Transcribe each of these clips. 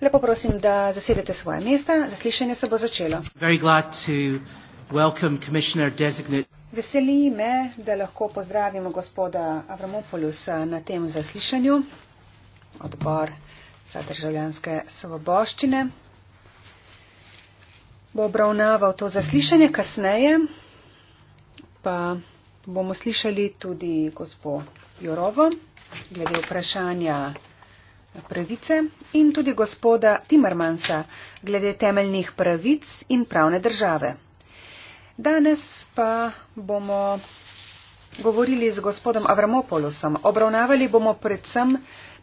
Lepo prosim, da zasedete svoje mesta, zaslišanje se bo začelo. Veseli me, da lahko pozdravimo gospoda Avramopolusa eh, na tem zaslišanju, odbor za državljanske svoboščine. Bo obravnaval to zaslišanje kasneje, pa bomo slišali tudi gospod Jurovo glede vprašanja pravice in tudi gospoda Timmermansa glede temeljnih pravic in pravne države. Danes pa bomo govorili z gospodom Avramopolosom. Obravnavali bomo predvsem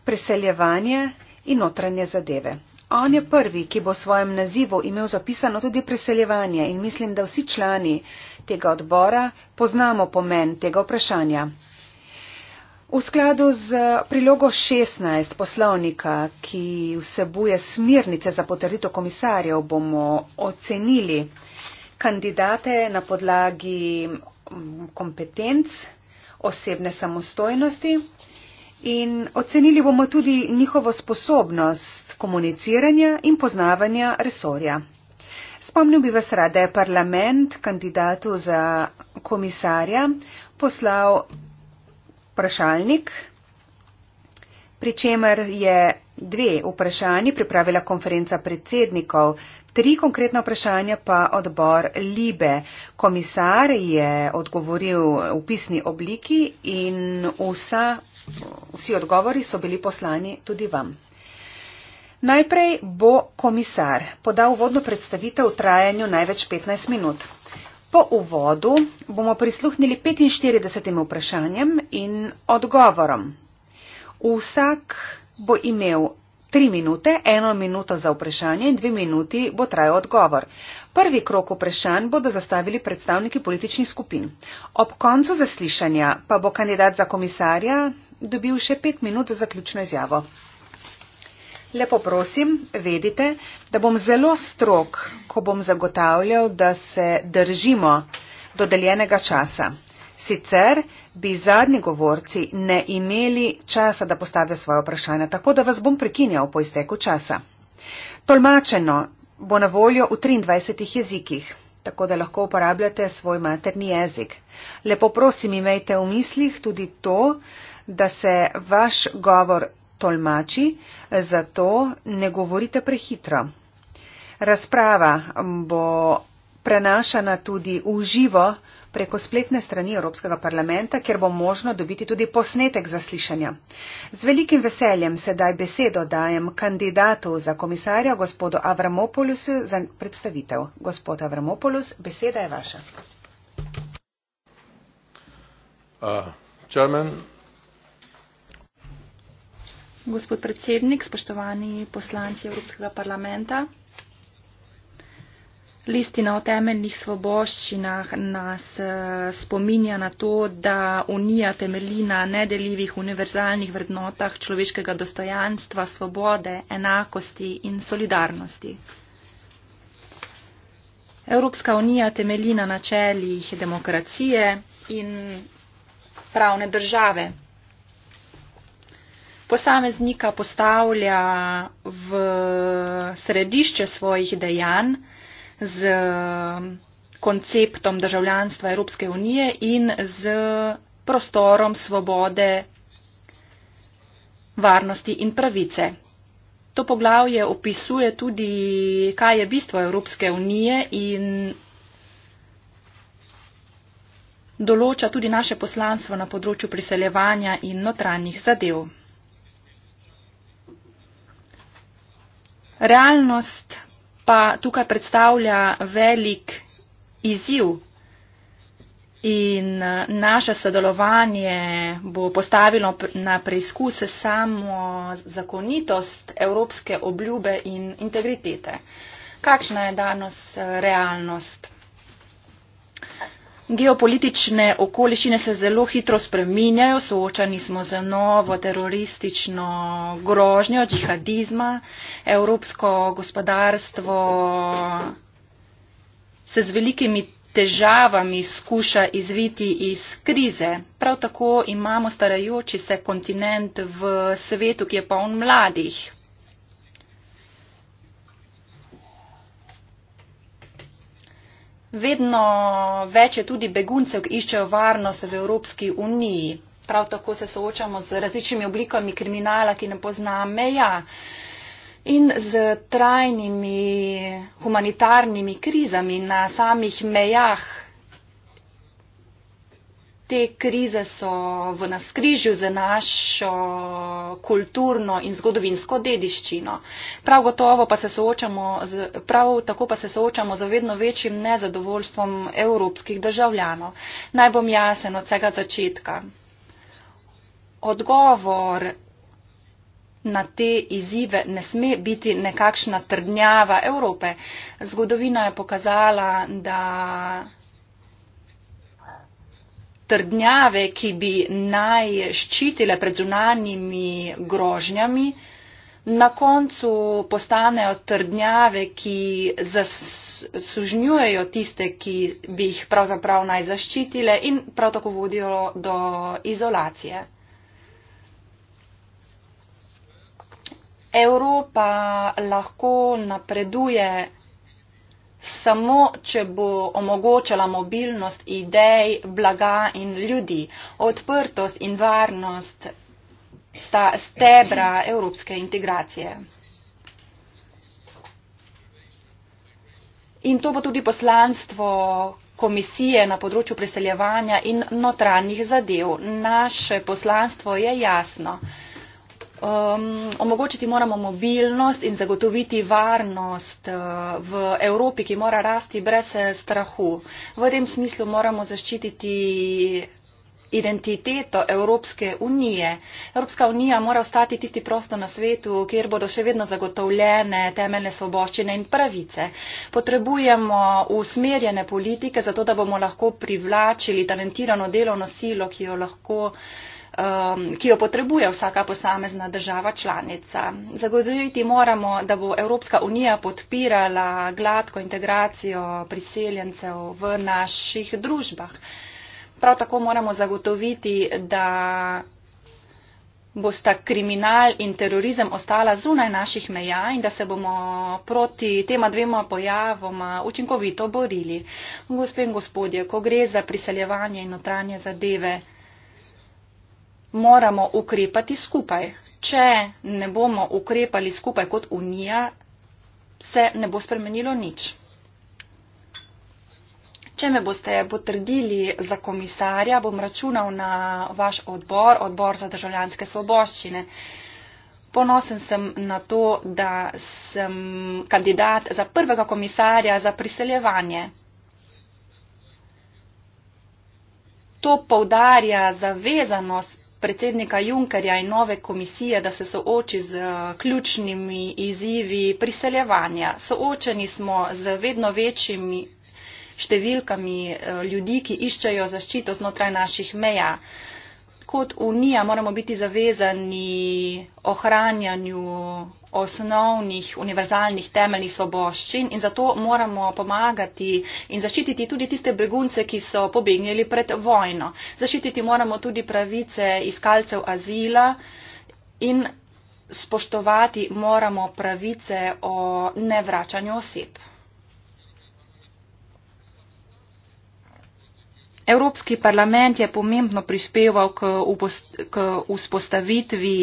preseljevanje in notranje zadeve. On je prvi, ki bo v svojem nazivu imel zapisano tudi preseljevanje in mislim, da vsi člani tega odbora poznamo pomen tega vprašanja. V skladu z prilogo 16 poslovnika, ki vsebuje smirnice za potrditev komisarjev, bomo ocenili kandidate na podlagi mm, kompetenc, osebne samostojnosti in ocenili bomo tudi njihovo sposobnost komuniciranja in poznavanja resorja. Spomnil bi vas rad, da je parlament kandidatu za komisarja poslal vprašalnik, pri čemer je dve vprašanji pripravila konferenca predsednikov, tri konkretna vprašanja pa odbor Libe. Komisar je odgovoril v pisni obliki in vsa, vsi odgovori so bili poslani tudi vam. Najprej bo komisar podal vodno predstavitev v trajanju največ 15 minut. Po uvodu bomo prisluhnili 45 vprašanjem in odgovorom. Vsak bo imel 3 minute, 1 minuto za vprašanje in 2 minuti bo trajal odgovor. Prvi krok vprašanj bodo zastavili predstavniki političnih skupin. Ob koncu zaslišanja pa bo kandidat za komisarja dobil še 5 minut za zaključno izjavo. Lepo prosim, vedite, da bom zelo strok, ko bom zagotavljal, da se držimo dodeljenega časa. Sicer bi zadnji govorci ne imeli časa, da postavijo svoje vprašanja, tako da vas bom prekinjal po izteku časa. Tolmačeno bo na voljo v 23 jezikih, tako da lahko uporabljate svoj materni jezik. Lepo prosim, imejte v mislih tudi to, da se vaš govor tolmači, zato ne govorite prehitro. Razprava bo prenašana tudi v živo preko spletne strani Evropskega parlamenta, kjer bo možno dobiti tudi posnetek zaslišanja. Z velikim veseljem sedaj besedo dajem kandidatu za komisarja, gospodu Avramopolusu, za predstavitev. Gospod Avramopolus, beseda je vaša. Uh, chairman, Gospod predsednik, spoštovani poslanci Evropskega parlamenta, listina o temeljnih svoboščinah nas eh, spominja na to, da Unija temelji na nedeljivih univerzalnih vrednotah človeškega dostojanstva, svobode, enakosti in solidarnosti. Evropska unija temelji na načeljih demokracije in pravne države posameznika postavlja v središče svojih dejanj z konceptom državljanstva Evropske unije in z prostorom svobode, varnosti in pravice. To poglavje opisuje tudi, kaj je bistvo Evropske unije in določa tudi naše poslanstvo na področju priseljevanja in notranjih zadev. Realnost pa tukaj predstavlja velik izziv in eh, naše sodelovanje bo postavilo na preizkus samo zakonitost evropske obljube in integritete. Kakšna je danes eh, realnost? geopolitične okoliščine se zelo hitro spreminjajo, soočani smo z novo teroristično grožnjo džihadizma, evropsko gospodarstvo se z velikimi težavami skuša izviti iz krize. Prav tako imamo starajoči se kontinent v svetu, ki je poln mladih. Vedno več je tudi beguncev, ki iščejo varnost v Evropski uniji. Prav tako se soočamo z različnimi oblikami kriminala, ki ne pozna meja in z trajnimi humanitarnimi krizami na samih mejah te krize so v naskrižju z našo kulturno in zgodovinsko dediščino. Prav, pa se z, prav tako pa se soočamo z vedno večjim nezadovoljstvom evropskih državljanov. Naj bom jasen od vsega začetka. Odgovor na te izzive ne sme biti nekakšna trdnjava Evrope. Zgodovina je pokazala, da trdnjave, ki bi naj ščitile pred zunanjimi grožnjami, na koncu postanejo trdnjave, ki zasužnjujejo tiste, ki bi jih pravzaprav naj zaščitile in prav tako vodijo do izolacije. Evropa lahko napreduje samo, če bo omogočala mobilnost idej, blaga in ljudi. Odprtost in varnost sta stebra evropske integracije. In to bo tudi poslanstvo komisije na področju preseljevanja in notranjih zadev. Naše poslanstvo je jasno. Um, omogočiti moramo mobilnost in zagotoviti varnost uh, v Evropi, ki mora rasti brez eh, strahu. V tem smislu moramo zaščititi identiteto Evropske unije. Evropska unija mora ostati tisti prostor na svetu, kjer bodo še vedno zagotovljene temeljne svoboščine in pravice. Potrebujemo usmerjene politike, zato da bomo lahko privlačili talentirano delovno silo, ki jo lahko uh, um, ki jo potrebuje vsaka posamezna država članica. Zagotoviti moramo, da bo Evropska unija podpirala gladko integracijo priseljencev v naših družbah. Prav tako moramo zagotoviti, da bosta kriminal in terorizem ostala zunaj naših meja in da se bomo proti tema dvema pojavoma učinkovito borili. Gospe in gospodje, ko gre za priseljevanje in notranje zadeve, moramo ukrepati skupaj. Če ne bomo ukrepali skupaj kot Unija, se ne bo spremenilo nič. Če me boste potrdili za komisarja, bom računal na vaš odbor, odbor za državljanske svoboščine. Ponosen sem na to, da sem kandidat za prvega komisarja za priseljevanje. To povdarja zavezanost predsednika Junkerja in nove komisije, da se sooči z eh, ključnimi izzivi priseljevanja. Soočeni smo z vedno večjimi številkami eh, ljudi, ki iščejo zaščito znotraj naših meja. Kot Unija moramo biti zavezani ohranjanju osnovnih, univerzalnih, temeljnih svoboščin in zato moramo pomagati in zaščititi tudi tiste begunce, ki so pobegnili pred vojno. Zaščititi moramo tudi pravice iskalcev azila in spoštovati moramo pravice o nevračanju oseb. Evropski parlament je pomembno prispeval k, upost, k vzpostavitvi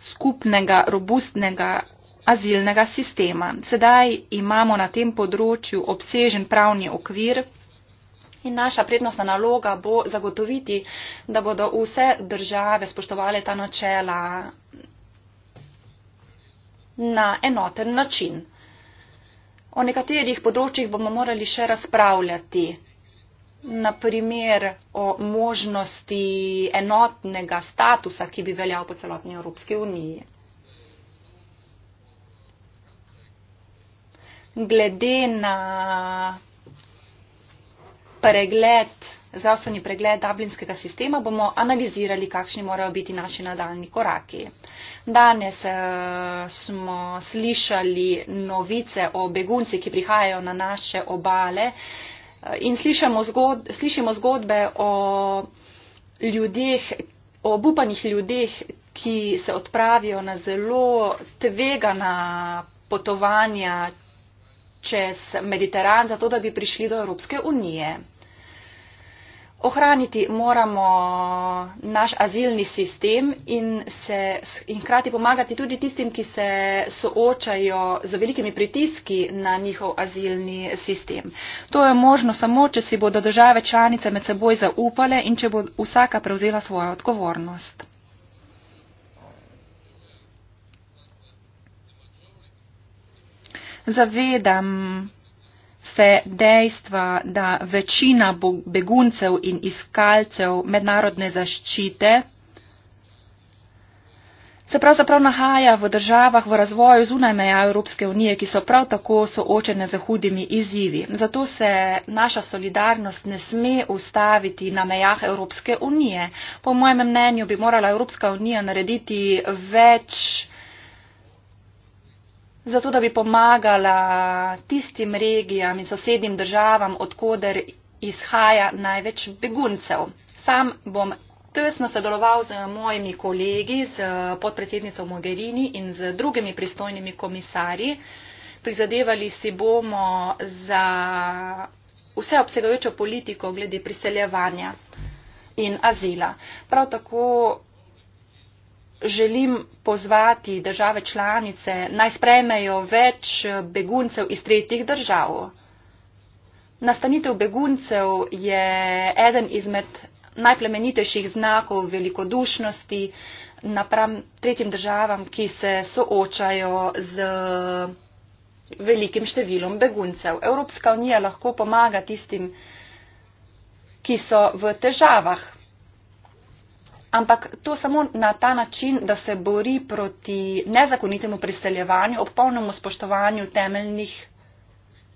skupnega, robustnega azilnega sistema. Sedaj imamo na tem področju obsežen pravni okvir in naša prednostna naloga bo zagotoviti, da bodo vse države spoštovale ta načela na enoten način. O nekaterih področjih bomo morali še razpravljati na primer o možnosti enotnega statusa, ki bi veljal po celotni Evropski uniji. Glede na pregled, zdravstveni pregled dublinskega sistema bomo analizirali, kakšni morajo biti naši nadaljni koraki. Danes eh, smo slišali novice o begunci, ki prihajajo na naše obale in slišimo zgodbe o ljudeh, o obupanih ljudeh, ki se odpravijo na zelo tvegana potovanja čez Mediteran, zato da bi prišli do Evropske unije. Ohraniti moramo naš azilni sistem in, se, in hkrati pomagati tudi tistim, ki se soočajo z velikimi pritiski na njihov azilni sistem. To je možno samo, če si bodo države članice med seboj zaupale in če bo vsaka prevzela svojo odgovornost. Zavedam se dejstva, da večina beguncev in iskalcev mednarodne zaščite se pravzaprav nahaja v državah v razvoju zunaj meja Evropske unije, ki so prav tako soočene z hudimi izzivi. Zato se naša solidarnost ne sme ustaviti na mejah Evropske unije. Po mojem mnenju bi morala Evropska unija narediti več zato da bi pomagala tistim regijam in sosednjim državam, odkuder izhaja največ beguncev. Sam bom tesno sodeloval z mojimi kolegi, z podpredsednico Mogherini in z drugimi pristojnimi komisarji. Prizadevali si bomo za vseobsegajočo politiko glede priseljevanja in azila. Prav tako želim pozvati države članice naj sprejmejo več beguncev iz tretjih držav. Nastanitev beguncev je eden izmed najplemenitejših znakov velikodušnosti napram tretjim državam, ki se soočajo z velikim številom beguncev. Evropska unija lahko pomaga tistim, ki so v težavah ampak to samo na ta način, da se bori proti nezakonitemu priseljevanju ob polnemu spoštovanju temeljnih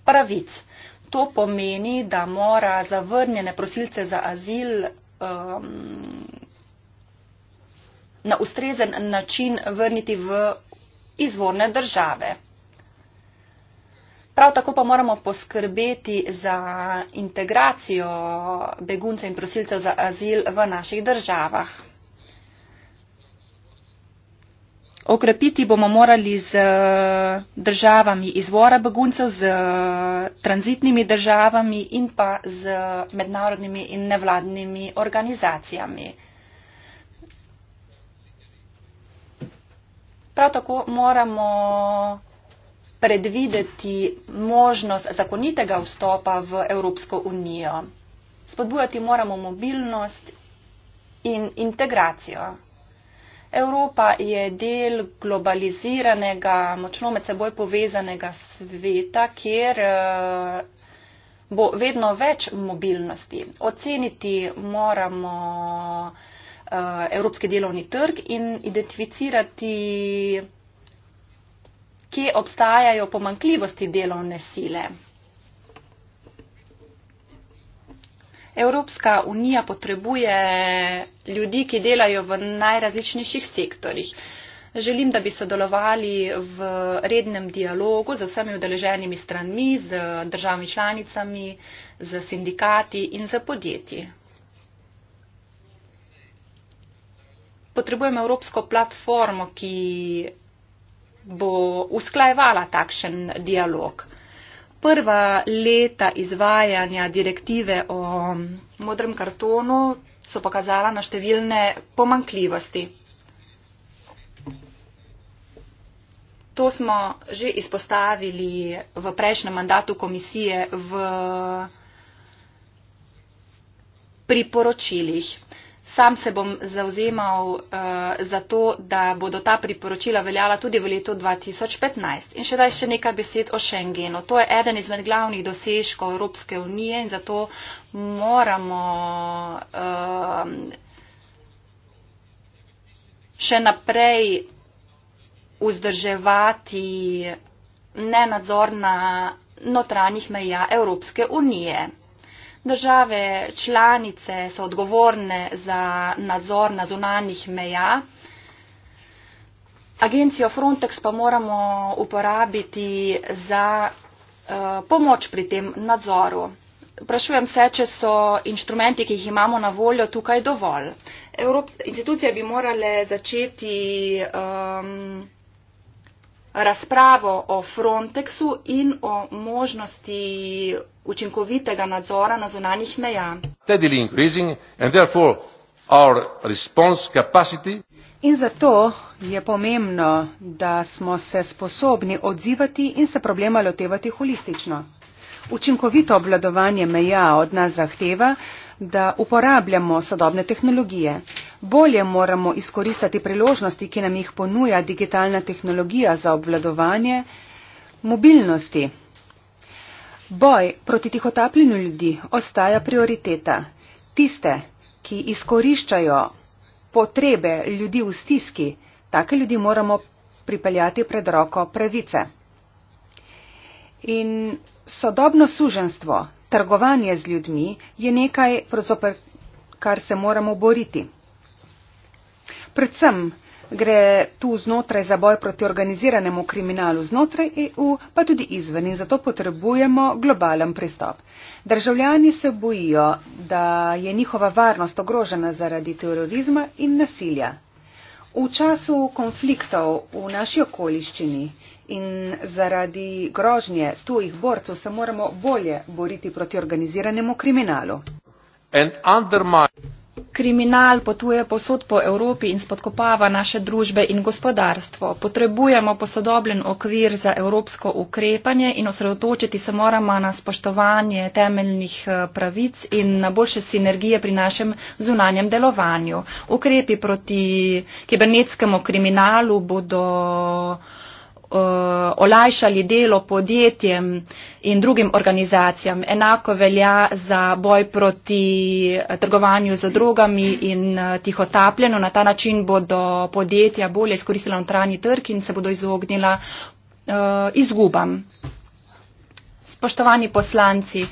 pravic. To pomeni, da mora zavrnjene prosilce za azil um, na ustrezen način vrniti v izvorne države. Prav tako pa moramo poskrbeti za integracijo beguncev in prosilcev za azil v naših državah. Okrepiti bomo morali z eh, državami izvora beguncev, z eh, tranzitnimi državami in pa z mednarodnimi in nevladnimi organizacijami. Prav tako moramo predvideti možnost zakonitega vstopa v Evropsko unijo. Spodbujati moramo mobilnost in integracijo. Evropa je del globaliziranega, močno med seboj povezanega sveta, kjer eh, bo vedno več mobilnosti. Oceniti moramo eh, evropski delovni trg in identificirati kje obstajajo pomankljivosti delovne sile. Evropska unija potrebuje ljudi, ki delajo v najrazličnejših sektorjih. Želim, da bi sodelovali v rednem dialogu z vsemi udeleženimi stranmi, z državami članicami, z sindikati in z podjetji. Potrebujem evropsko platformo, ki bo usklajevala takšen dialog. Prva leta izvajanja direktive o modrem kartonu so pokazala na številne pomankljivosti. To smo že izpostavili v prejšnjem mandatu komisije v priporočilih. Sam se bom zauzemal uh, eh, za to, da bodo ta priporočila veljala tudi v letu 2015. In še daj še nekaj besed o Schengenu. To je eden izmed glavnih dosežkov Evropske unije in zato moramo uh, še naprej vzdrževati nenadzor na notranjih meja Evropske unije. Države članice so odgovorne za nadzor na zunanjih meja. Agencijo Frontex pa moramo uporabiti za uh, pomoč pri tem nadzoru. Vprašujem se, če so inštrumenti, ki jih imamo na voljo, tukaj dovolj. Evrop, institucije bi morale začeti. Um, razpravo o Frontexu in o možnosti učinkovitega nadzora na zonanih meja. In zato je pomembno, da smo se sposobni odzivati in se problema lotevati holistično. Učinkovito obvladovanje meja od nas zahteva, da uporabljamo sodobne tehnologije. Bolje moramo izkoristiti priložnosti, ki nam jih ponuja digitalna tehnologija za obvladovanje mobilnosti. Boj proti tihotapljenju ljudi ostaja prioriteta. Tiste, ki izkoriščajo potrebe ljudi v stiski, take ljudi moramo pripeljati pred roko pravice. In sodobno suženstvo, trgovanje z ljudmi je nekaj, kar se moramo boriti. Predvsem gre tu znotraj za boj proti organiziranemu kriminalu znotraj EU, pa tudi izven in zato potrebujemo globalen pristop. Državljani se bojijo, da je njihova varnost ogrožena zaradi terorizma in nasilja. V času konfliktov v naši okoliščini in zaradi grožnje tujih borcev se moramo bolje boriti proti organiziranemu kriminalu. Kriminal potuje posod po Evropi in spodkopava naše družbe in gospodarstvo. Potrebujemo posodobljen okvir za evropsko ukrepanje in osredotočiti se moramo na spoštovanje temeljnih eh, pravic in na boljše sinergije pri našem zunanjem delovanju. Ukrepi proti kibernetskemu kriminalu bodo Eh, olajšali delo podjetjem in drugim organizacijam. Enako velja za boj proti eh, trgovanju z drogami in eh, tihotapljeno. Na ta način bodo podjetja bolje izkoristila notranji trg in se bodo izognila izgubam. Spoštovani poslanci,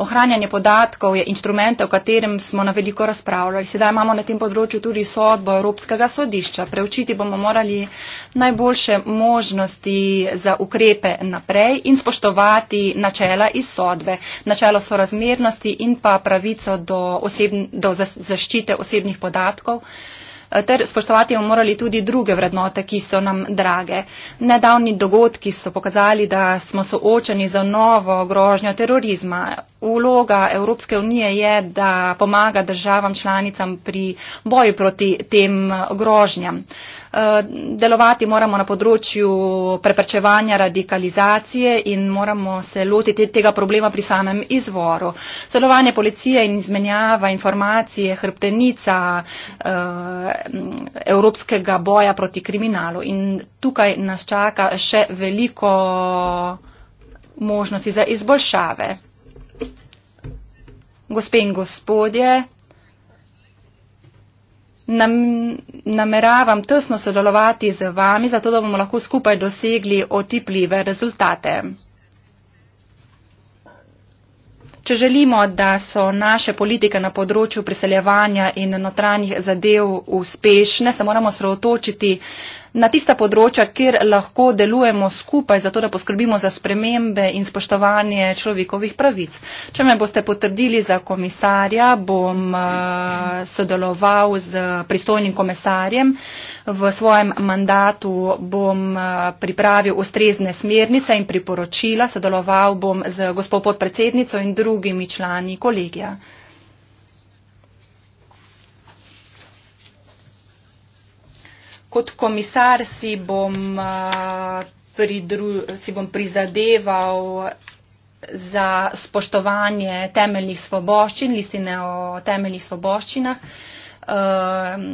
ohranjanje podatkov je instrument, o katerem smo na veliko razpravljali. Sedaj imamo na tem področju tudi sodbo Evropskega sodišča. Preučiti bomo morali najboljše možnosti za ukrepe naprej in spoštovati načela iz sodbe. Načelo sorazmernosti in pa pravico do, oseb, do zaščite osebnih podatkov. Uh, Eh, ter spoštovati bomo morali tudi druge vrednote, ki so nam drage. Nedavni dogodki so pokazali, da smo soočeni za novo grožnjo terorizma. Uloga Evropske unije je, da pomaga državam članicam pri boju proti tem grožnjam. Eh, delovati moramo na področju preprečevanja radikalizacije in moramo se lotiti tega problema pri samem izvoru. Sodelovanje policije in izmenjava informacij je hrbtenica eh, evropskega boja proti kriminalu in tukaj nas čaka še veliko možnosti za izboljšave. Gospe in gospodje, Nam, nameravam tesno sodelovati z vami, zato da bomo lahko skupaj dosegli otipljive rezultate. Če želimo, da so naše politike na področju priseljevanja in notranjih zadev uspešne, se moramo sredotočiti na tista področja, kjer lahko delujemo skupaj, zato da poskrbimo za spremembe in spoštovanje človekovih pravic. Če me boste potrdili za komisarja, bom eh, sodeloval z pristojnim komisarjem. V svojem mandatu bom eh, pripravil ustrezne smernice in priporočila, sodeloval bom z gospod podpredsednico in drugimi člani kolegija. kot komisar si bom, uh, si bom prizadeval za spoštovanje temeljnih svoboščin, listine o temeljnih svoboščinah um,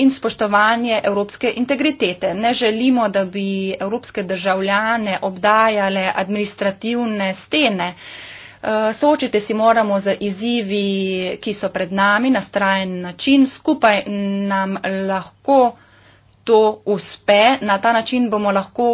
in spoštovanje evropske integritete. Ne želimo, da bi evropske državljane obdajale administrativne stene. Uh, soočiti si moramo z izzivi, ki so pred nami na strajen način. Skupaj nam lahko to uspe. Na ta način bomo lahko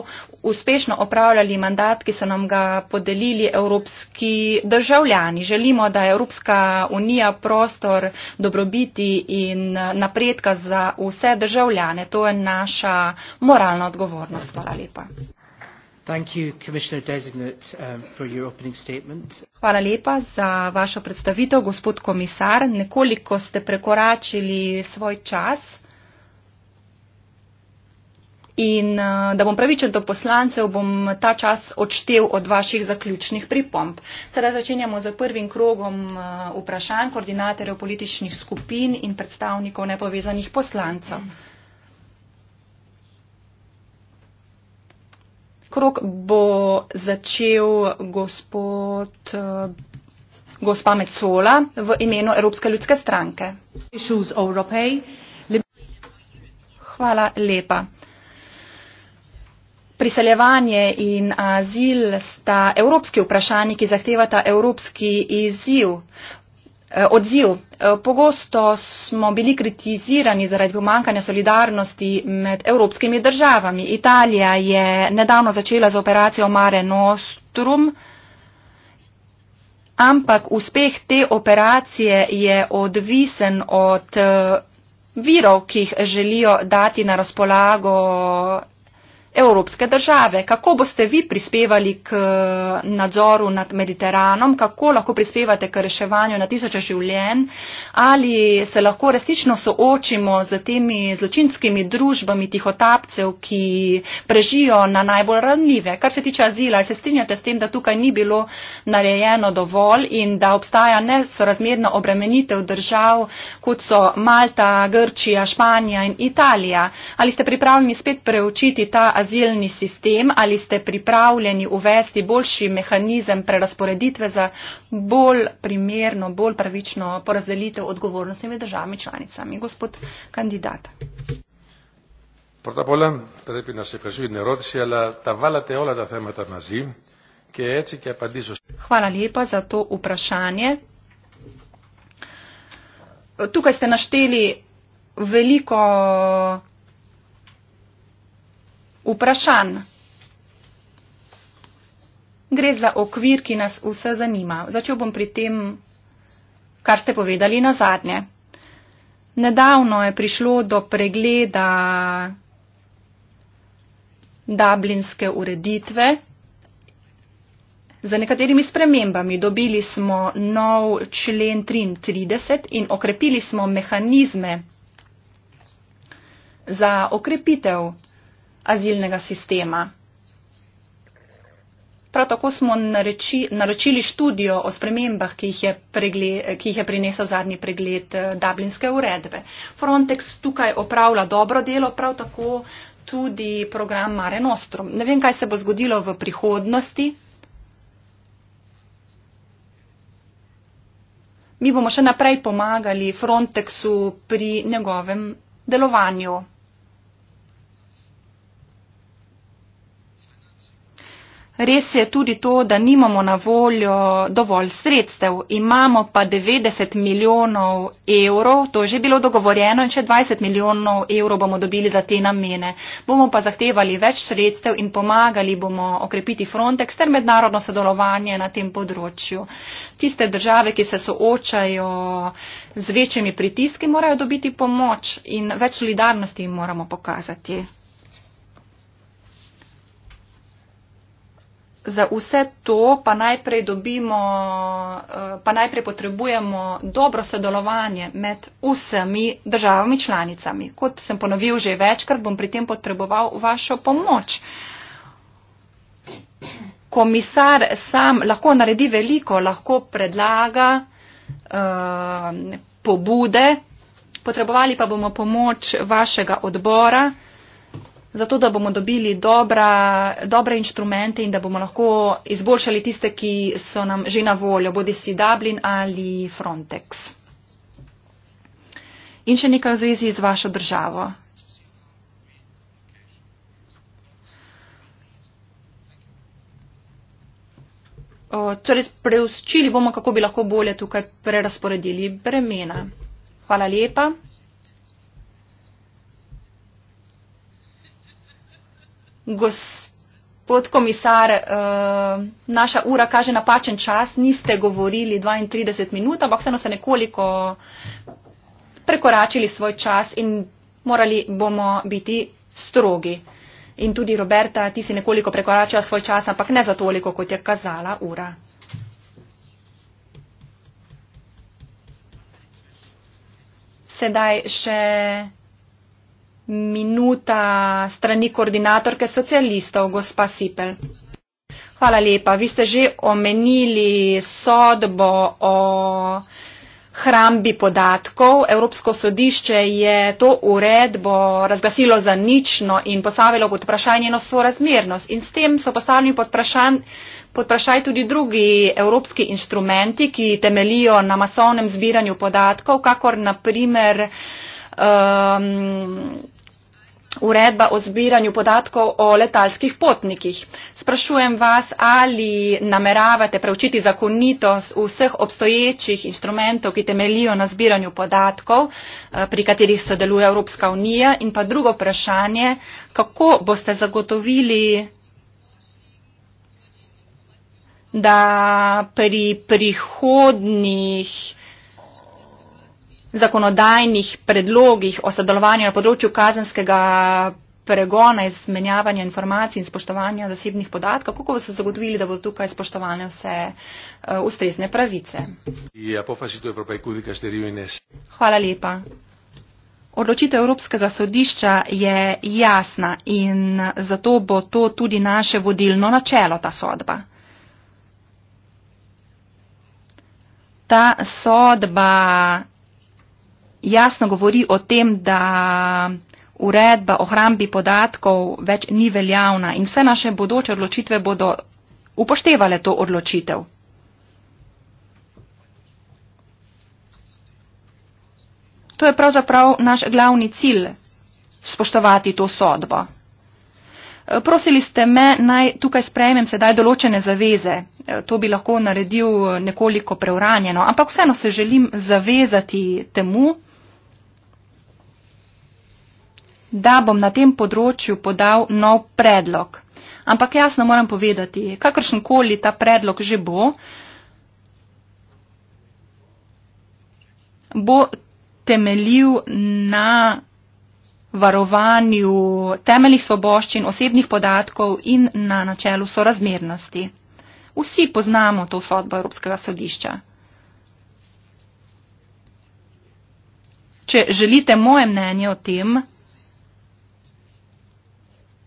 uspešno opravljali mandat, ki so nam ga podelili evropski državljani. Želimo, da je Evropska unija prostor dobrobiti in napredka za vse državljane. To je naša moralna odgovornost. Hvala lepa. You, um, Hvala lepa za vašo predstavitev, gospod komisar. Nekoliko ste prekoračili svoj čas. In eh, da bom pravičen do poslancev, bom ta čas odštev od vaših zaključnih pripomb. Sedaj začenjamo z prvim krogom eh, vprašanj koordinatorjev političnih skupin in predstavnikov nepovezanih poslancev. Krok bo začel gospod, eh, gospa Mecola v imenu Evropske ljudske stranke. Hvala lepa. Priseljevanje in azil sta evropski vprašanji, ki zahtevata evropski izziv. Eh, odziv. Eh, pogosto smo bili kritizirani zaradi pomankanja solidarnosti med evropskimi državami. Italija je nedavno začela z operacijo Mare Nostrum, ampak uspeh te operacije je odvisen od eh, virov, ki jih želijo dati na razpolago evropske države. Kako boste vi prispevali k eh, nadzoru nad Mediteranom, kako lahko prispevate k reševanju na tisoče življenj, ali se lahko resnično soočimo z temi zločinskimi družbami tihotapcev, ki prežijo na najbolj ranljive. Kar se tiče azila, se strinjate s tem, da tukaj ni bilo narejeno dovolj in da obstaja nesorazmerna obremenitev držav, kot so Malta, Grčija, Španija in Italija. Ali ste pripravljeni spet preučiti ta azil? azilni sistem, ali ste pripravljeni uvesti boljši mehanizem prerasporeditve za bolj primerno, bolj pravično porazdelitev odgovornosti med državami članicami. Gospod kandidat. Πρώτα απ' όλα πρέπει να σε ευχαριστώ την ερώτηση, αλλά τα βάλατε όλα τα θέματα μαζί και έτσι και απαντήσω. Χαλά λίπα για το ουπρασάνιε. Τούκα είστε να στείλει veliko vprašanj. Gre za okvir, ki nas vse zanima. Začel bom pri tem, kar ste povedali na zadnje. Nedavno je prišlo do pregleda dublinske ureditve z nekaterimi spremembami. Dobili smo nov člen 33 in okrepili smo mehanizme za okrepitev azilnega sistema. Prav tako smo nareči, naročili študijo o spremembah, ki jih, pregled, ki jih je prinesel zadnji pregled eh, Dublinske uredbe. Frontex tukaj opravlja dobro delo, prav tako tudi program Mare Nostrum. Ne vem, kaj se bo zgodilo v prihodnosti. Mi bomo še naprej pomagali Frontexu pri njegovem delovanju. Res je tudi to, da nimamo na voljo dovolj sredstev, imamo pa 90 milijonov evrov, to je že bilo dogovorjeno in še 20 milijonov evrov bomo dobili za te namene. Bomo pa zahtevali več sredstev in pomagali bomo okrepiti Frontex ter mednarodno sodelovanje na tem področju. Tiste države, ki se soočajo z večjimi pritiski, morajo dobiti pomoč in več solidarnosti jim moramo pokazati. za vse to pa najprej dobimo, eh, pa najprej potrebujemo dobro sodelovanje med vsemi državami članicami. Kot sem ponovil že večkrat, bom pri tem potreboval vašo pomoč. Komisar sam lahko naredi veliko, lahko predlaga eh, pobude, potrebovali pa bomo pomoč vašega odbora zato da bomo dobili dobra, dobre inštrumente in da bomo lahko izboljšali tiste, ki so nam že na voljo, bodi si Dublin ali Frontex. In še nekaj v zvezi z vašo državo. Torej, preuščili bomo, kako bi lahko bolje tukaj prerasporedili bremena. Hvala lepa. gospod komisar, eh, naša ura kaže napačen čas, niste govorili 32 minut, ampak vseeno ste nekoliko prekoračili svoj čas in morali bomo biti strogi. In tudi Roberta, ti si nekoliko prekoračila svoj čas, ampak ne za toliko, kot je kazala ura. Sedaj še minuta strani koordinatorke socialistov, gospa Sipel. Hvala lepa. Vi ste že omenili sodbo o hrambi podatkov. Evropsko sodišče je to uredbo razglasilo za nično in postavilo pod vprašanje eno sorazmernost. In s tem so postavljeni pod vprašanje podprašaj tudi drugi evropski instrumenti, ki temelijo na masovnem zbiranju podatkov, kakor naprimer um, uredba o zbiranju podatkov o letalskih potnikih. Sprašujem vas, ali nameravate preučiti zakonitost vseh obstoječih inštrumentov, ki temelijo na zbiranju podatkov, eh, pri katerih sodeluje Evropska unija. In pa drugo vprašanje, kako boste zagotovili, da pri prihodnih zakonodajnih predlogih o sodelovanju na področju kazenskega pregona, izmenjavanja informacij in spoštovanja zasebnih podatkov, kako bo se zagotovili, da bo tukaj spoštovane vse uh, ustrezne pravice. Hvala lepa. Odločitev Evropskega sodišča je jasna in zato bo to tudi naše vodilno načelo, ta sodba. Ta sodba jasno govori o tem, da uredba o hrambi podatkov več ni veljavna in vse naše bodoče odločitve bodo upoštevale to odločitev. To je pravzaprav naš glavni cilj spoštovati to sodbo. Prosili ste me, naj tukaj sprejmem sedaj določene zaveze. To bi lahko naredil nekoliko preuranjeno, ampak vseeno se želim zavezati temu, da bom na tem področju podal nov predlog. Ampak jasno moram povedati, kakršenkoli ta predlog že bo, bo temeljil na varovanju temeljih svoboščin, osebnih podatkov in na načelu sorazmernosti. Vsi poznamo to sodbo Evropskega sodišča. Če želite moje mnenje o tem,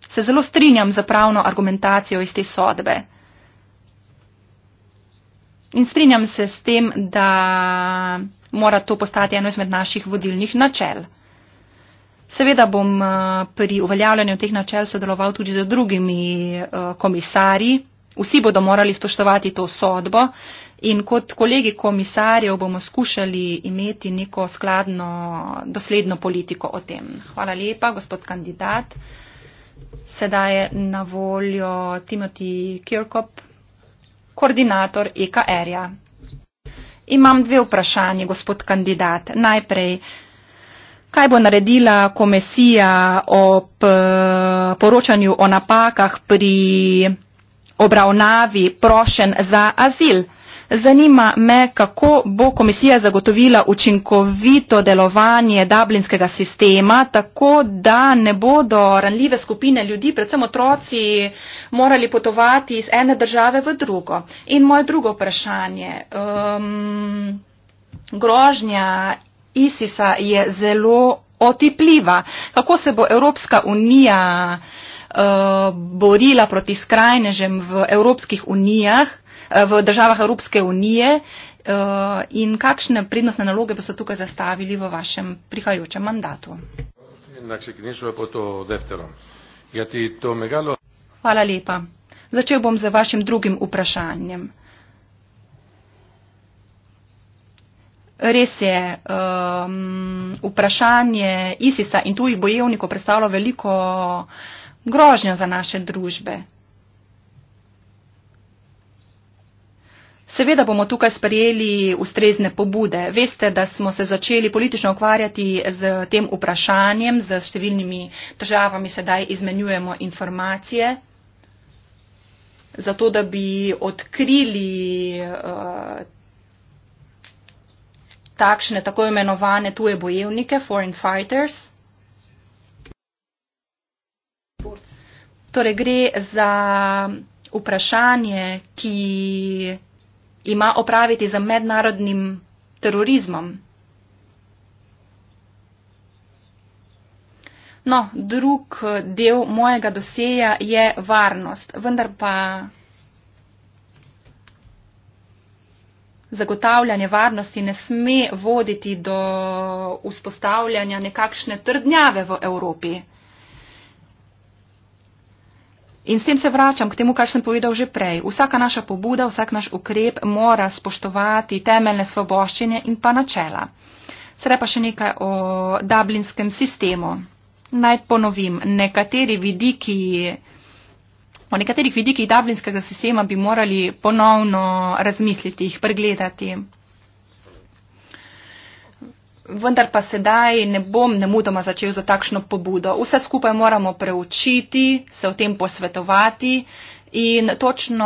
se zelo strinjam za pravno argumentacijo iz te sodbe. In strinjam se s tem, da mora to postati eno izmed naših vodilnih načel. Seveda bom eh, pri uveljavljanju teh načel sodeloval tudi z drugimi eh, komisarji. Vsi bodo morali spoštovati to sodbo in kot kolegi komisarjev bomo skušali imeti neko skladno, dosledno politiko o tem. Hvala lepa, gospod kandidat sedaj je na voljo Timothy Kirkop, koordinator EKR-ja. Imam dve vprašanje, gospod kandidat. Najprej, kaj bo naredila komisija ob eh, poročanju o napakah pri obravnavi prošen za azil? Zanima me, kako bo komisija zagotovila učinkovito delovanje dublinskega sistema, tako da ne bodo ranljive skupine ljudi, predvsem otroci, morali potovati iz ene države v drugo. In moje drugo vprašanje. Um, grožnja ISIS-a je zelo otipljiva. Kako se bo Evropska unija uh, borila proti skrajnežem v Evropskih unijah? v državah Evropske unije eh, in kakšne prednostne naloge pa so tukaj zastavili v vašem prihajajočem mandatu. Ja, Hvala lepa. Začel bom z vašim drugim vprašanjem. Res je, um, vprašanje ISIS-a in tujih bojevnikov predstavlja veliko grožnjo za naše družbe. Seveda bomo tukaj sprejeli ustrezne pobude. Veste, da smo se začeli politično ukvarjati z tem vprašanjem, z številnimi državami sedaj izmenjujemo informacije, zato da bi odkrili uh, takšne tako imenovane tuje bojevnike, foreign fighters. Torej gre za vprašanje, ki ima opraviti z mednarodnim terorizmom. No, drug eh, del mojega doseja je varnost, vendar pa zagotavljanje varnosti ne sme voditi do vzpostavljanja nekakšne trdnjave v Evropi. In s tem se vračam k temu, kar sem povedal že prej. Vsaka naša pobuda, vsak naš ukrep mora spoštovati temeljne svoboščine in pa načela. Sedaj pa še nekaj o dublinskem sistemu. Naj ponovim, nekateri vidiki, o nekaterih vidikih dublinskega sistema bi morali ponovno razmisliti, jih pregledati vendar pa sedaj ne bom nemudoma začel za takšno pobudo. Vse skupaj moramo preučiti, se o tem posvetovati in točno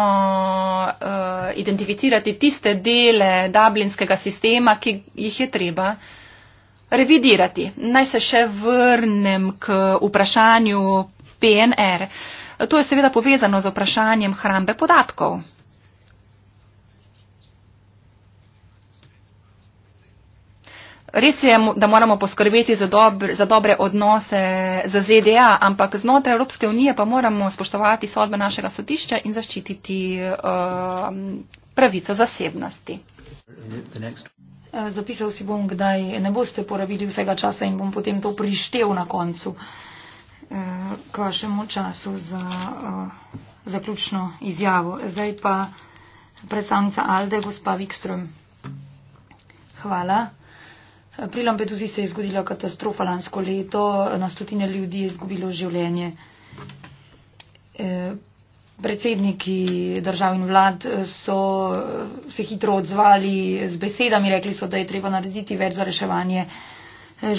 uh, identificirati tiste dele dublinskega sistema, ki jih je treba revidirati. Naj se še vrnem k vprašanju PNR. To je seveda povezano z vprašanjem hrambe podatkov. Res je, da moramo poskrbeti za, dobr, za dobre odnose z ZDA, ampak znotraj Evropske unije pa moramo spoštovati sodbe našega sodišča in zaščititi uh, pravico zasebnosti. Eh, zapisal si bom, kdaj ne boste porabili vsega časa in bom potem to prištev na koncu eh, k vašemu času za uh, zaključno izjavo. Zdaj pa predstavnica Alde, gospa Vikström. Hvala. Pri Lampeduzi se je zgodila katastrofa lansko leto, na stotine ljudi je izgubilo življenje. E, predsedniki držav in vlad e, so e, se hitro odzvali z besedami, rekli so, da je treba narediti več za reševanje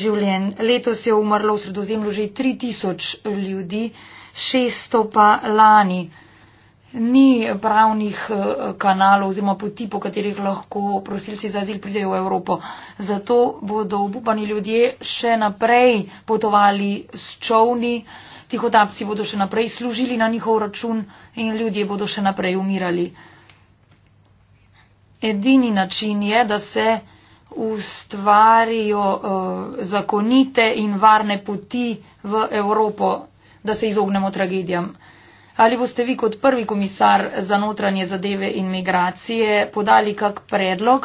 življenj. Letos je umrlo v sredozemlju že 3000 ljudi, 600 pa lani ni pravnih eh, kanalov oziroma poti, po katerih lahko prosilci za azil pridejo v Evropo. Zato bodo obupani ljudje še naprej potovali s čovni, tihotapci bodo še naprej služili na njihov račun in ljudje bodo še naprej umirali. Edini način je, da se ustvarijo uh, zakonite in varne poti v Evropo, da se izognemo tragedijam. Ali boste vi kot prvi komisar za notranje zadeve in migracije podali kak predlog,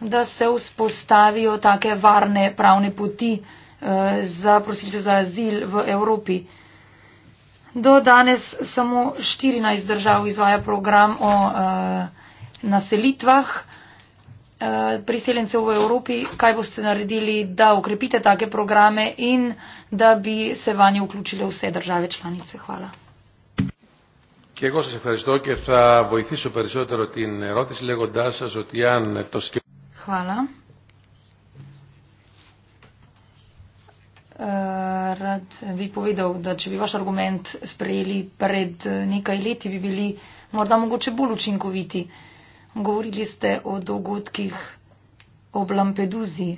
da se vzpostavijo take varne pravne poti eh, za prosilce za azil v Evropi? Do danes samo 14 držav izvaja program o eh, naselitvah eh, priseljencev v Evropi. Kaj boste naredili, da ukrepite take programe in da bi se vanje vključile vse države članice? Hvala. Και εγώ σας ευχαριστώ και θα βοηθήσω περισσότερο την ερώτηση λέγοντάς σας ότι αν το σκεφτείτε... Χάλα. Rad bi povedal, da če bi vaš argument sprejeli pred nekaj leti, bi bili morda mogoče bolj učinkoviti. Govorili ste o dogodkih ob Lampeduzi.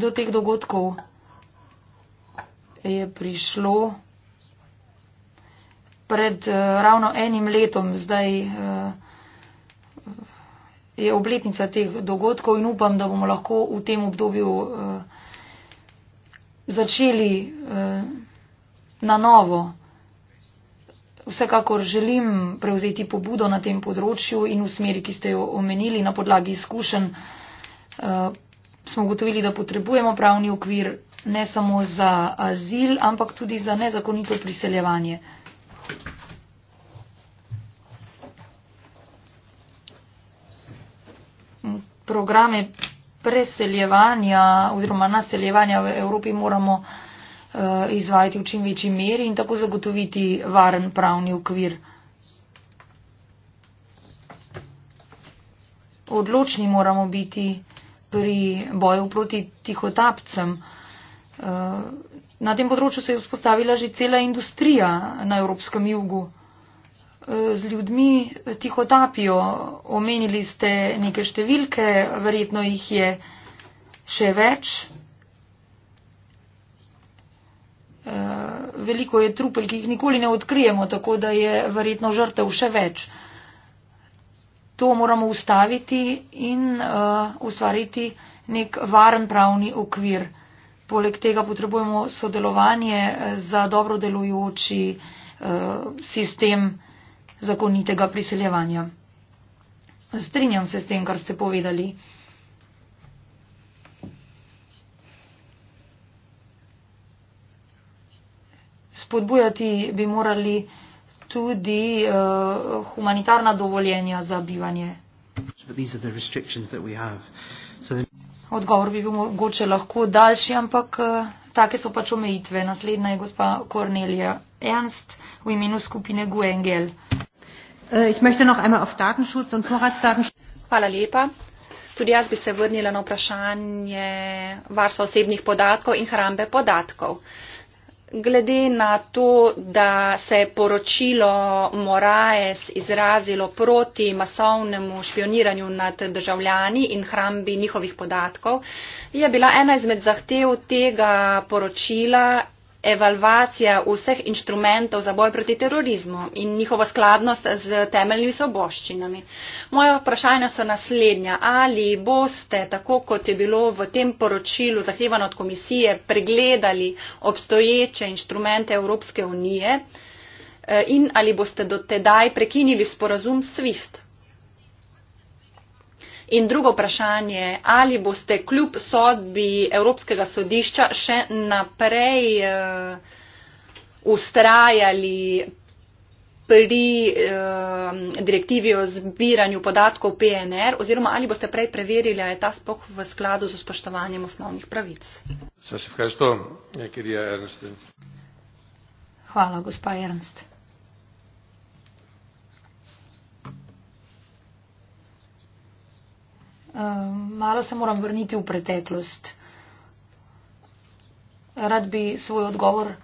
Do teh dogodkov je prišlo pred eh, ravno enim letom. Zdaj eh, je obletnica teh dogodkov in upam, da bomo lahko v tem obdobju eh, začeli na novo. Vsekakor želim prevzeti pobudo na tem področju in v smeri, ki ste jo omenili, na podlagi izkušenj smo ugotovili, da potrebujemo pravni okvir, ne samo za azil, ampak tudi za nezakonito priseljevanje. Programe preseljevanja oziroma naseljevanja v Evropi moramo eh, izvajati v čim večji meri in tako zagotoviti varen pravni okvir. Odločni moramo biti pri boju proti tihotapcem. Eh, na tem področju se je vzpostavila že cela industrija na evropskem jugu. Eh, z ljudmi tiho tapijo, omenili ste neke številke, verjetno jih je še več. Eh, veliko je trupel, ki jih nikoli ne odkrijemo, tako da je verjetno žrtev še več. To moramo ustaviti in ustvariti nek varen pravni okvir. Poleg tega potrebujemo sodelovanje eh, za dobro delujoči eh, sistem zakonitega priseljevanja. Strinjam se s tem, kar ste povedali. Spodbujati bi morali tudi uh, humanitarna dovoljenja za bivanje. So, Odgovor bi bil mogoče lahko daljši, ampak eh, take so pač omejitve. Naslednja je gospa Kornelija Ernst v imenu skupine Guengel. E eh, Hvala lepa. Tudi jaz bi se vrnila na vprašanje varstva osebnih podatkov in hrambe podatkov glede na to, da se je poročilo Moraes izrazilo proti masovnemu špioniranju nad državljani in hrambi njihovih podatkov, je bila ena izmed zahtev tega poročila evalvacija vseh inštrumentov za boj proti terorizmu in njihovo skladnost z temeljnimi soboščinami. Moje vprašanja so naslednja. Ali boste, tako kot je bilo v tem poročilu zahtevano od komisije, pregledali obstoječe inštrumente Evropske unije eh, in ali boste dotedaj prekinili sporazum SWIFT? In drugo vprašanje, ali boste kljub sodbi Evropskega sodišča še naprej uh, ustrajali pri uh, direktivi o zbiranju podatkov PNR oziroma ali boste prej preverili, ali je ta spoh v skladu z spoštovanjem osnovnih pravic? Eh, Hvala, gospa Ernst. Ehm, malo se moram vrniti v preteklost. Rad bi svoj odgovor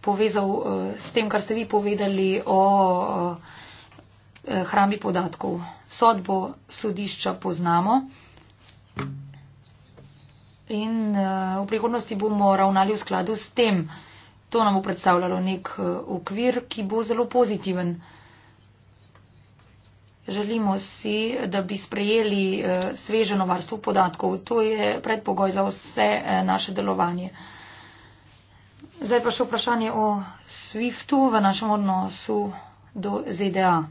povezal eh, s tem, kar ste vi povedali o eh, hrambi podatkov. Sodbo sodišča poznamo in eh, v prihodnosti bomo ravnali v skladu s tem. To nam bo predstavljalo nek okvir, ki bo zelo pozitiven. Želimo si, da bi sprejeli eh, sveženo varstvo podatkov. To je predpogoj za vse eh, naše delovanje. Zdaj pa še vprašanje o SWIFT-u v našem odnosu do ZDA.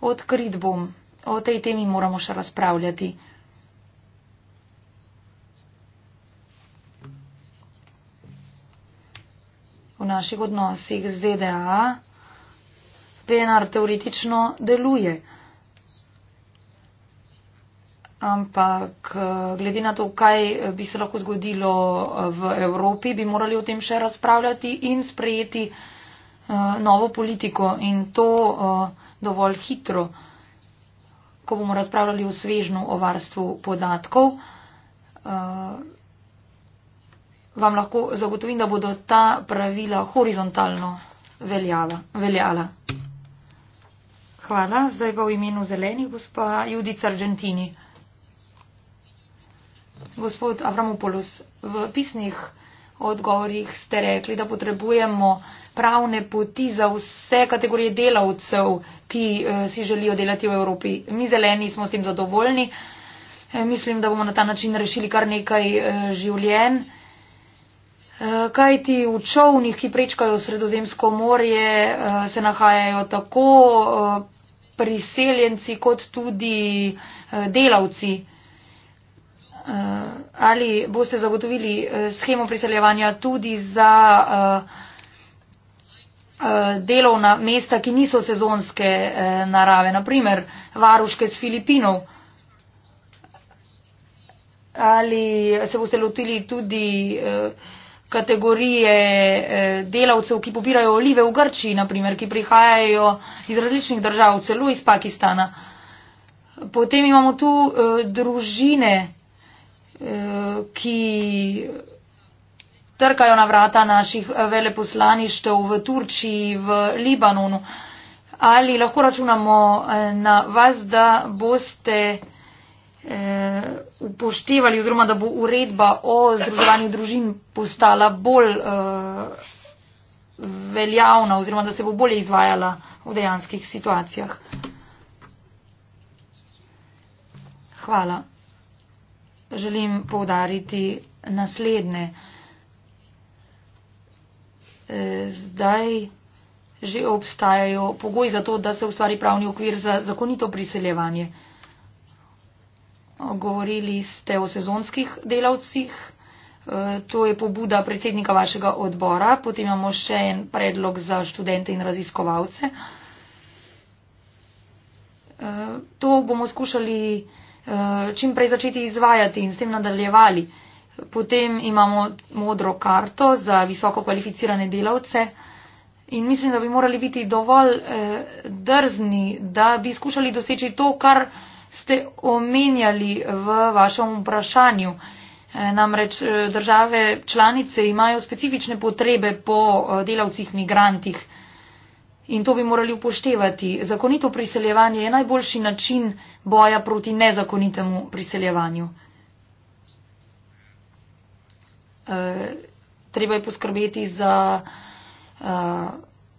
Odkrit bom. O tej temi moramo še razpravljati. V naših odnosih z ZDA penar teoretično deluje. Ampak eh, glede na to, kaj eh, bi se lahko zgodilo eh, v Evropi, bi morali o tem še razpravljati in sprejeti novo politiko in to dovolj hitro, ko bomo razpravljali o svežnu o varstvu podatkov. Vam lahko zagotovim, da bodo ta pravila horizontalno veljala. veljala. Hvala. Zdaj bo v imenu zelenih gospa Judica Argentini. Gospod Avramopoulos, v pisnih odgovorih ste rekli, da potrebujemo pravne poti za vse kategorije delavcev, ki eh, si želijo delati v Evropi. Mi zeleni smo s tem zadovoljni. Eh, mislim, da bomo na ta način rešili kar nekaj eh, življenj. Kaj ti v čovnih, ki prečkajo sredozemsko morje, se nahajajo tako priseljenci kot tudi eh, delavci? Eh, ali boste zagotovili eh, schemo priseljevanja tudi za delovna mesta, ki niso sezonske narave, naprimer varuške z Filipinov? Ali se boste lotili tudi uh, kategorije eh, delavcev, ki pobirajo olive v Grčiji, naprimer, ki prihajajo iz različnih držav, celo iz Pakistana. Potem imamo tu eh, družine, eh, ki trkajo na vrata naših veleposlaništev v Turčiji, v Libanonu. Ali lahko računamo na vas, da boste eh, upoštevali oziroma da bo uredba o združevanju družin postala bolj eh, veljavna oziroma da se bo bolje izvajala v dejanskih situacijah. Hvala. Želim povdariti naslednje. Eh, zdaj že obstajajo pogoji za to, da se ustvari pravni okvir za zakonito priseljevanje. Govorili ste o sezonskih delavcih. E, to je pobuda predsednika vašega odbora. Potem imamo še en predlog za študente in raziskovalce. E, to bomo skušali e, čim prej začeti izvajati in s tem nadaljevali. Potem imamo modro karto za visoko kvalificirane delavce in mislim, da bi morali biti dovolj drzni, da bi skušali doseči to, kar ste omenjali v vašem vprašanju. Eh, namreč eh, države članice imajo specifične potrebe po eh, delavcih migrantih in to bi morali upoštevati. Zakonito priseljevanje je najboljši način boja proti nezakonitemu priseljevanju. Treba je poskrbeti za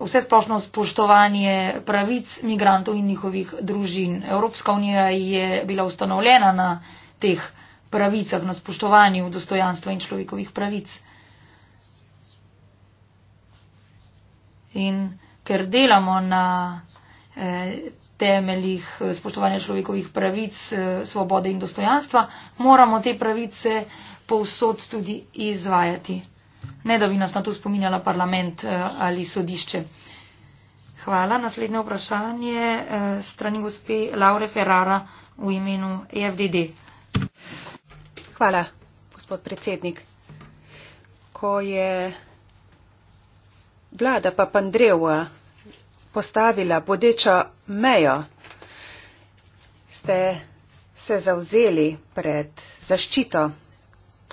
vse splošno spoštovanje pravic migrantov in njihovih družin. Evropska unija je bila ustanovljena na teh pravicah, na spoštovanju dostojanstva in človekovih pravic. In ker delamo na eh, temeljih eh, spoštovanja človekovih pravic, eh, svobode in dostojanstva, moramo te pravice povsod tudi izvajati. Ne, da bi nas na to spominjala parlament eh, ali sodišče. Hvala. Naslednje vprašanje eh, strani gospe Laure Ferrara v imenu EFDD. Hvala, gospod predsednik. Ko je vlada pa Pandreva postavila bodečo mejo, ste se zauzeli pred zaščito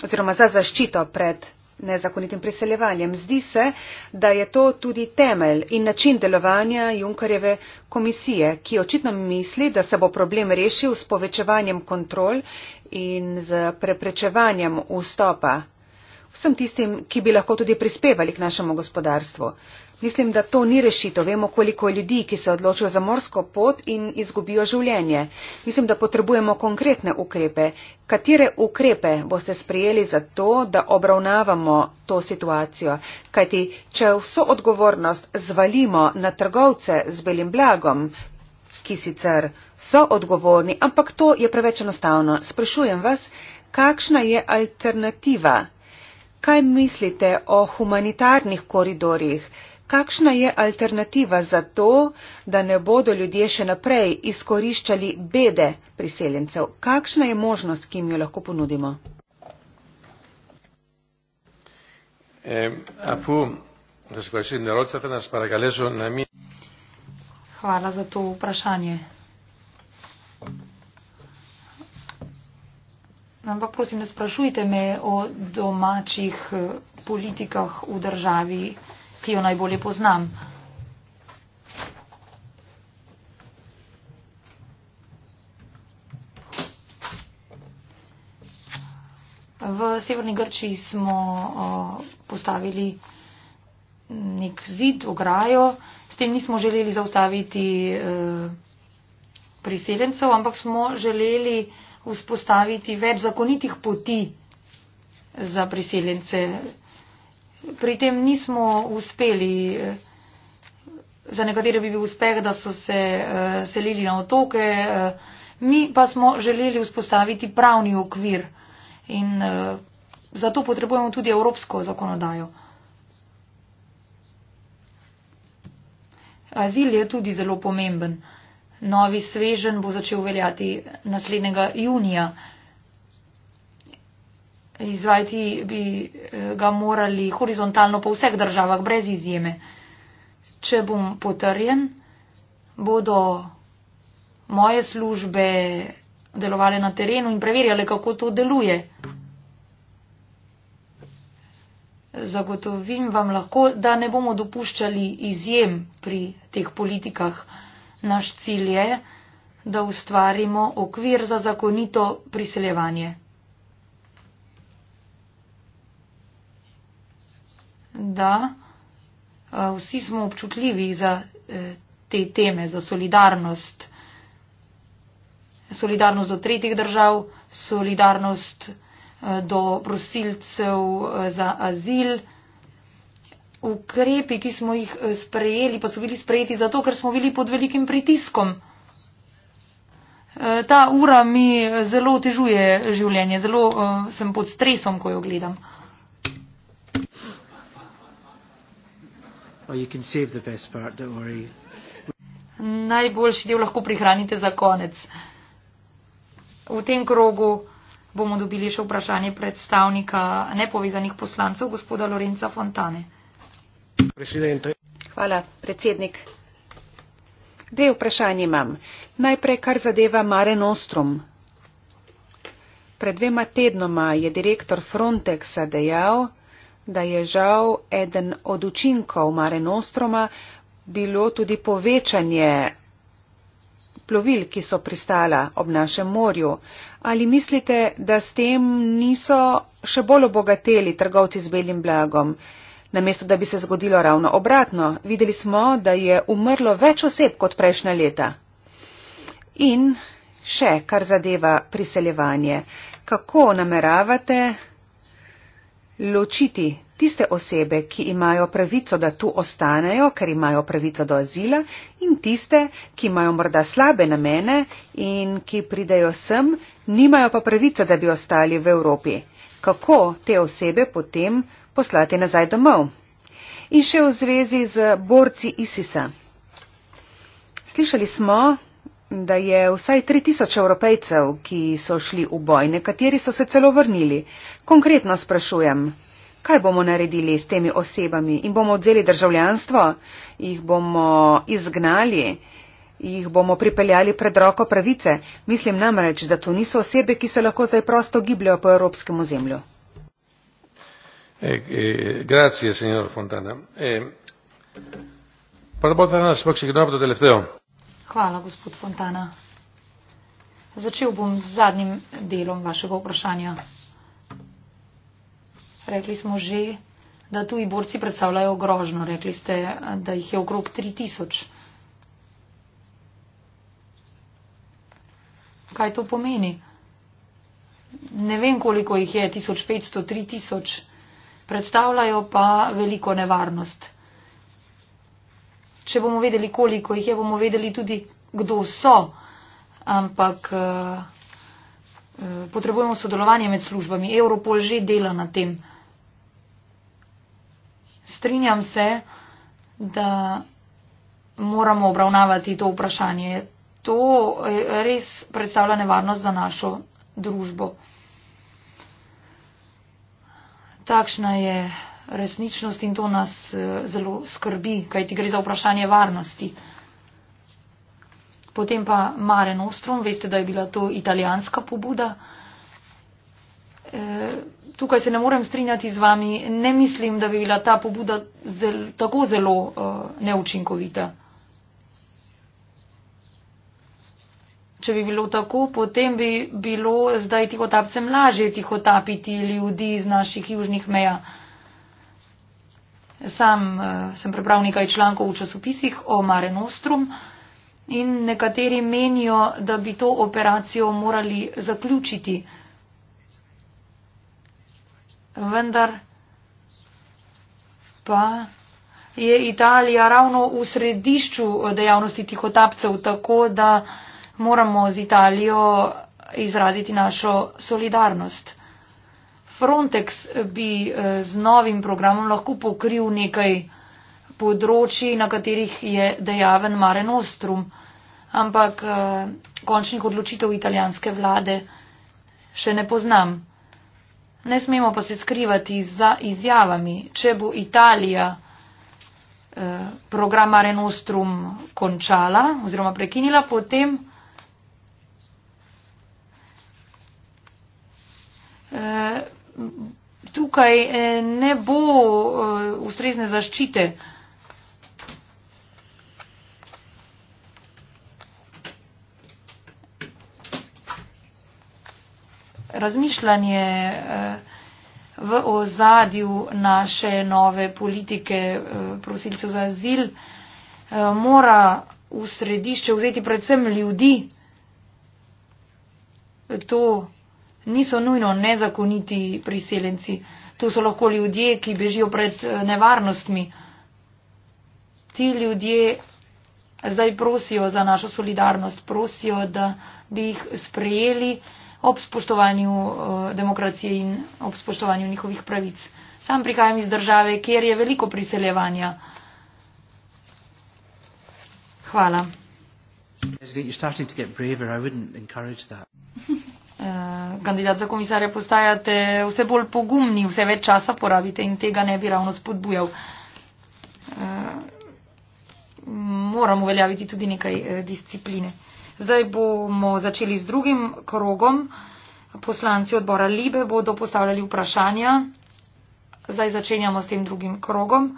oziroma za zaščito pred nezakonitim priseljevanjem. Zdi se, da je to tudi temelj in način delovanja Junkarjeve komisije, ki očitno misli, da se bo problem rešil s povečevanjem kontrol in z preprečevanjem vstopa vsem tistim, ki bi lahko tudi prispevali k našemu gospodarstvu. Mislim, da to ni rešitev. Vemo, koliko je ljudi, ki se odločijo za morsko pot in izgubijo življenje. Mislim, da potrebujemo konkretne ukrepe. Katere ukrepe boste sprijeli za to, da obravnavamo to situacijo? Kajti, če vso odgovornost zvalimo na trgovce z belim blagom, ki sicer so odgovorni, ampak to je preveč enostavno, sprašujem vas, kakšna je alternativa? Kaj mislite o humanitarnih koridorjih? Kakšna je alternativa za to, da ne bodo ljudje še naprej izkoriščali bede priseljencev? Kakšna je možnost, ki jim jo lahko ponudimo? Eh, Hvala za to vprašanje. Ampak prosim, ne sprašujte me o domačih eh, politikah v državi ki jo najbolje poznam. V severni Grčiji smo o, postavili nek zid, ograjo, s tem nismo želeli zaustaviti e, priseljencev, ampak smo želeli vzpostaviti več zakonitih poti za priseljence pri tem nismo uspeli. Za nekatere bi bil uspeh, da so se uh, selili na otoke, uh, mi pa smo želeli vzpostaviti pravni okvir in uh, zato potrebujemo tudi evropsko zakonodajo. Azil je tudi zelo pomemben. Novi svežen bo začel veljati naslednjega junija izvajati bi eh, ga morali horizontalno po vseh državah, brez izjeme. Če bom potrjen, bodo moje službe delovale na terenu in preverjale, kako to deluje. Zagotovim vam lahko, da ne bomo dopuščali izjem pri teh politikah. Naš cilj je, da ustvarimo okvir za zakonito priseljevanje. da eh, vsi smo občutljivi za eh, te teme, za solidarnost. Solidarnost do tretjih držav, solidarnost eh, do prosilcev za azil. Ukrepi, ki smo jih sprejeli, pa so bili sprejeti zato, ker smo bili pod velikim pritiskom. Ta ura mi zelo otežuje življenje, zelo sem pod stresom, ko jo gledam. Oh, part, Najboljši del lahko prihranite za konec. V tem krogu bomo dobili še vprašanje predstavnika nepovezanih poslancev, gospoda Lorenca Fontane. Presidente. Hvala, predsednik. Dve vprašanje imam. Najprej, kar zadeva Mare Nostrum. Pred dvema tednoma je direktor Frontexa dejal, da je žal eden od učinkov Mare Nostroma bilo tudi povečanje plovil, ki so pristala ob našem morju. Ali mislite, da s tem niso še bolj obogateli trgovci z belim blagom? Namesto, da bi se zgodilo ravno obratno, videli smo, da je umrlo več oseb kot prejšnja leta. In še, kar zadeva priseljevanje. Kako nameravate ločiti tiste osebe, ki imajo pravico, da tu ostanejo, ker imajo pravico do azila, in tiste, ki imajo morda slabe namene in ki pridejo sem, nimajo pa pravice, da bi ostali v Evropi. Kako te osebe potem poslati nazaj domov? In še v zvezi z borci ISIS-a. Slišali smo, da je vsaj 3000 evropejcev, ki so šli v boj, nekateri so se celo vrnili. Konkretno sprašujem, kaj bomo naredili s temi osebami? In bomo odzeli državljanstvo? Jih bomo izgnali? Jih bomo pripeljali pred roko pravice? Mislim namreč, da to niso osebe, ki se lahko zdaj prosto gibljajo po evropskem ozemlju. Eh, eh, grazie, signor Fontana. Eh, Para votar en las próximas, no, pero te le feo. Hvala, gospod Fontana. Začel bom z zadnjim delom vašega vprašanja. Rekli smo že, da tuji borci predstavljajo grožno. Rekli ste, da jih je okrog 3000. Kaj to pomeni? Ne vem, koliko jih je, 1500, 3000. Predstavljajo pa veliko nevarnost če bomo vedeli, koliko jih je, bomo vedeli tudi, kdo so. Ampak eh, eh, potrebujemo sodelovanje med službami. Europol že dela na tem. Strinjam se, da moramo obravnavati to vprašanje. To eh, res predstavlja nevarnost za našo družbo. Takšna je resničnost in to nas eh, zelo skrbi, kaj ti gre za vprašanje varnosti. Potem pa Mare Nostrum, veste, da je bila to italijanska pobuda. E, tukaj se ne morem strinjati z vami, ne mislim, da bi bila ta pobuda zel, tako zelo uh, neučinkovita. Če bi bilo tako, potem bi bilo zdaj tihotapcem lažje tihotapiti ljudi iz naših južnih meja. Sam uh, sem prebral nekaj člankov v časopisih o Mare Nostrum in nekateri menijo, da bi to operacijo morali zaključiti. Vendar pa je Italija ravno v središču eh, dejavnosti tihotapcev, tako da moramo z Italijo izraziti našo solidarnost. Frontex bi eh, z novim programom lahko pokril nekaj področji, na katerih je dejaven Mare Nostrum, ampak eh, končnih odločitev italijanske vlade še ne poznam. Ne smemo pa se skrivati za izjavami, če bo Italija eh, program Mare Nostrum končala oziroma prekinila, potem eh, tukaj eh, ne bo eh, ustrezne zaščite. Razmišljanje eh, v ozadju naše nove politike prosilcev za azil mora v središče vzeti predvsem ljudi. To niso nujno nezakoniti priseljenci. To so lahko ljudje, ki bežijo pred eh, nevarnostmi. Ti ljudje zdaj prosijo za našo solidarnost, prosijo, da bi jih sprejeli ob spoštovanju eh, demokracije in ob spoštovanju njihovih pravic. Sam prihajam iz države, kjer je veliko priseljevanja. Hvala. As you start to get braver, I wouldn't encourage that. Eh, kandidat za komisarja, postajate vse bolj pogumni, vse več časa porabite in tega ne bi ravno spodbujal. Eh, Moramo uveljaviti tudi nekaj eh, discipline. Zdaj bomo začeli z drugim krogom. Poslanci odbora Libe bodo postavljali vprašanja. Zdaj začenjamo s tem drugim krogom.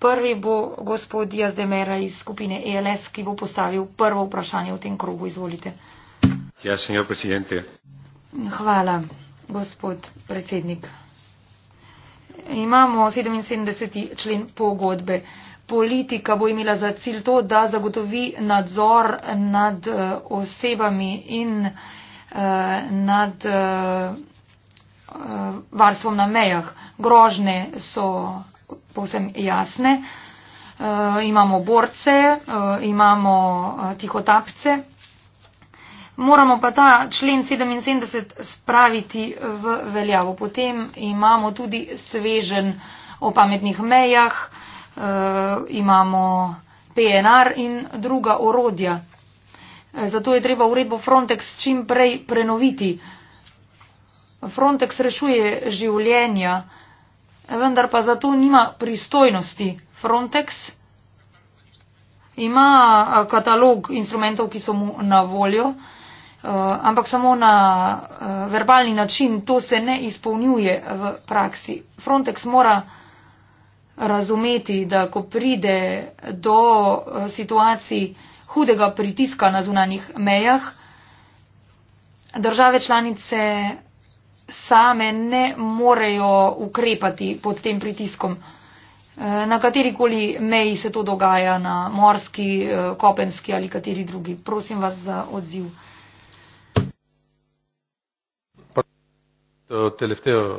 Prvi bo gospod Jazdemera iz skupine ELS, ki bo postavil prvo vprašanje v tem krogu. Izvolite. Ja, Hvala, gospod predsednik. Imamo 77. člen pogodbe. Politika bo imela za cilj to, da zagotovi nadzor nad eh, osebami in uh, nad uh, varstvom na mejah. Grožne so povsem jasne. Uh, imamo borce, uh, imamo tihotapce. Moramo pa ta člen 77 spraviti v veljavo. Potem imamo tudi svežen o pametnih mejah, e, imamo PNR in druga orodja. E, zato je treba uredbo Frontex čim prej prenoviti. Frontex rešuje življenja, vendar pa zato nima pristojnosti. Frontex ima eh, katalog instrumentov, ki so mu na voljo. Eh, ampak samo na eh, verbalni način to se ne izpolnjuje v praksi. Frontex mora razumeti, da ko pride do eh, situacij hudega pritiska na zunanjih mejah, države članice same ne morejo ukrepati pod tem pritiskom. Na katerikoli meji se to dogaja, na morski, kopenski ali kateri drugi. Prosim vas za odziv. το τελευταίο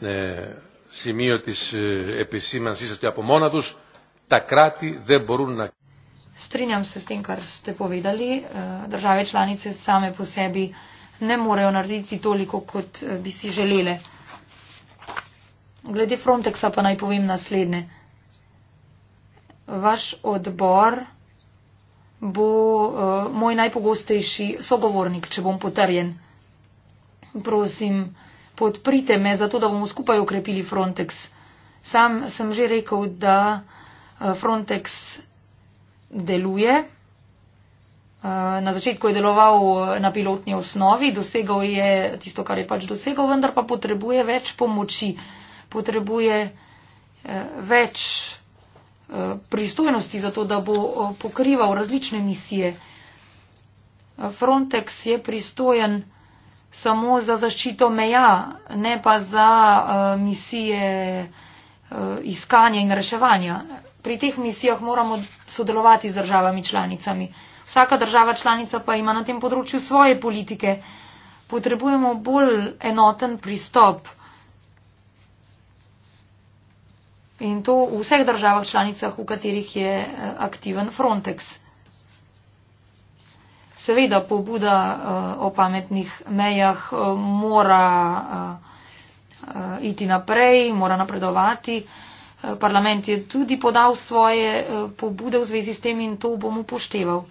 ε, σημείο της ε, επισήμανσής σας ότι από μόνα τους τα κράτη δεν μπορούν να... Strinjam se s tem, kar ste povedali. Države članice same po sebi ne morejo narediti toliko, kot e, bi si želele. Glede Frontexa pa naj povem naslednje. Vaš odbor bo e, moj najpogostejši sogovornik, če bom potrjen. Prosim, podprite me, zato da bomo skupaj ukrepili Frontex. Sam sem že rekel, da eh, Frontex deluje. Eh, na začetku je deloval eh, na pilotni osnovi, dosegal je tisto, kar je pač dosegal, vendar pa potrebuje več pomoči, potrebuje več pristojnosti za to, da bo pokrival različne misije. Frontex je pristojen samo za zaščito meja, ne pa za uh, misije uh, iskanja in reševanja. Pri teh misijah moramo sodelovati z državami članicami. Vsaka država članica pa ima na tem področju svoje politike. Potrebujemo bolj enoten pristop. In to v vseh državah članicah, v katerih je eh, aktiven Frontex. Seveda pobuda uh, o pametnih mejah uh, mora uh, iti naprej, mora napredovati. Parlament je tudi podal svoje pobude v zvezi s tem in to bomo upošteval.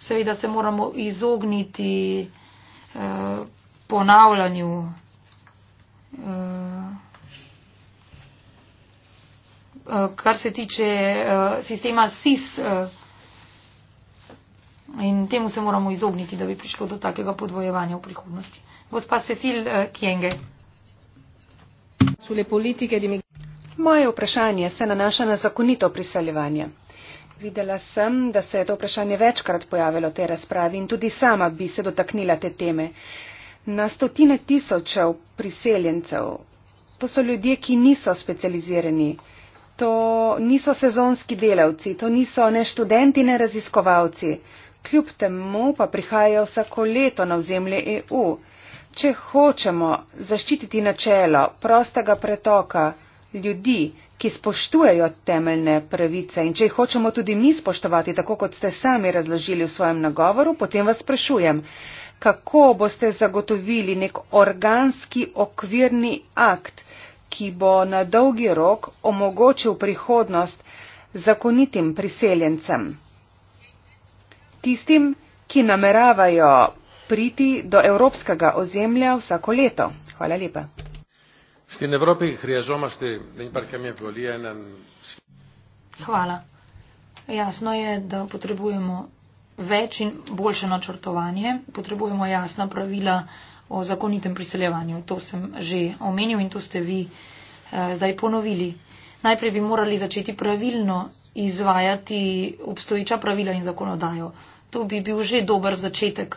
Seveda se moramo izogniti ponavljanju kar se tiče sistema SIS. In temu se moramo izogniti, da bi prišlo do takega podvojevanja v prihodnosti. Gospa Cecil eh, Kienge. Moje vprašanje se nanaša na zakonito priseljevanje. Videla sem, da se je to vprašanje večkrat pojavilo v tej razpravi in tudi sama bi se dotaknila te teme. Na stotine tisočev priseljencev, to so ljudje, ki niso specializirani, to niso sezonski delavci, to niso ne študenti, ne raziskovalci kljub temu pa prihajajo vsako leto na ozemlje EU. Če hočemo zaščititi načelo prostega pretoka ljudi, ki spoštujejo temeljne pravice in če jih hočemo tudi mi spoštovati, tako kot ste sami razložili v svojem nagovoru, potem vas sprašujem, kako boste zagotovili nek organski okvirni akt, ki bo na dolgi rok omogočil prihodnost zakonitim priseljencem tistim, ki nameravajo priti do evropskega ozemlja vsako leto. Hvala lepa. Hvala. Jasno je, da potrebujemo več in boljše načrtovanje, potrebujemo jasna pravila o zakonitem priseljevanju. To sem že omenil in to ste vi eh, zdaj ponovili. Najprej bi morali začeti pravilno izvajati obstoječa pravila in zakonodajo. To bi bil že dober začetek.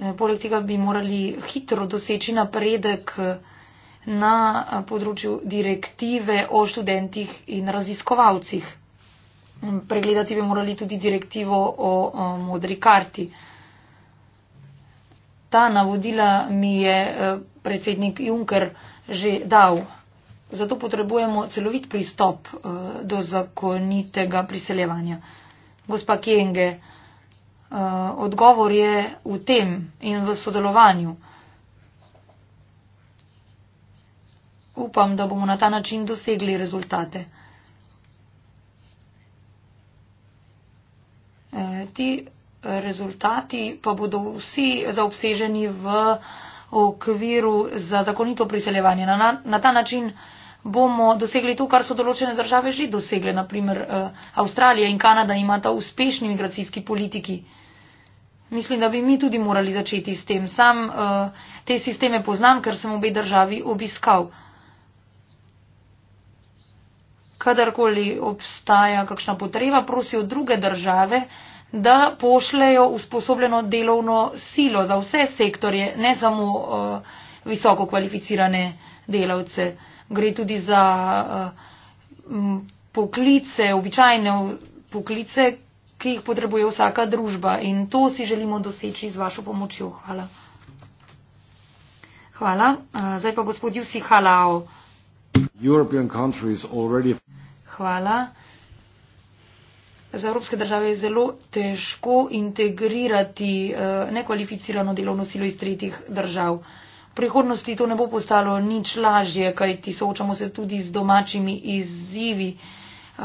Eh, poleg tega bi morali hitro doseči napredek eh, na eh, področju direktive o študentih in raziskovalcih. Mm, pregledati bi morali tudi direktivo o modri karti. Ta navodila mi je predsednik Juncker že dal. Zato potrebujemo celovit pristop eh, do zakonitega priseljevanja. Gospa Kienge, eh, odgovor je v tem in v sodelovanju. Upam, da bomo na ta način dosegli rezultate. Eh, ti rezultati pa bodo vsi zaobseženi v v okviru za zakonito priseljevanje. Na, na ta način bomo dosegli to, kar so določene države že dosegle. Naprimer, eh, Avstralija in Kanada imata uspešni migracijski politiki. Mislim, da bi mi tudi morali začeti s tem. Sam eh, te sisteme poznam, ker sem obe državi obiskal. Kadarkoli obstaja kakšna potreba, prosijo druge države, da pošljajo usposobljeno delovno silo za vse sektorje, ne samo uh, eh, visoko kvalificirane delavce. Gre tudi za uh, poklice, običajne poklice, ki jih potrebuje vsaka družba in to si želimo doseči z vašo pomočjo. Hvala. Hvala. Uh, zdaj pa gospod Jusi Halao. Hvala za evropske države je zelo težko integrirati eh, nekvalificirano delovno silo iz tretjih držav. V prihodnosti to ne bo postalo nič lažje, kajti soočamo se tudi z domačimi izzivi eh,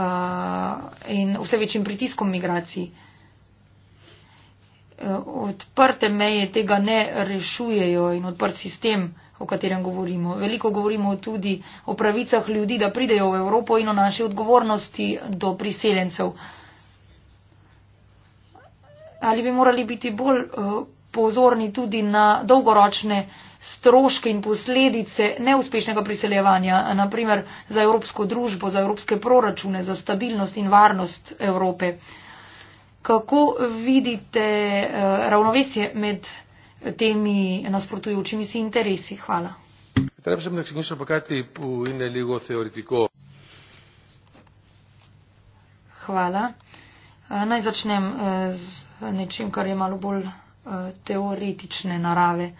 in vse večjim pritiskom migracij. Eh, odprte meje tega ne rešujejo in odprt sistem, o katerem govorimo. Veliko govorimo tudi o pravicah ljudi, da pridejo v Evropo in o naši odgovornosti do priseljencev ali bi morali biti bolj eh, pozorni tudi na dolgoročne stroške in posledice neuspešnega priseljevanja, naprimer za evropsko družbo, za evropske proračune, za stabilnost in varnost Evrope. Kako vidite eh, ravnovesje med temi nasprotujočimi si interesi? Hvala. Hvala. Naj začnem eh, z nečem, kar je malo bolj uh, teoretične narave.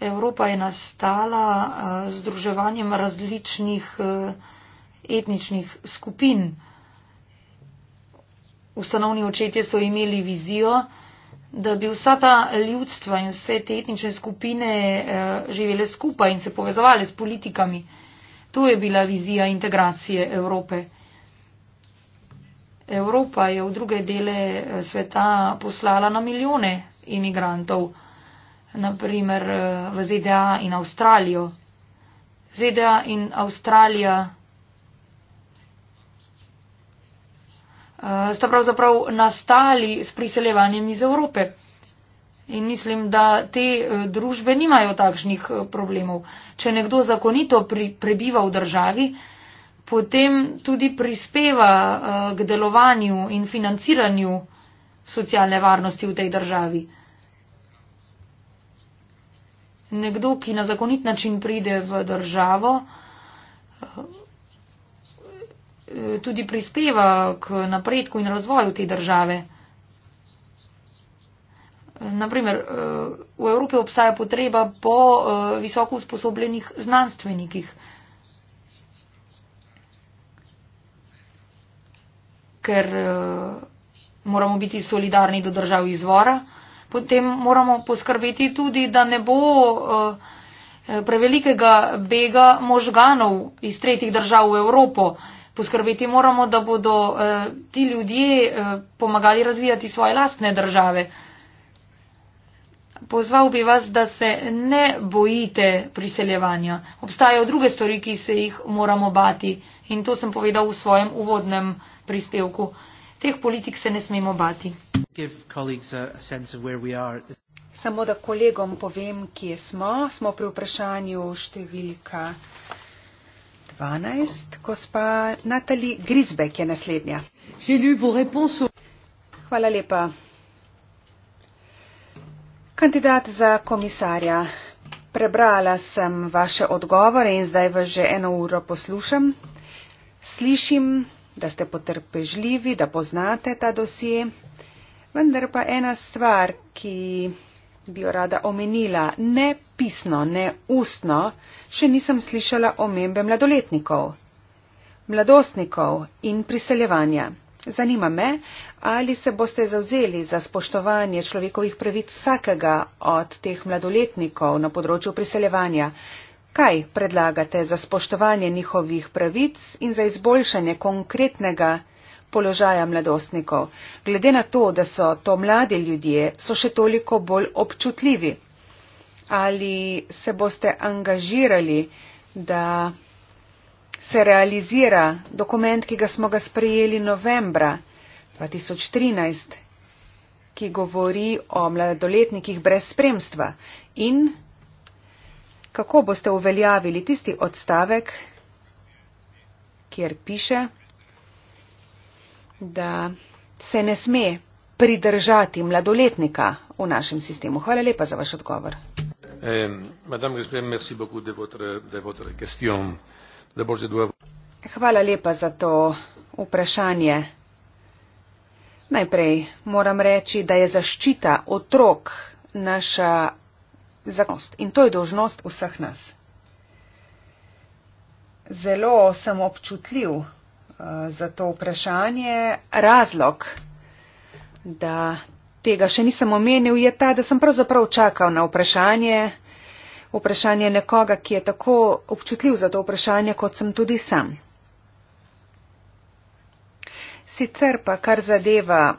Evropa je nastala uh, združevanjem različnih uh, etničnih skupin. Ustanovni očetje so imeli vizijo, da bi vsa ta ljudstva in vse te etnične skupine uh, živele skupaj in se povezovali s politikami. To je bila vizija integracije Evrope. Evropa je v druge dele eh, sveta poslala na milijone imigrantov, naprimer eh, v ZDA in Avstralijo. ZDA in Avstralija eh, sta pravzaprav nastali s priseljevanjem iz Evrope. In mislim, da te družbe nimajo takšnih problemov. Če nekdo zakonito pri, prebiva v državi, potem tudi prispeva eh, k delovanju in financiranju socialne varnosti v tej državi. Nekdo, ki na zakonit način pride v državo, eh, eh, tudi prispeva k napredku in razvoju te države. Naprimer, v Evropi obstaja potreba po visoko usposobljenih znanstvenikih. ker eh, moramo biti solidarni do držav izvora. Potem moramo poskrbeti tudi, da ne bo eh, prevelikega bega možganov iz tretjih držav v Evropo. Poskrbeti moramo, da bodo eh, ti ljudje pomagali razvijati svoje lastne države pozval bi vas, da se ne bojite priseljevanja. Obstajajo druge stvari, ki se jih moramo bati in to sem povedal v svojem uvodnem prispevku. Teh politik se ne smemo bati. Samo da kolegom povem, kje smo. Smo pri vprašanju številka 12. Gospa Natali Grizbek je naslednja. Hvala lepa Kandidat za komisarja, prebrala sem vaše odgovore in zdaj vas že eno uro poslušam. Slišim, da ste potrpežljivi, da poznate ta dosije, vendar pa ena stvar, ki bi jo rada omenila, ne pisno, ne ustno, še nisem slišala omembe mladoletnikov, mladostnikov in priseljevanja. Zanima me, ali se boste zauzeli za spoštovanje človekovih pravic vsakega od teh mladoletnikov na področju priseljevanja. Kaj predlagate za spoštovanje njihovih pravic in za izboljšanje konkretnega položaja mladostnikov, glede na to, da so to mladi ljudje, so še toliko bolj občutljivi? Ali se boste angažirali, da se realizira dokument, ki ga smo ga sprejeli novembra 2013, ki govori o mladoletnikih brez spremstva in kako boste uveljavili tisti odstavek, kjer piše, da se ne sme pridržati mladoletnika v našem sistemu. Hvala lepa za vaš odgovor. Eh, madame, gospod, da bo že dolgo. Hvala lepa za to vprašanje. Najprej moram reči, da je zaščita otrok naša zakonost in to je dožnost vseh nas. Zelo sem občutljiv eh, za to vprašanje. Razlog, da tega še nisem omenil, je ta, da sem pravzaprav čakal na vprašanje vprašanje nekoga, ki je tako občutljiv za to vprašanje, kot sem tudi sam. Sicer pa, kar zadeva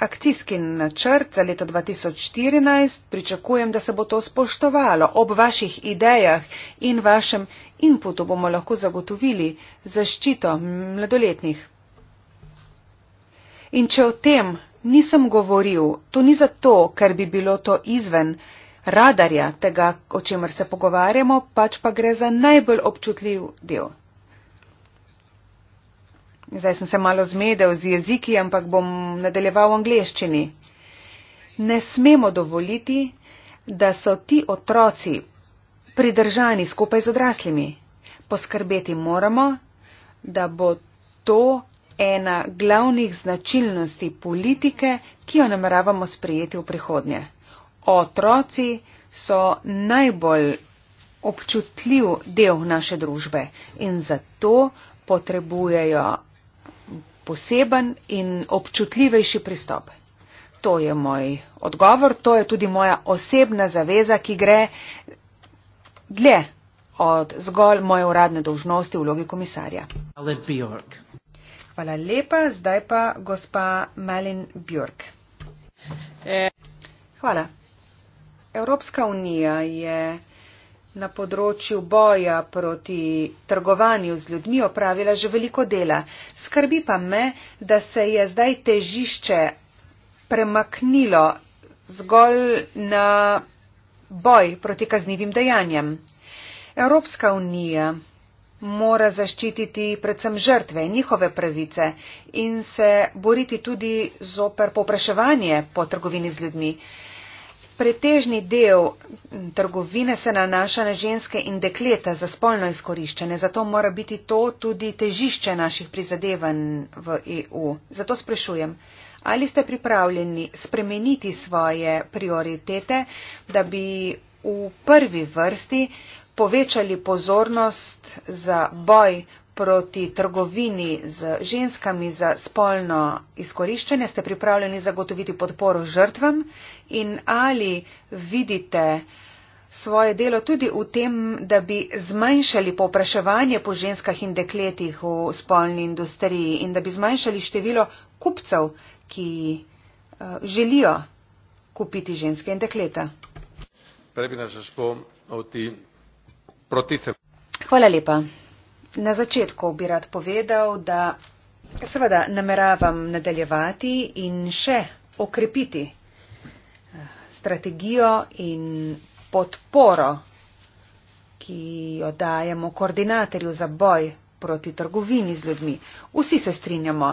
akcijski načrt za leto 2014, pričakujem, da se bo to spoštovalo. Ob vaših idejah in vašem inputu bomo lahko zagotovili zaščito mladoletnih. In če o tem nisem govoril, to ni zato, ker bi bilo to izven radarja tega, o čemer se pogovarjamo, pač pa gre za najbolj občutljiv del. Zdaj sem se malo zmedel z jeziki, ampak bom nadaljeval v angleščini. Ne smemo dovoliti, da so ti otroci pridržani skupaj z odraslimi. Poskrbeti moramo, da bo to ena glavnih značilnosti politike, ki jo nameravamo sprejeti v prihodnje otroci so najbolj občutljiv del naše družbe in zato potrebujejo poseben in občutljivejši pristop. To je moj odgovor, to je tudi moja osebna zaveza, ki gre dlje od zgolj moje uradne dolžnosti v vlogi komisarja. Hvala lepa, zdaj pa gospa Malin Björk. Eh. Hvala. Evropska unija je na področju boja proti trgovanju z ljudmi opravila že veliko dela. Skrbi pa me, da se je zdaj težišče premaknilo zgolj na boj proti kaznivim dejanjem. Evropska unija mora zaščititi predvsem žrtve in njihove pravice in se boriti tudi zoper popraševanje po trgovini z ljudmi. Pretežni del trgovine se nanaša na ženske in dekleta za spolno izkoriščanje, zato mora biti to tudi težišče naših prizadevanj v EU. Zato sprašujem, ali ste pripravljeni spremeniti svoje prioritete, da bi v prvi vrsti povečali pozornost za boj proti trgovini z ženskami za spolno izkoriščanje? Ste pripravljeni zagotoviti podporo žrtvam? In ali vidite svoje delo tudi v tem, da bi zmanjšali povpraševanje po ženskah in dekletih v spolni industriji in da bi zmanjšali število kupcev, ki eh, želijo kupiti ženske in dekleta? Hvala lepa na začetku bi rad povedal, da seveda nameravam nadaljevati in še okrepiti eh, strategijo in podporo, ki jo dajemo koordinatorju za boj proti trgovini z ljudmi. Vsi se strinjamo,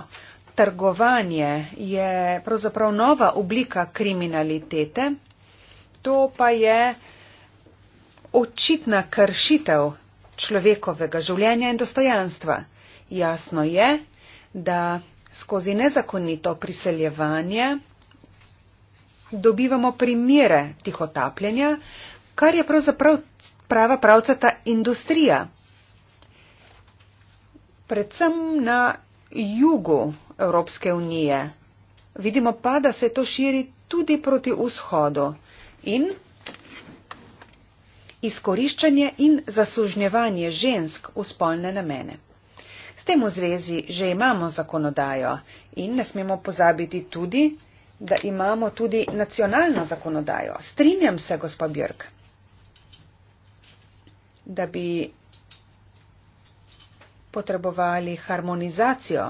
trgovanje je pravzaprav nova oblika kriminalitete, to pa je očitna kršitev človekovega življenja in dostojanstva. Jasno je, da skozi nezakonito priseljevanje dobivamo primere tihotapljenja, kar je pravzaprav prava pravca ta industrija. Predvsem na jugu Evropske unije. Vidimo pa, da se to širi tudi proti vzhodu. In izkoriščanje in zasužnjevanje žensk v spolne namene. S tem v zvezi že imamo zakonodajo in ne smemo pozabiti tudi, da imamo tudi nacionalno zakonodajo. Strinjam se, gospa Björk, da bi potrebovali harmonizacijo,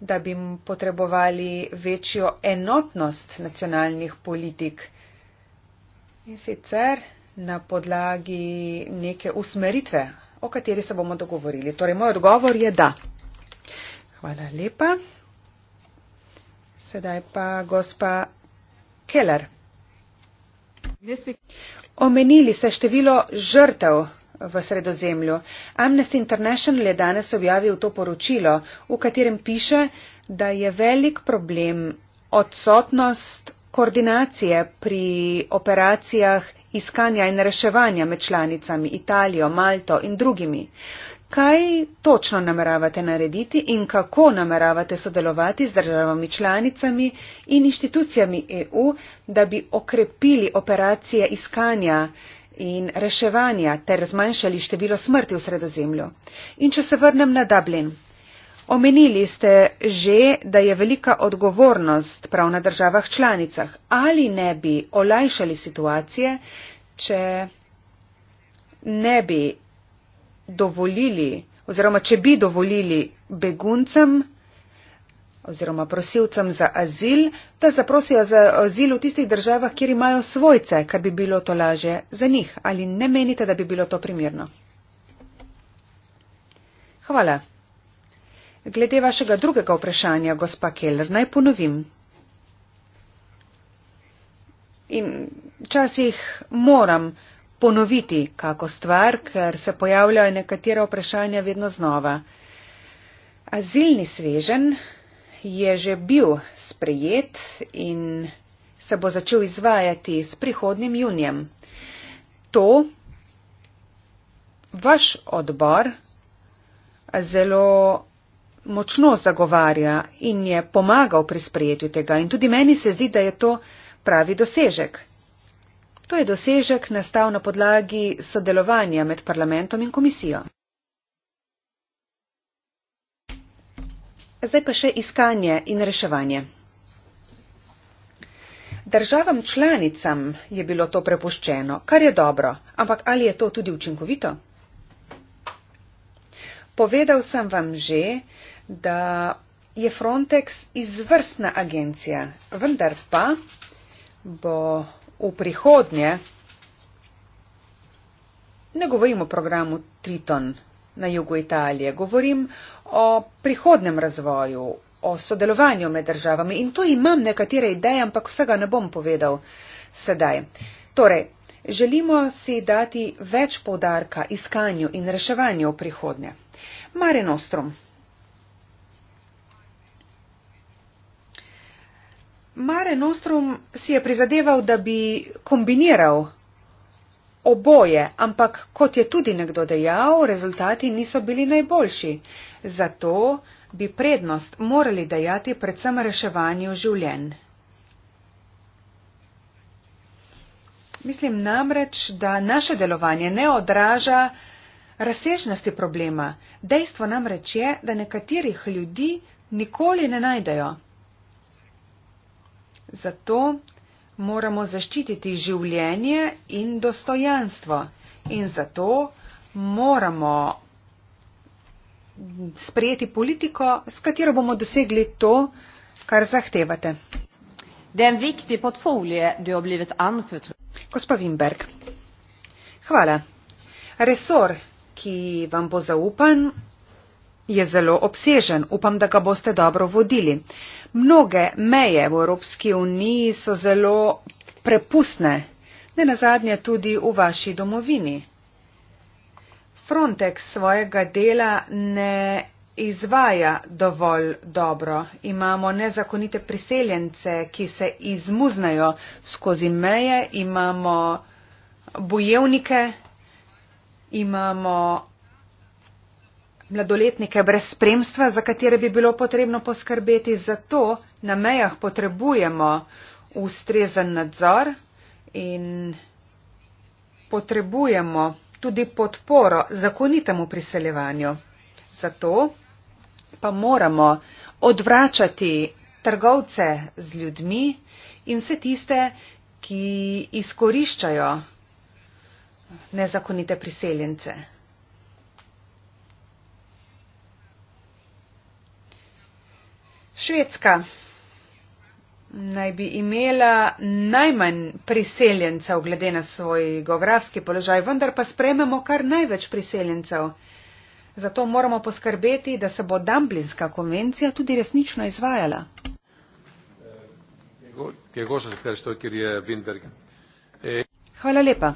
da bi potrebovali večjo enotnost nacionalnih politik. In sicer na podlagi neke usmeritve, o kateri se bomo dogovorili. Torej, moj odgovor je da. Hvala lepa. Sedaj pa gospa Keller. Omenili ste število žrtev v sredozemlju. Amnesty International je danes objavil to poročilo, v katerem piše, da je velik problem odsotnost koordinacije pri operacijah iskanja in reševanja med članicami Italijo, Malto in drugimi. Kaj točno nameravate narediti in kako nameravate sodelovati z državami članicami in inštitucijami EU, da bi okrepili operacije iskanja in reševanja ter zmanjšali število smrti v sredozemlju? In če se vrnem na Dublin, Omenili ste že, da je velika odgovornost prav na državah članicah. Ali ne bi olajšali situacije, če ne bi dovolili oziroma če bi dovolili beguncem oziroma prosilcem za azil, da zaprosijo za azil v tistih državah, kjer imajo svojce, ker bi bilo to lažje za njih. Ali ne menite, da bi bilo to primirno? Hvala glede vašega drugega vprašanja gospa keller naj ponovim in včasih moram ponoviti kako stvar ker se pojavljajo nekatera vprašanja vedno znova azilni svežen je že bil sprejet in se bo začel izvajati s prihodnim junijem. To vaš odbor zelo močno zagovarja in je pomagal pri sprejetju tega. In tudi meni se zdi, da je to pravi dosežek. To je dosežek nastal na podlagi sodelovanja med parlamentom in komisijo. Zdaj pa še iskanje in reševanje. Državam članicam je bilo to prepuščeno, kar je dobro, ampak ali je to tudi učinkovito? Povedal sem vam že, da je Frontex izvrstna agencija, vendar pa bo v prihodnje, ne govorim o programu Triton na jugu Italije, govorim o prihodnem razvoju, o sodelovanju med državami in to imam nekatere ideje, ampak vsega ne bom povedal sedaj. Torej, Želimo si dati več povdarka iskanju in reševanju v prihodnje. Mare Nostrom. Mare Nostrum si je prizadeval, da bi kombiniral oboje, ampak kot je tudi nekdo dejal, rezultati niso bili najboljši. Zato bi prednost morali dajati predvsem reševanju življenj. Mislim namreč, da naše delovanje ne odraža razsežnosti problema. Dejstvo namreč je, da nekaterih ljudi nikoli ne najdejo. Zato moramo zaščititi življenje in dostojanstvo in zato moramo sprejeti politiko, s katero bomo dosegli to, kar zahtevate. Er Gospod Wimberg, hvala. Resor, ki vam bo zaupan, je zelo obsežen, upam, da ga boste dobro vodili. Mnoge meje v Evropski uniji so zelo prepustne, ne nazadnje tudi v vaši domovini. Frontex svojega dela ne izvaja dovolj dobro. Imamo nezakonite priseljence, ki se izmuznajo skozi meje, imamo bojevnike, imamo mladoletnike brez spremstva, za katere bi bilo potrebno poskrbeti. Zato na mejah potrebujemo ustrezen nadzor in potrebujemo tudi podporo zakonitemu priseljevanju. Zato pa moramo odvračati trgovce z ljudmi in vse tiste, ki izkoriščajo nezakonite priseljence. Švedska naj bi imela najmanj priseljencev glede na svoj geografski položaj, vendar pa sprememo kar največ priseljencev. Zato moramo poskrbeti, da se bo Dumblinska konvencija tudi resnično izvajala. Hvala lepa.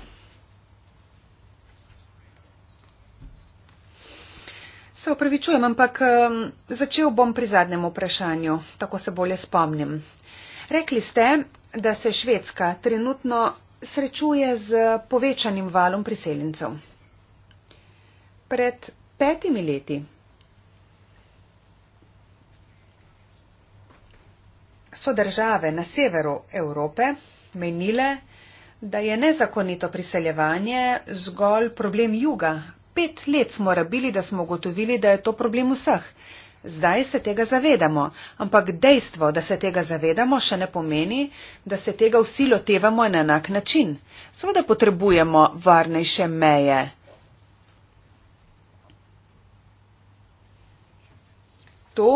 Se upravičujem, ampak začel bom pri zadnjem vprašanju, tako se bolje spomnim. Rekli ste, da se Švedska trenutno srečuje z povečanim valom priseljencev. Pred petimi leti so države na severu Evrope menile, da je nezakonito priseljevanje zgolj problem juga Pet let smo rabili, da smo ugotovili, da je to problem vseh. Zdaj se tega zavedamo, ampak dejstvo, da se tega zavedamo, še ne pomeni, da se tega vsi lotevamo na enak način. Seveda potrebujemo varnejše meje. To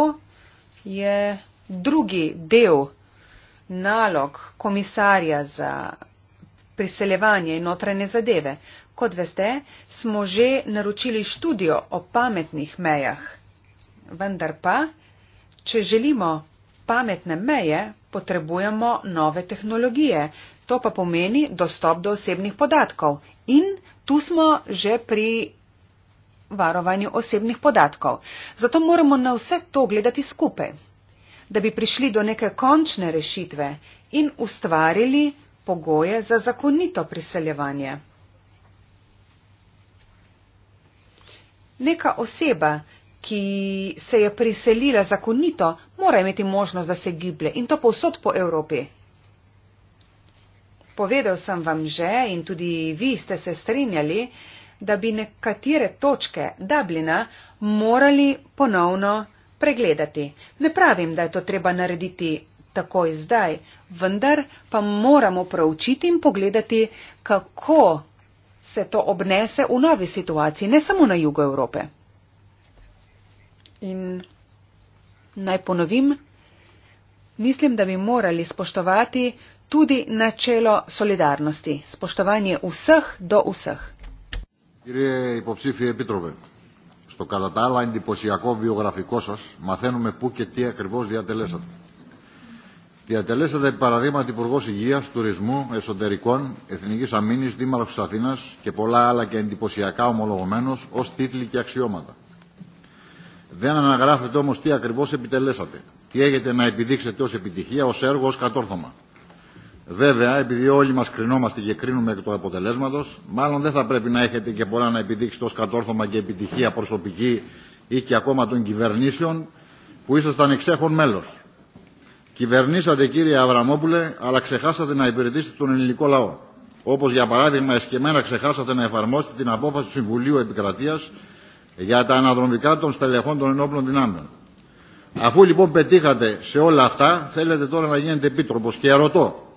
je drugi del nalog komisarja za priseljevanje in notranje zadeve. Kot veste, smo že naročili študijo o pametnih mejah. Vendar pa, če želimo pametne meje, potrebujemo nove tehnologije. To pa pomeni dostop do osebnih podatkov. In tu smo že pri varovanju osebnih podatkov. Zato moramo na vse to gledati skupaj, da bi prišli do neke končne rešitve in ustvarili pogoje za zakonito priseljevanje. neka oseba, ki se je priselila zakonito, mora imeti možnost, da se giblje in to povsod po Evropi. Povedal sem vam že in tudi vi ste se strinjali, da bi nekatere točke Dublina morali ponovno pregledati. Ne pravim, da je to treba narediti takoj zdaj, vendar pa moramo proučiti in pogledati, kako se to obnese v novi situaciji, ne samo na jugu Evrope. In naj ponovim, mislim, da bi morali spoštovati tudi načelo solidarnosti, spoštovanje vseh do vseh. Στο κατά τα άλλα εντυπωσιακό βιογραφικό σας μαθαίνουμε πού και τι ακριβώς διατελέσατε. Διατελέσατε παραδείγματα Υπουργό Υγεία, Τουρισμού, Εσωτερικών, Εθνική Αμήνη, Δήμαρχο Αθήνα και πολλά άλλα και εντυπωσιακά ομολογωμένο ω τίτλοι και αξιώματα. Δεν αναγράφεται όμω τι ακριβώ επιτελέσατε. Τι έχετε να επιδείξετε ω επιτυχία, ω έργο, ω κατόρθωμα. Βέβαια, επειδή όλοι μα κρινόμαστε και κρίνουμε εκ του αποτελέσματο, μάλλον δεν θα πρέπει να έχετε και πολλά να επιδείξετε ω κατόρθωμα και επιτυχία προσωπική ή και ακόμα των κυβερνήσεων που ήσασταν εξέχον μέλος. Κυβερνήσατε κύριε Αβραμόπουλε, αλλά ξεχάσατε να υπηρετήσετε τον ελληνικό λαό. Όπω για παράδειγμα, εσκεμένα ξεχάσατε να εφαρμόσετε την απόφαση του Συμβουλίου Επικρατεία για τα αναδρομικά των στελεχών των ενόπλων δυνάμεων. Αφού λοιπόν πετύχατε σε όλα αυτά, θέλετε τώρα να γίνετε επίτροπο. Και ρωτώ,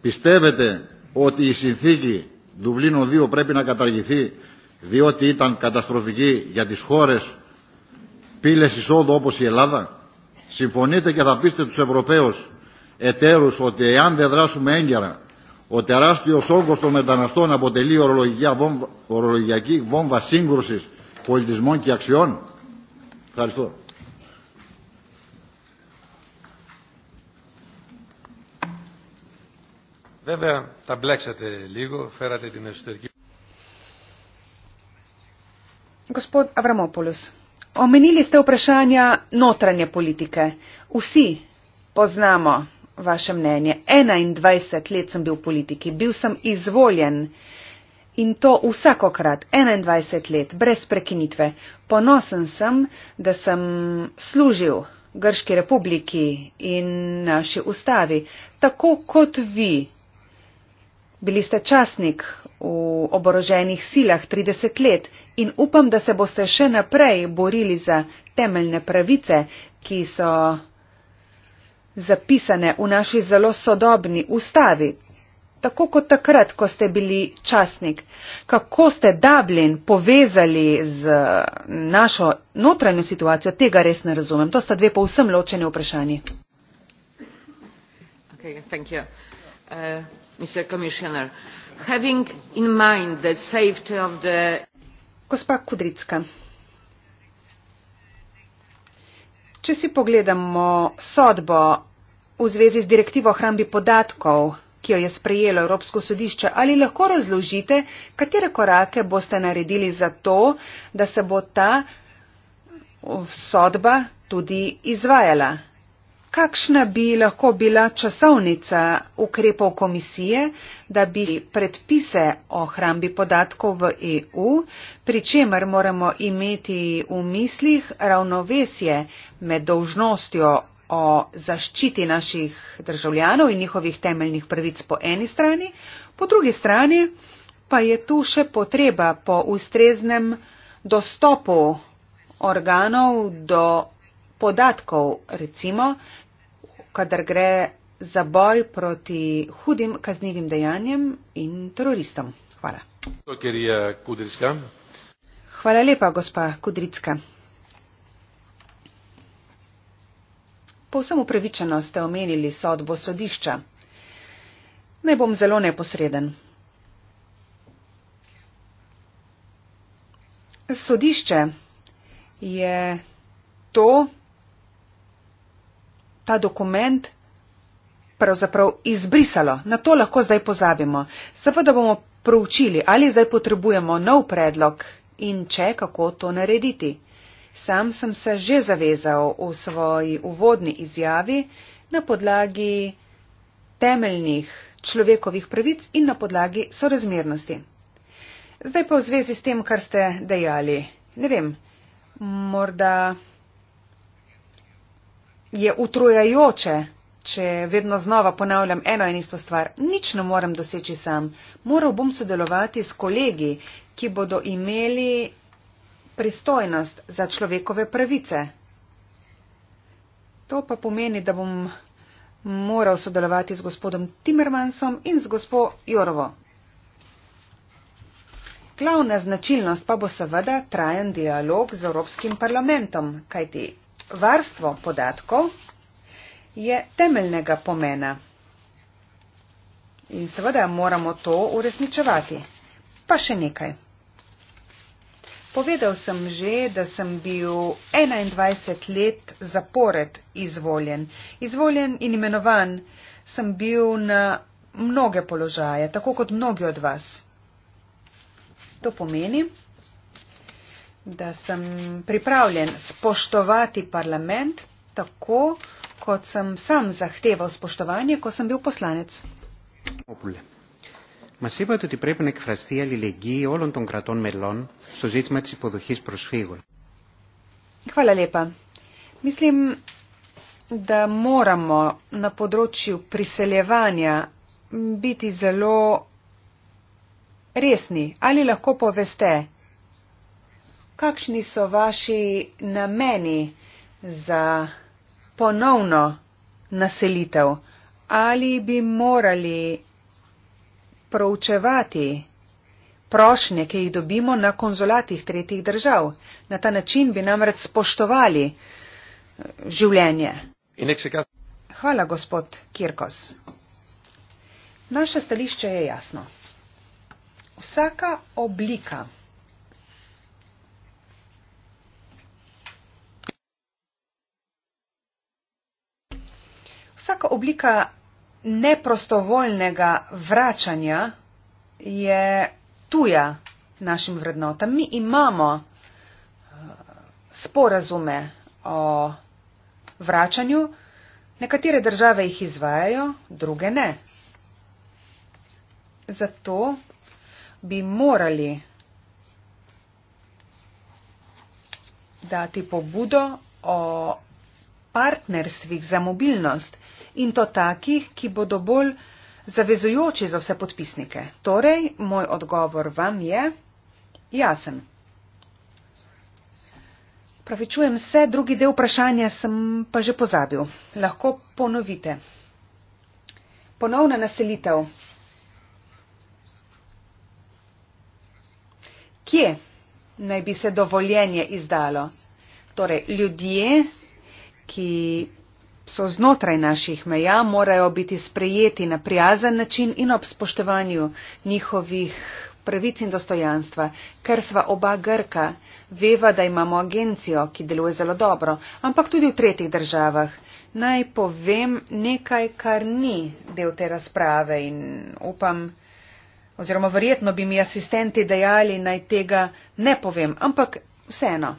πιστεύετε ότι η συνθήκη Δουβλίνο 2 πρέπει να καταργηθεί διότι ήταν καταστροφική για τις χώρες πύλες εισόδου όπως η Ελλάδα συμφωνείτε και θα πείστε τους Ευρωπαίους εταίρους ότι εάν δεν δράσουμε έγκαιρα ο τεράστιος όγκος των μεταναστών αποτελεί ορολογιακή βόμβα, ορολογιακή βόμβα σύγκρουσης πολιτισμών και αξιών. Ευχαριστώ. Βέβαια, τα μπλέξατε λίγο, φέρατε την εσωτερική. Господ Αβραμόπουλος. Omenili ste vprašanja notranje politike. Vsi poznamo vaše mnenje. 21 let sem bil v politiki, bil sem izvoljen in to vsakokrat, 21 let, brez prekinitve. Ponosen sem, da sem služil Grški republiki in naši ustavi, tako kot vi. Bili ste časnik v oboroženih silah 30 let in upam, da se boste še naprej borili za temeljne pravice, ki so zapisane v naši zelo sodobni ustavi. Tako kot takrat, ko ste bili časnik, kako ste Dublin povezali z našo notranjo situacijo, tega res ne razumem. To sta dve povsem ločeni vprašanji. Okay, gospa kudricka če si pogledamo sodbo v zvezi z direktivo o hrambi podatkov ki jo je sprejelo Evropsko sodišče. Ali lahko razložite, katere korake boste naredili za to, da se bo ta sodba tudi izvajala? Kakšna bi lahko bila časovnica ukrepov komisije, da bi predpise o hrambi podatkov v EU, pri čemer moramo imeti v mislih ravnovesje med dožnostjo o zaščiti naših državljanov in njihovih temeljnih pravic po eni strani, po drugi strani pa je tu še potreba po ustreznem dostopu organov do podatkov, recimo, kadar gre za boj proti hudim kaznivim dejanjem in teroristom. Hvala. Hvala lepa, gospa Kudricka. Povsem upravičeno ste omenili sodbo sodišča. Ne bom zelo neposreden. Sodišče je to, ta dokument pravzaprav izbrisalo. Na to lahko zdaj pozabimo. Seveda bomo proučili, ali zdaj potrebujemo nov predlog in če, kako to narediti. Sam sem se že zavezal v svoji uvodni izjavi na podlagi temeljnih človekovih pravic in na podlagi sorazmernosti. Zdaj pa v zvezi s tem, kar ste dejali. Ne vem, morda je utrujajoče, če vedno znova ponavljam eno in isto stvar. Nič ne morem doseči sam. Moral bom sodelovati s kolegi, ki bodo imeli pristojnost za človekove pravice. To pa pomeni, da bom moral sodelovati z gospodom Timmermansom in z gospod Jorovo. Glavna značilnost pa bo seveda trajen dialog z Evropskim parlamentom, kajti varstvo podatkov je temeljnega pomena. In seveda moramo to uresničevati. Pa še nekaj. Povedal sem že, da sem bil 21 let zapored izvoljen. Izvoljen in imenovan sem bil na mnoge položaje, tako kot mnogi od vas. To pomeni, da sem pripravljen spoštovati parlament tako, kot sem sam zahteval spoštovanje, ko sem bil poslanec. Μα είπατε ότι πρέπει να εκφραστεί αλληλεγγύη όλων των κρατών μελών στο ζήτημα της υποδοχής προσφύγων. Χαλά λέπα. Μισλήμ, δα μόραμο να ποδρότσιου πρισελεβάνια μπίτι ζελό ρίσνη, άλλη λαχκό ποβεστέ kakšni so vaši nameni za ponovno naselitev? Ali bi morali proučevati prošnje, ki jih dobimo na konzulatih tretjih držav? Na ta način bi namreč spoštovali eh, življenje. Hvala, gospod Kirkos. Naše stališče je jasno. Vsaka oblika Vsaka oblika neprostovoljnega vračanja je tuja našim vrednotam. Mi imamo eh, sporazume o vračanju, nekatere države jih izvajajo, druge ne. Zato bi morali dati pobudo o partnerstvih za mobilnost in to takih, ki bodo bolj zavezujoči za vse podpisnike. Torej, moj odgovor vam je jasen. Pravičujem se, drugi del vprašanja sem pa že pozabil. Lahko ponovite. Ponovna naselitev. Kje naj bi se dovoljenje izdalo? Torej, ljudje ki so znotraj naših meja, morajo biti sprejeti na prijazen način in ob spoštovanju njihovih pravic in dostojanstva. Ker sva oba Grka, veva, da imamo agencijo, ki deluje zelo dobro, ampak tudi v tretjih državah. Naj povem nekaj, kar ni del te razprave in upam, oziroma verjetno bi mi asistenti dejali, naj tega ne povem, ampak vseeno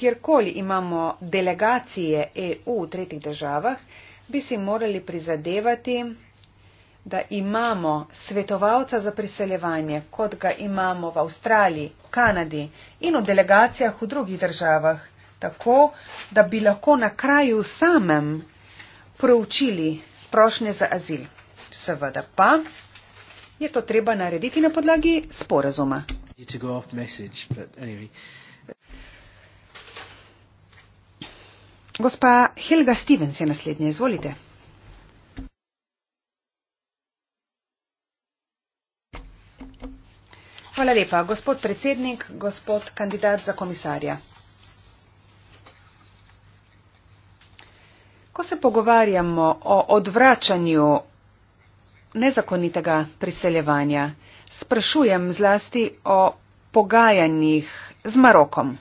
kjerkoli imamo delegacije EU v tretjih državah, bi si morali prizadevati, da imamo svetovalca za priseljevanje, kot ga imamo v Avstraliji, Kanadi in v delegacijah v drugih državah, tako da bi lahko na kraju samem proučili prošnje za azil. Seveda pa je to treba narediti na podlagi sporazuma. Gospa Helga Stevens je naslednja, izvolite. Hvala lepa, gospod predsednik, gospod kandidat za komisarja. Ko se pogovarjamo o odvračanju nezakonitega priseljevanja, sprašujem zlasti o pogajanjih z Marokom.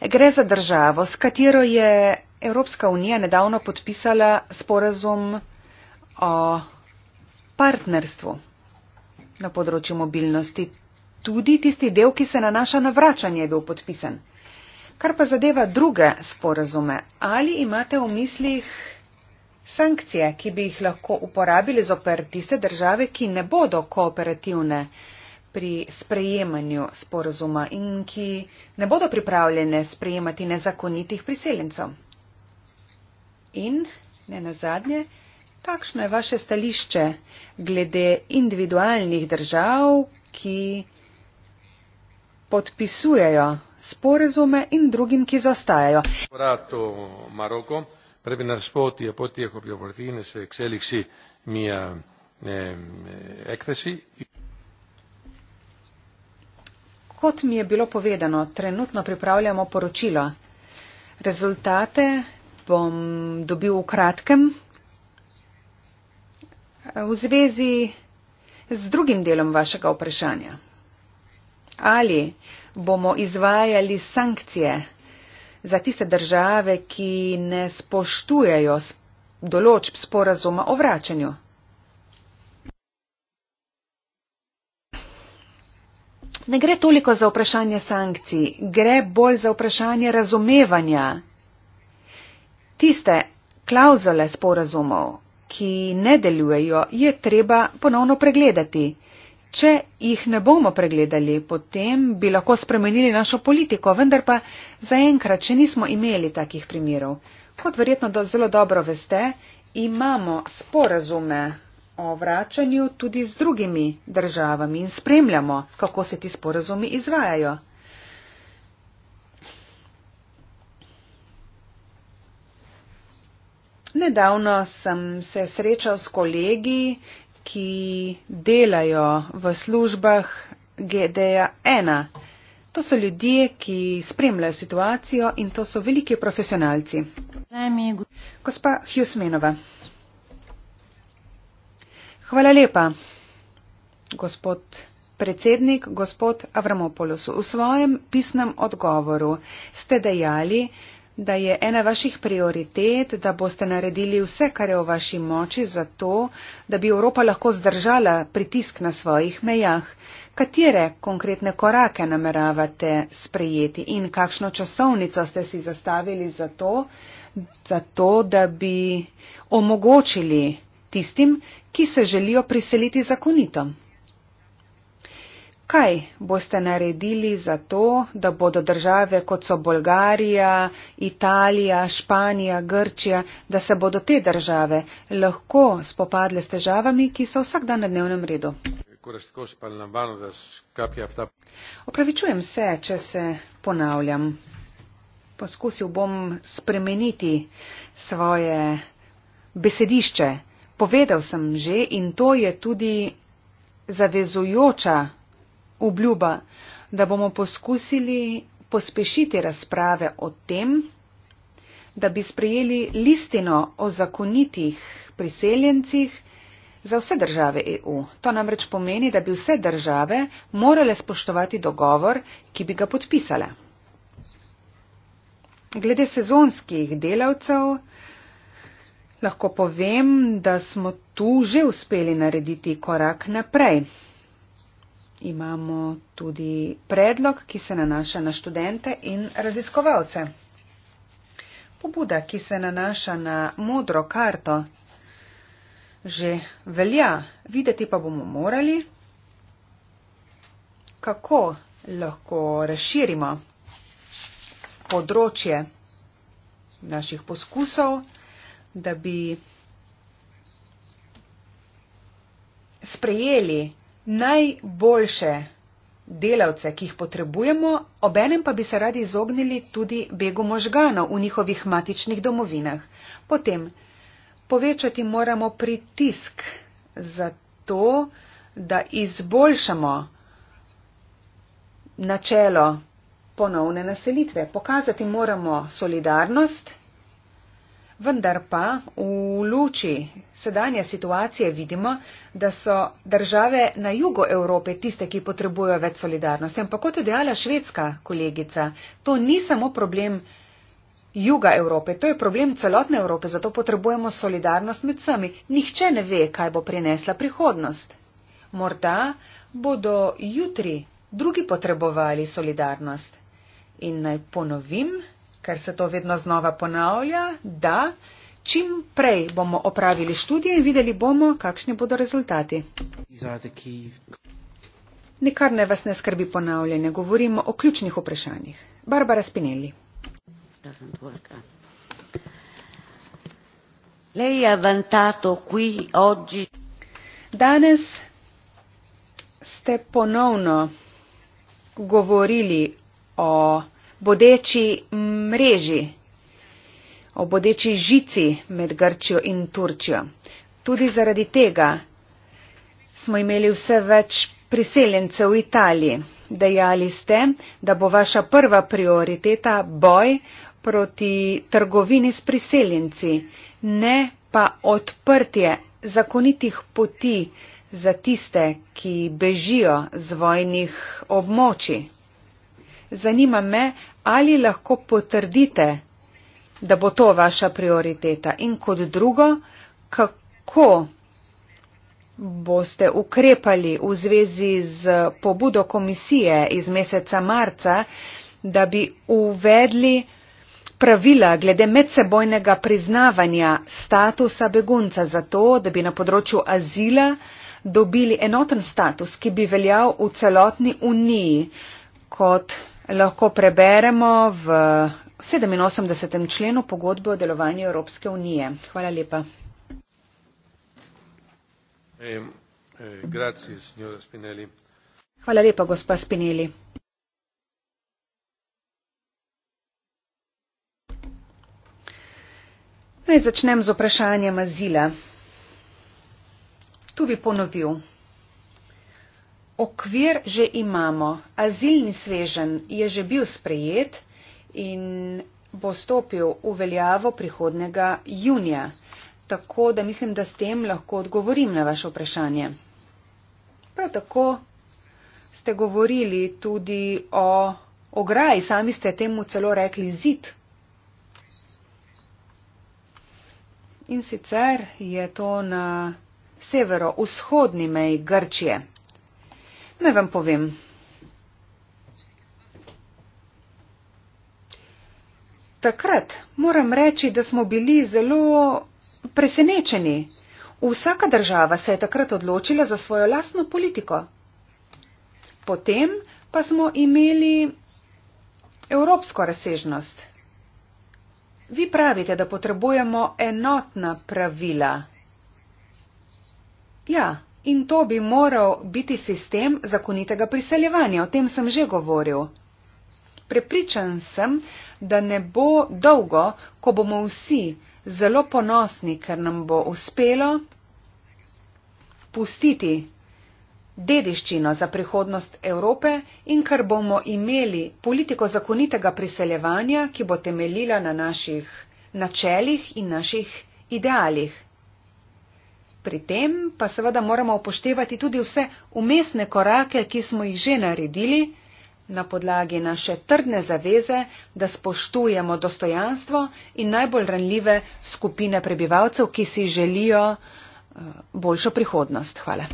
Gre za državo, s katero je Evropska unija je nedavno podpisala sporazum o partnerstvu na področju mobilnosti. Tudi tisti del, ki se nanaša na vračanje, je bil podpisan. Kar pa zadeva druge sporazume, ali imate v mislih sankcije, ki bi jih lahko uporabili zoper tiste države, ki ne bodo kooperativne pri sprejemanju sporazuma in ki ne bodo pripravljene sprejemati nezakonitih priseljencev? In ne nazadnje, kakšno je vaše stališče glede individualnih držav, ki podpisujejo sporezume in drugim, ki zastajajo? Kot mi je bilo povedano, trenutno pripravljamo poročilo. Rezultate bom dobil v kratkem v zvezi z drugim delom vašega vprašanja. Ali bomo izvajali sankcije za tiste države, ki ne spoštujejo določb sporazuma o vračanju? Ne gre toliko za vprašanje sankcij, gre bolj za vprašanje razumevanja Tiste klauzule sporazumov, ki ne delujejo, je treba ponovno pregledati. Če jih ne bomo pregledali, potem bi lahko spremenili našo politiko, vendar pa zaenkrat, če nismo imeli takih primerov. Kot verjetno do, zelo dobro veste, imamo sporazume o vračanju tudi z drugimi državami in spremljamo, kako se ti sporazumi izvajajo. Nedavno sem se srečal s kolegi, ki delajo v službah GDA-1. To so ljudje, ki spremljajo situacijo in to so veliki profesionalci. Gospa Hjusmenova. Hvala lepa, gospod predsednik, gospod Avramopoulos. V svojem pisnem odgovoru ste dejali, da je ena vaših prioritet, da boste naredili vse, kar je v vaši moči, zato, da bi Evropa lahko zdržala pritisk na svojih mejah. Katere konkretne korake nameravate sprejeti in kakšno časovnico ste si zastavili za to, za to da bi omogočili tistim, ki se želijo priseliti zakonitom? Kaj boste naredili za to, da bodo države kot so Bolgarija, Italija, Španija, Grčija, da se bodo te države lahko spopadle s težavami, ki so vsak dan na dnevnem redu? Opravičujem se, če se ponavljam. Poskusil bom spremeniti svoje besedišče. Povedal sem že in to je tudi zavezujoča obljuba, da bomo poskusili pospešiti razprave o tem, da bi sprejeli listino o zakonitih priseljencih za vse države EU. To namreč pomeni, da bi vse države morale spoštovati dogovor, ki bi ga podpisale. Glede sezonskih delavcev lahko povem, da smo tu že uspeli narediti korak naprej imamo tudi predlog, ki se nanaša na študente in raziskovalce. Pobuda, ki se nanaša na modro karto, že velja, videti pa bomo morali, kako lahko razširimo področje naših poskusov, da bi sprejeli najboljše delavce, ki jih potrebujemo, obenem pa bi se radi izognili tudi begu možganov v njihovih matičnih domovinah. Potem povečati moramo pritisk za to, da izboljšamo načelo ponovne naselitve. Pokazati moramo solidarnost Vendar pa v luči sedanje situacije vidimo, da so države na jugu Evrope tiste, ki potrebujo več solidarnosti. Ampak kot je dejala švedska kolegica, to ni samo problem juga Evrope, to je problem celotne Evrope, zato potrebujemo solidarnost med sami. Nihče ne ve, kaj bo prinesla prihodnost. Morda bodo jutri drugi potrebovali solidarnost. In naj ponovim ker se to vedno znova ponavlja, da čim prej bomo opravili študije in videli bomo, kakšni bodo rezultati. Nikar ne vas ne skrbi ponavljanje, govorimo o ključnih vprašanjih. Barbara Spinelli. Danes ste ponovno govorili o bodeči mreži, o bodeči žici med Grčijo in Turčijo. Tudi zaradi tega smo imeli vse več priseljencev v Italiji. Dejali ste, da bo vaša prva prioriteta boj proti trgovini s priseljenci, ne pa odprtje zakonitih poti za tiste, ki bežijo z vojnih območij zanima me, ali lahko potrdite, da bo to vaša prioriteta. In kot drugo, kako boste ukrepali v zvezi z pobudo komisije iz meseca marca, da bi uvedli pravila glede medsebojnega priznavanja statusa begunca za to, da bi na področju azila dobili enoten status, ki bi veljal v celotni uniji kot lahko preberemo v 87. členu pogodbe o delovanju Evropske unije. Hvala lepa. Eh, eh, Hvala lepa, gospa Spinelli. Naj začnem z vprašanjem azila. Tu bi ponovil okvir že imamo, azilni svežen je že bil sprejet in bo stopil v veljavo prihodnega junija. Tako da mislim, da s tem lahko odgovorim na vaše vprašanje. Prav tako ste govorili tudi o ograji, sami ste temu celo rekli zid. In sicer je to na severo-vzhodni meji Grčije. Ne vam povem. Takrat moram reči, da smo bili zelo presenečeni. Vsaka država se je takrat odločila za svojo lastno politiko. Potem pa smo imeli evropsko razsežnost. Vi pravite, da potrebujemo enotna pravila. Ja. In to bi moral biti sistem zakonitega priseljevanja, o tem sem že govoril. Prepričan sem, da ne bo dolgo, ko bomo vsi zelo ponosni, ker nam bo uspelo pustiti dediščino za prihodnost Evrope in ker bomo imeli politiko zakonitega priseljevanja, ki bo temeljila na naših načelih in naših idealih. Pri tem pa seveda moramo upoštevati tudi vse umestne korake, ki smo jih že naredili na podlagi naše trdne zaveze, da spoštujemo dostojanstvo in najbolj ranljive skupine prebivalcev, ki si želijo eh, boljšo prihodnost. Hvala.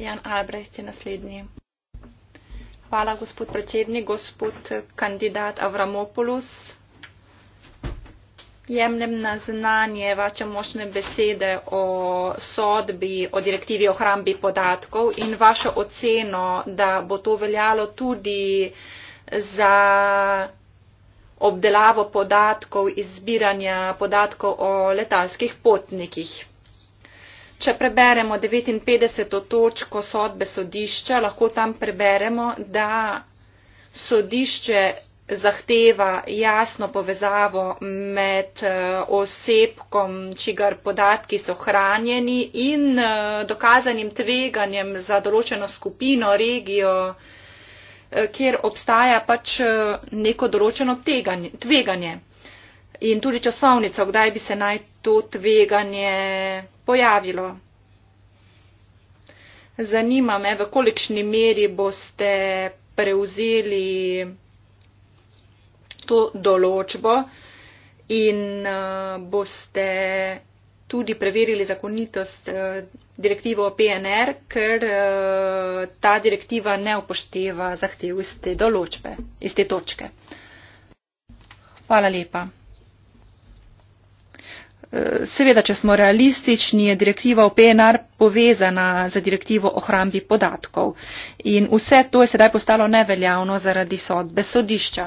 Jan Albrecht je naslednji. Hvala, gospod predsednik, gospod kandidat Avramopoulos jemnem na znanje vaše močne besede o sodbi, o direktivi o hrambi podatkov in vašo oceno, da bo to veljalo tudi za obdelavo podatkov iz zbiranja podatkov o letalskih potnikih. Če preberemo 59. točko sodbe sodišča, lahko tam preberemo, da sodišče zahteva jasno povezavo med eh, osebkom, čigar podatki so hranjeni in eh, dokazanim tveganjem za določeno skupino, regijo, eh, kjer obstaja pač neko določeno tveganje. In tudi časovnico, kdaj bi se naj to tveganje pojavilo. Zanima me, v kolikšni meri boste prevzeli to določbo in eh, boste tudi preverili zakonitost eh, direktivo PNR, ker eh, ta direktiva ne upošteva zahtev iz te določbe, iz te točke. Hvala lepa. Seveda, če smo realistični, je direktiva o PNR povezana za direktivo o hrambi podatkov in vse to je sedaj postalo neveljavno zaradi sodbe sodišča.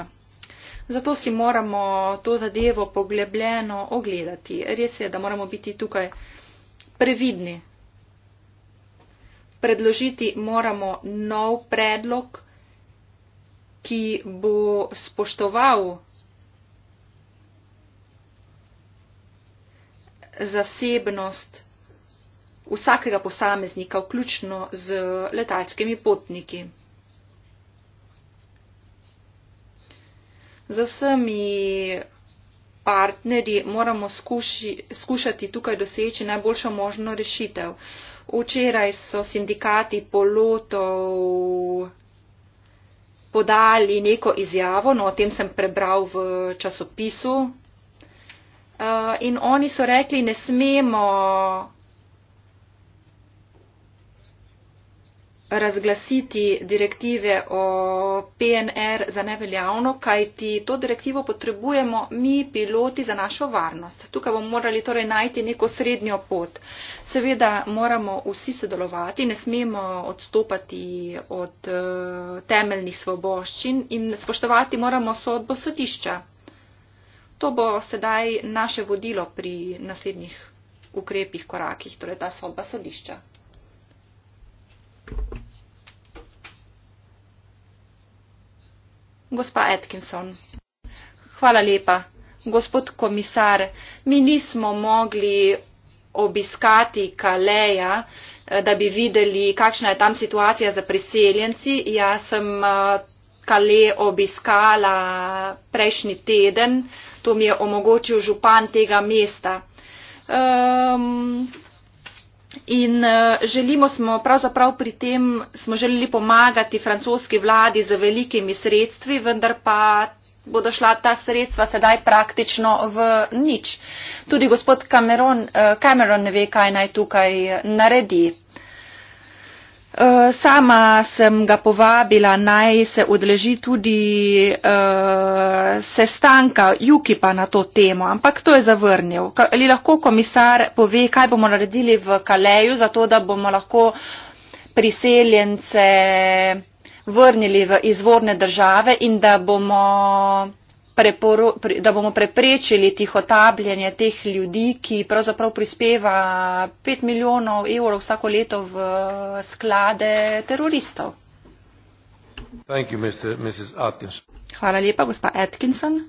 Zato si moramo to zadevo poglebljeno ogledati. Res je, da moramo biti tukaj previdni. Predložiti moramo nov predlog, ki bo spoštoval zasebnost vsakega posameznika, vključno z letalskimi potniki. z vsemi partnerji moramo skuši, skušati tukaj doseči najboljšo možno rešitev. Včeraj so sindikati polotov podali neko izjavo, no o tem sem prebral v časopisu. Uh, in oni so rekli, ne smemo razglasiti direktive o PNR za neveljavno, kajti to direktivo potrebujemo mi, piloti, za našo varnost. Tukaj bomo morali torej najti neko srednjo pot. Seveda moramo vsi sodelovati, ne smemo odstopati od eh, temeljnih svoboščin in spoštovati moramo sodbo sodišča. To bo sedaj naše vodilo pri naslednjih ukrepih, korakih, torej ta sodba sodišča. Gospa Atkinson. Hvala lepa. Gospod komisar, mi nismo mogli obiskati Kaleja, eh, da bi videli, kakšna je tam situacija za priseljenci. Jaz sem eh, Kale obiskala prejšnji teden, to mi je omogočil župan tega mesta. Um, In eh, želimo smo, pravzaprav pri tem smo želeli pomagati francoski vladi z velikimi sredstvi, vendar pa bodo šla ta sredstva sedaj praktično v nič. Tudi gospod Cameron, eh, Cameron ne ve, kaj naj tukaj eh, naredi. Eh, sama sem ga povabila naj se odleži tudi eh, sestanka Jukipa na to temo, ampak to je zavrnil. Ali lahko komisar pove, kaj bomo naredili v Kaleju, zato da bomo lahko priseljence vrnili v izvorne države in da bomo preporo, pre, da bomo preprečili tihotabljanje teh ljudi, ki pravzaprav prispeva 5 milijonov evrov vsako leto v sklade teroristov. You, Mr., Hvala lepa, gospa Atkinson.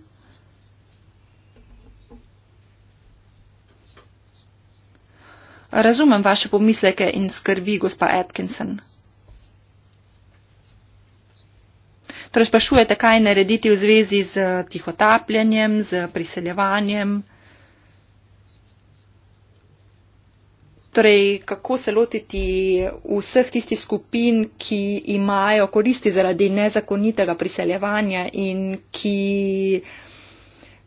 Razumem vaše pomisleke in skrbi, gospa Atkinson. Torej sprašujete, kaj narediti v zvezi z tihotapljenjem, z priseljevanjem. Torej, kako se lotiti vseh tistih skupin, ki imajo koristi zaradi nezakonitega priseljevanja in ki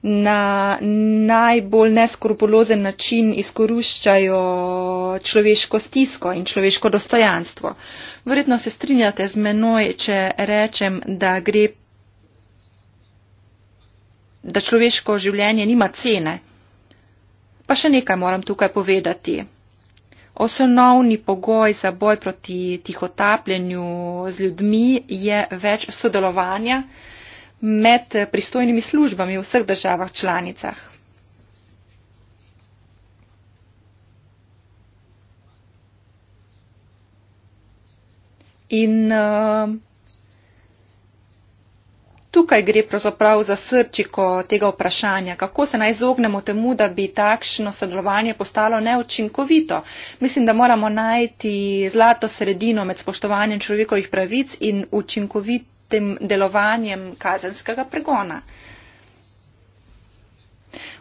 na najbolj neskrupulozen način izkoriščajo človeško stisko in človeško dostojanstvo. Verjetno se strinjate z menoj, če rečem, da gre, da človeško življenje nima cene. Pa še nekaj moram tukaj povedati. Osnovni pogoj za boj proti tihotapljenju z ljudmi je več sodelovanja, med pristojnimi službami v vseh državah članicah. In uh, tukaj gre pravzaprav za srčiko tega vprašanja, kako se naj izognemo temu, da bi takšno sodelovanje postalo neučinkovito. Mislim, da moramo najti zlato sredino med spoštovanjem človekovih pravic in učinkovitim tem delovanjem kazenskega pregona.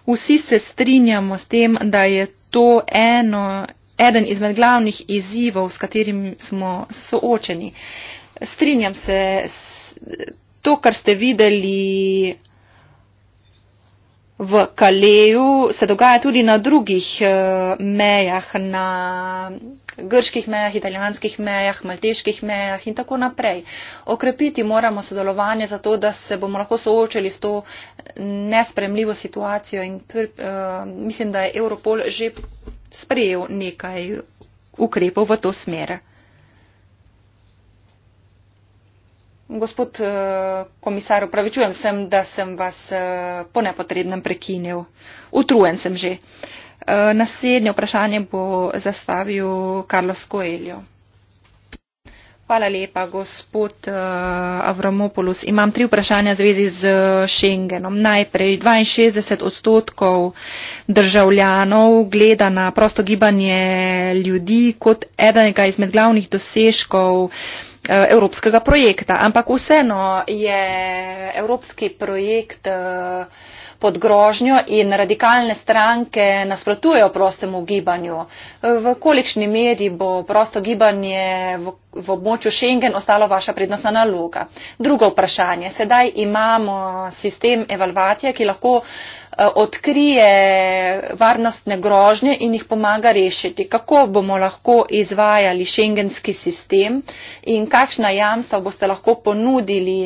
Vsi se strinjamo s tem, da je to eno, eden izmed glavnih izzivov, s katerim smo soočeni. Strinjam se, to, kar ste videli v Kaleju, se dogaja tudi na drugih eh, mejah, na grških mejah, italijanskih mejah, malteških mejah in tako naprej. Okrepiti moramo sodelovanje zato, da se bomo lahko soočili s to nespremljivo situacijo in pr, uh, eh, mislim, da je Europol že sprejel nekaj ukrepov v to smer. Gospod eh, komisar, upravičujem sem, da sem vas eh, po nepotrebnem prekinil. Utrujen sem že. Uh, Eh, naslednje vprašanje bo zastavil Carlos Coelho. Hvala lepa, gospod eh, Avramopoulos. Imam tri vprašanja v zvezi z eh, Schengenom. Najprej 62 odstotkov državljanov gleda na prosto gibanje ljudi kot enega izmed glavnih dosežkov evropskega projekta. Ampak vseeno je evropski projekt pod grožnjo in radikalne stranke nasprotujejo prostemu gibanju. V kolikšni meri bo prosto gibanje v, v območju Schengen ostalo vaša prednostna naloga? Drugo vprašanje. Sedaj imamo sistem evalvacije, ki lahko eh, odkrije varnostne grožnje in jih pomaga rešiti. Kako bomo lahko izvajali šengenski sistem in kakšna jamstva boste lahko ponudili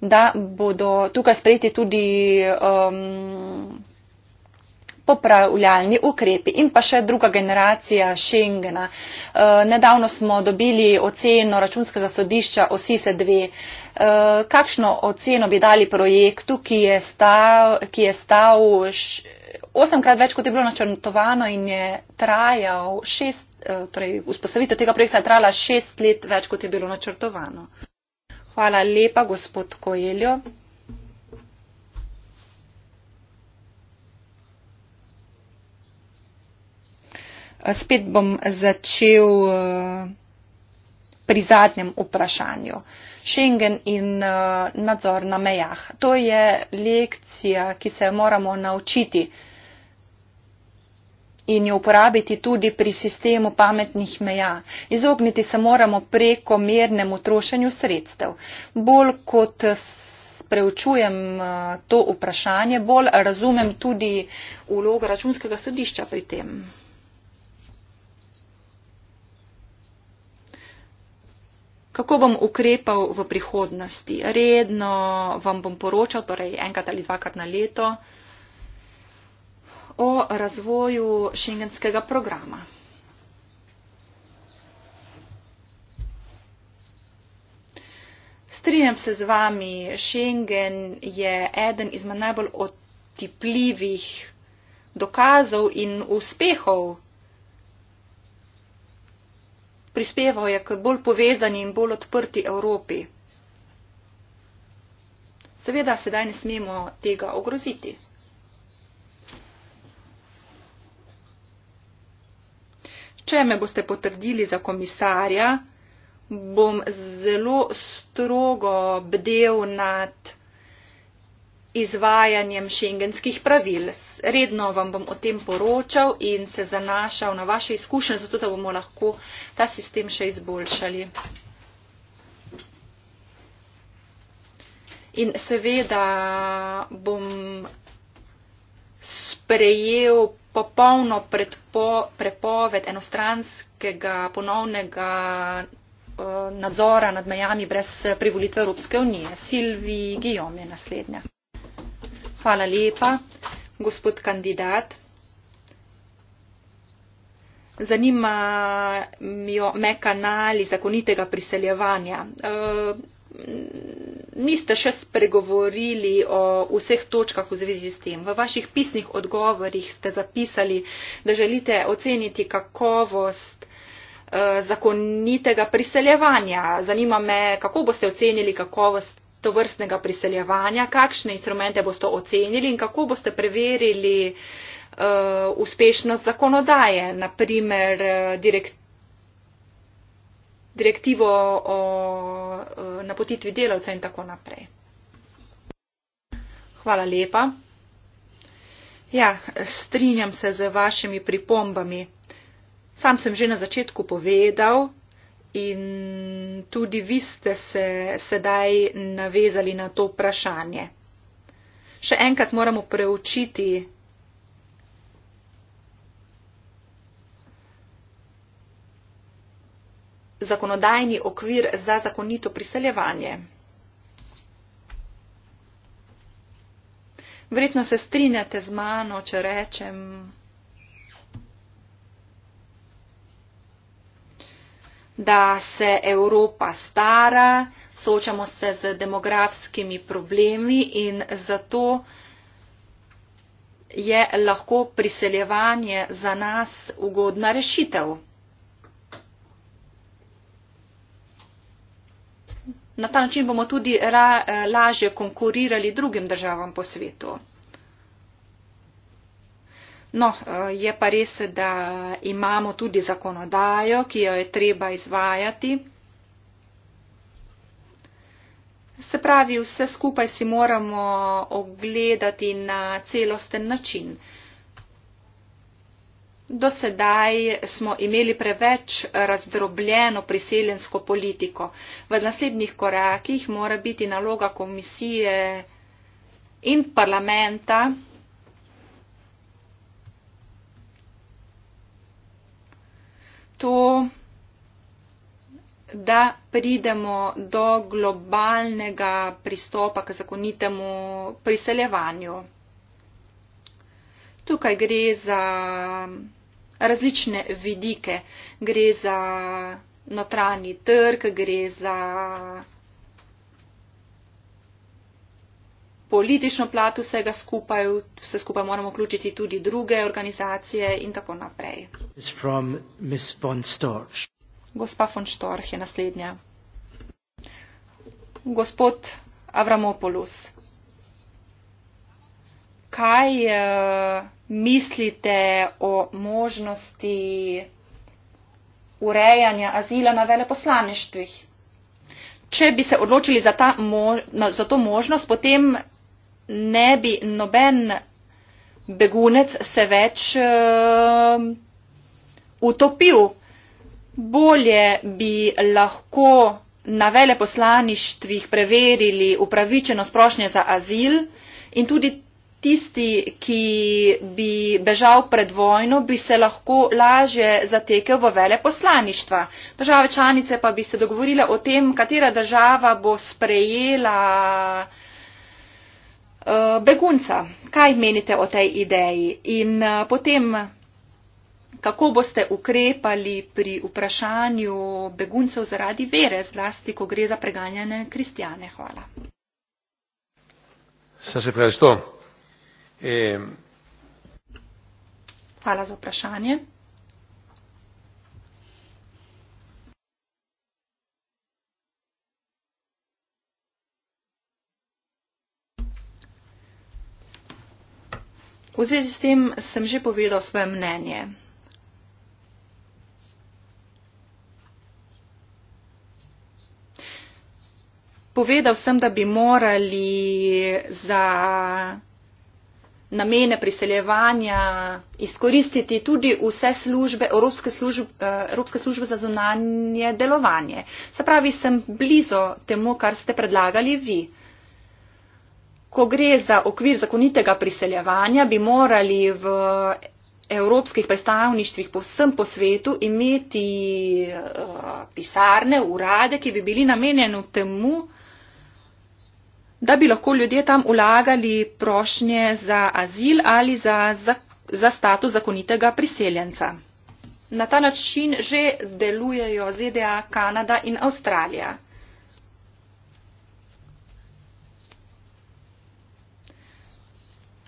da bodo tukaj sprejeti tudi um, popravljalni ukrepi in pa še druga generacija Schengena. Uh, nedavno smo dobili oceno računskega sodišča o SISE 2. Uh, kakšno oceno bi dali projektu, ki je stal, ki je stal osemkrat več, kot je bilo načrtovano in je trajal šest, uh, torej vzpostavitev tega projekta je trajala šest let več, kot je bilo načrtovano. Hvala lepa, gospod Koeljo. Spet bom začel eh, pri zadnjem vprašanju. Schengen in eh, nadzor na mejah. To je lekcija, ki se jo moramo naučiti in jo uporabiti tudi pri sistemu pametnih meja. Izogniti se moramo prekomernemu trošenju sredstev. Bolj kot preučujem eh, to vprašanje, bolj razumem tudi ulogo računskega sodišča pri tem. Kako bom ukrepal v prihodnosti? Redno vam bom poročal, torej enkrat ali dvakrat na leto o razvoju šengenskega programa. Strinjam se z vami, Schengen je eden izmed najbolj otipljivih dokazov in uspehov. Prispeval je k bolj povezani in bolj odprti Evropi. Seveda sedaj ne smemo tega ogroziti. če me boste potrdili za komisarja, bom zelo strogo bdel nad izvajanjem šengenskih pravil. Redno vam bom o tem poročal in se zanašal na vaše izkušnje, zato da bomo lahko ta sistem še izboljšali. In seveda bom sprejel popolno predpo, prepoved enostranskega ponovnega uh, nadzora nad mejami brez eh, privolitve Evropske unije. Silvi Gijom je naslednja. Hvala lepa, gospod kandidat. Zanima me kanali zakonitega priseljevanja. Uh, niste še spregovorili o vseh točkah v zvezi s tem. V vaših pisnih odgovorih ste zapisali, da želite oceniti kakovost eh, zakonitega priseljevanja. Zanima me, kako boste ocenili kakovost tovrstnega priseljevanja, kakšne instrumente boste ocenili in kako boste preverili uh, uspešnost zakonodaje, naprimer eh, direktive direktivo o napotitvi delavca in tako naprej. Hvala lepa. Ja, strinjam se z vašimi pripombami. Sam sem že na začetku povedal in tudi vi ste se sedaj navezali na to vprašanje. Še enkrat moramo preučiti zakonodajni okvir za zakonito priseljevanje. Verjetno se strinjate z mano, če rečem. da se Evropa stara, soočamo se z demografskimi problemi in zato je lahko priseljevanje za nas ugodna rešitev. Na ta način bomo tudi ra, eh, lažje konkurirali drugim državam po svetu. No, eh, je pa res, da imamo tudi zakonodajo, ki jo je treba izvajati. Se pravi, vse skupaj si moramo ogledati na celosten način. Uh, Do sedaj smo imeli preveč razdrobljeno priseljensko politiko. V naslednjih korakih mora biti naloga komisije in parlamenta to, da pridemo do globalnega pristopa k zakonitemu priseljevanju. Tukaj gre za različne vidike. Gre za notranji trg, gre za politično plat vsega skupaj, vse skupaj moramo vključiti tudi druge organizacije in tako naprej. Gospa von Storch je naslednja. Gospod Avramopoulos kaj uh, mislite o možnosti urejanja azila na veleposlaništvih? Če bi se odločili za, ta, mo, za to možnost, potem ne bi noben begunec se več uh, utopil. Bolje bi lahko na veleposlaništvih preverili upravičenost prošnje za azil in tudi tisti, ki bi bežal pred vojno, bi se lahko lažje zatekel v vele poslaništva. Države članice pa bi se dogovorile o tem, katera država bo sprejela eh, begunca. Kaj menite o tej ideji? In eh, potem, kako boste ukrepali pri vprašanju beguncev zaradi vere, zlasti, ko gre za preganjane kristijane? Hvala. Sem se prej s to Hvala za vprašanje. V zvezi s tem sem že povedal svoje mnenje. Povedal sem, da bi morali za namene priseljevanja, izkoristiti tudi vse službe, Evropske službe, eh, Evropske službe za zunanje delovanje. Se pravi, sem blizu temu, kar ste predlagali vi. Ko gre za okvir zakonitega priseljevanja, bi morali v evropskih predstavništvih po vsem po svetu imeti uh, pisarne, urade, ki bi bili namenjeni temu, da bi lahko ljudje tam vlagali prošnje za azil ali za, za, za status zakonitega priseljenca. Na ta način že delujejo ZDA, Kanada in Avstralija.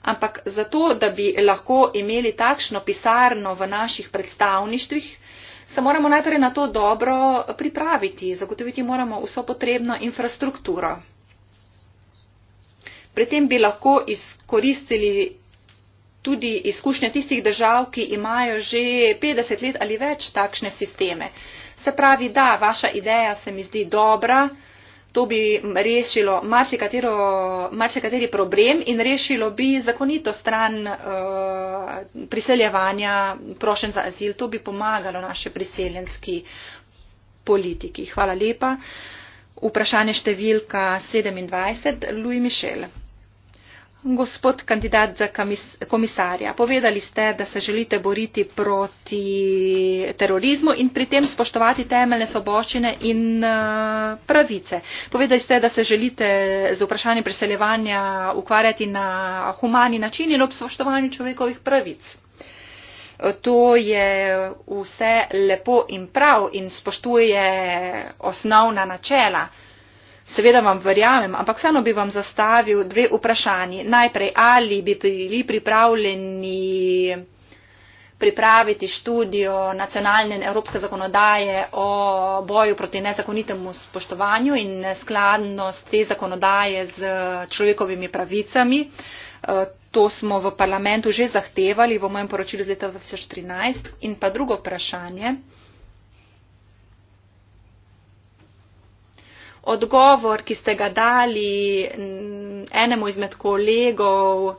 Ampak zato, da bi lahko imeli takšno pisarno v naših predstavništvih, se moramo najprej na to dobro pripraviti, zagotoviti moramo vso potrebno infrastrukturo. Pri tem bi lahko izkoristili tudi izkušnje tistih držav, ki imajo že 50 let ali več takšne sisteme. Se pravi, da, vaša ideja se mi zdi dobra, to bi rešilo marsikateri problem in rešilo bi zakonito stran uh, priseljevanja prošen za azil, to bi pomagalo naše priseljenski politiki. Hvala lepa. Vprašanje številka 27. Louis Michel. Gospod kandidat za komisarja, povedali ste, da se želite boriti proti terorizmu in pri tem spoštovati temeljne soboščine in eh, pravice. Povedali ste, da se želite z vprašanjem preseljevanja ukvarjati na humani način in ob spoštovanju človekovih pravic. To je vse lepo in prav in spoštuje osnovna načela. Seveda vam verjamem, ampak vseeno bi vam zastavil dve vprašanji. Najprej, ali bi bili pripravljeni pripraviti študijo nacionalne in evropske zakonodaje o boju proti nezakonitemu spoštovanju in skladnost te zakonodaje z človekovimi pravicami. E, to smo v parlamentu že zahtevali v mojem poročilu z leta 2013. In pa drugo vprašanje. odgovor, ki ste ga dali enemu izmed kolegov,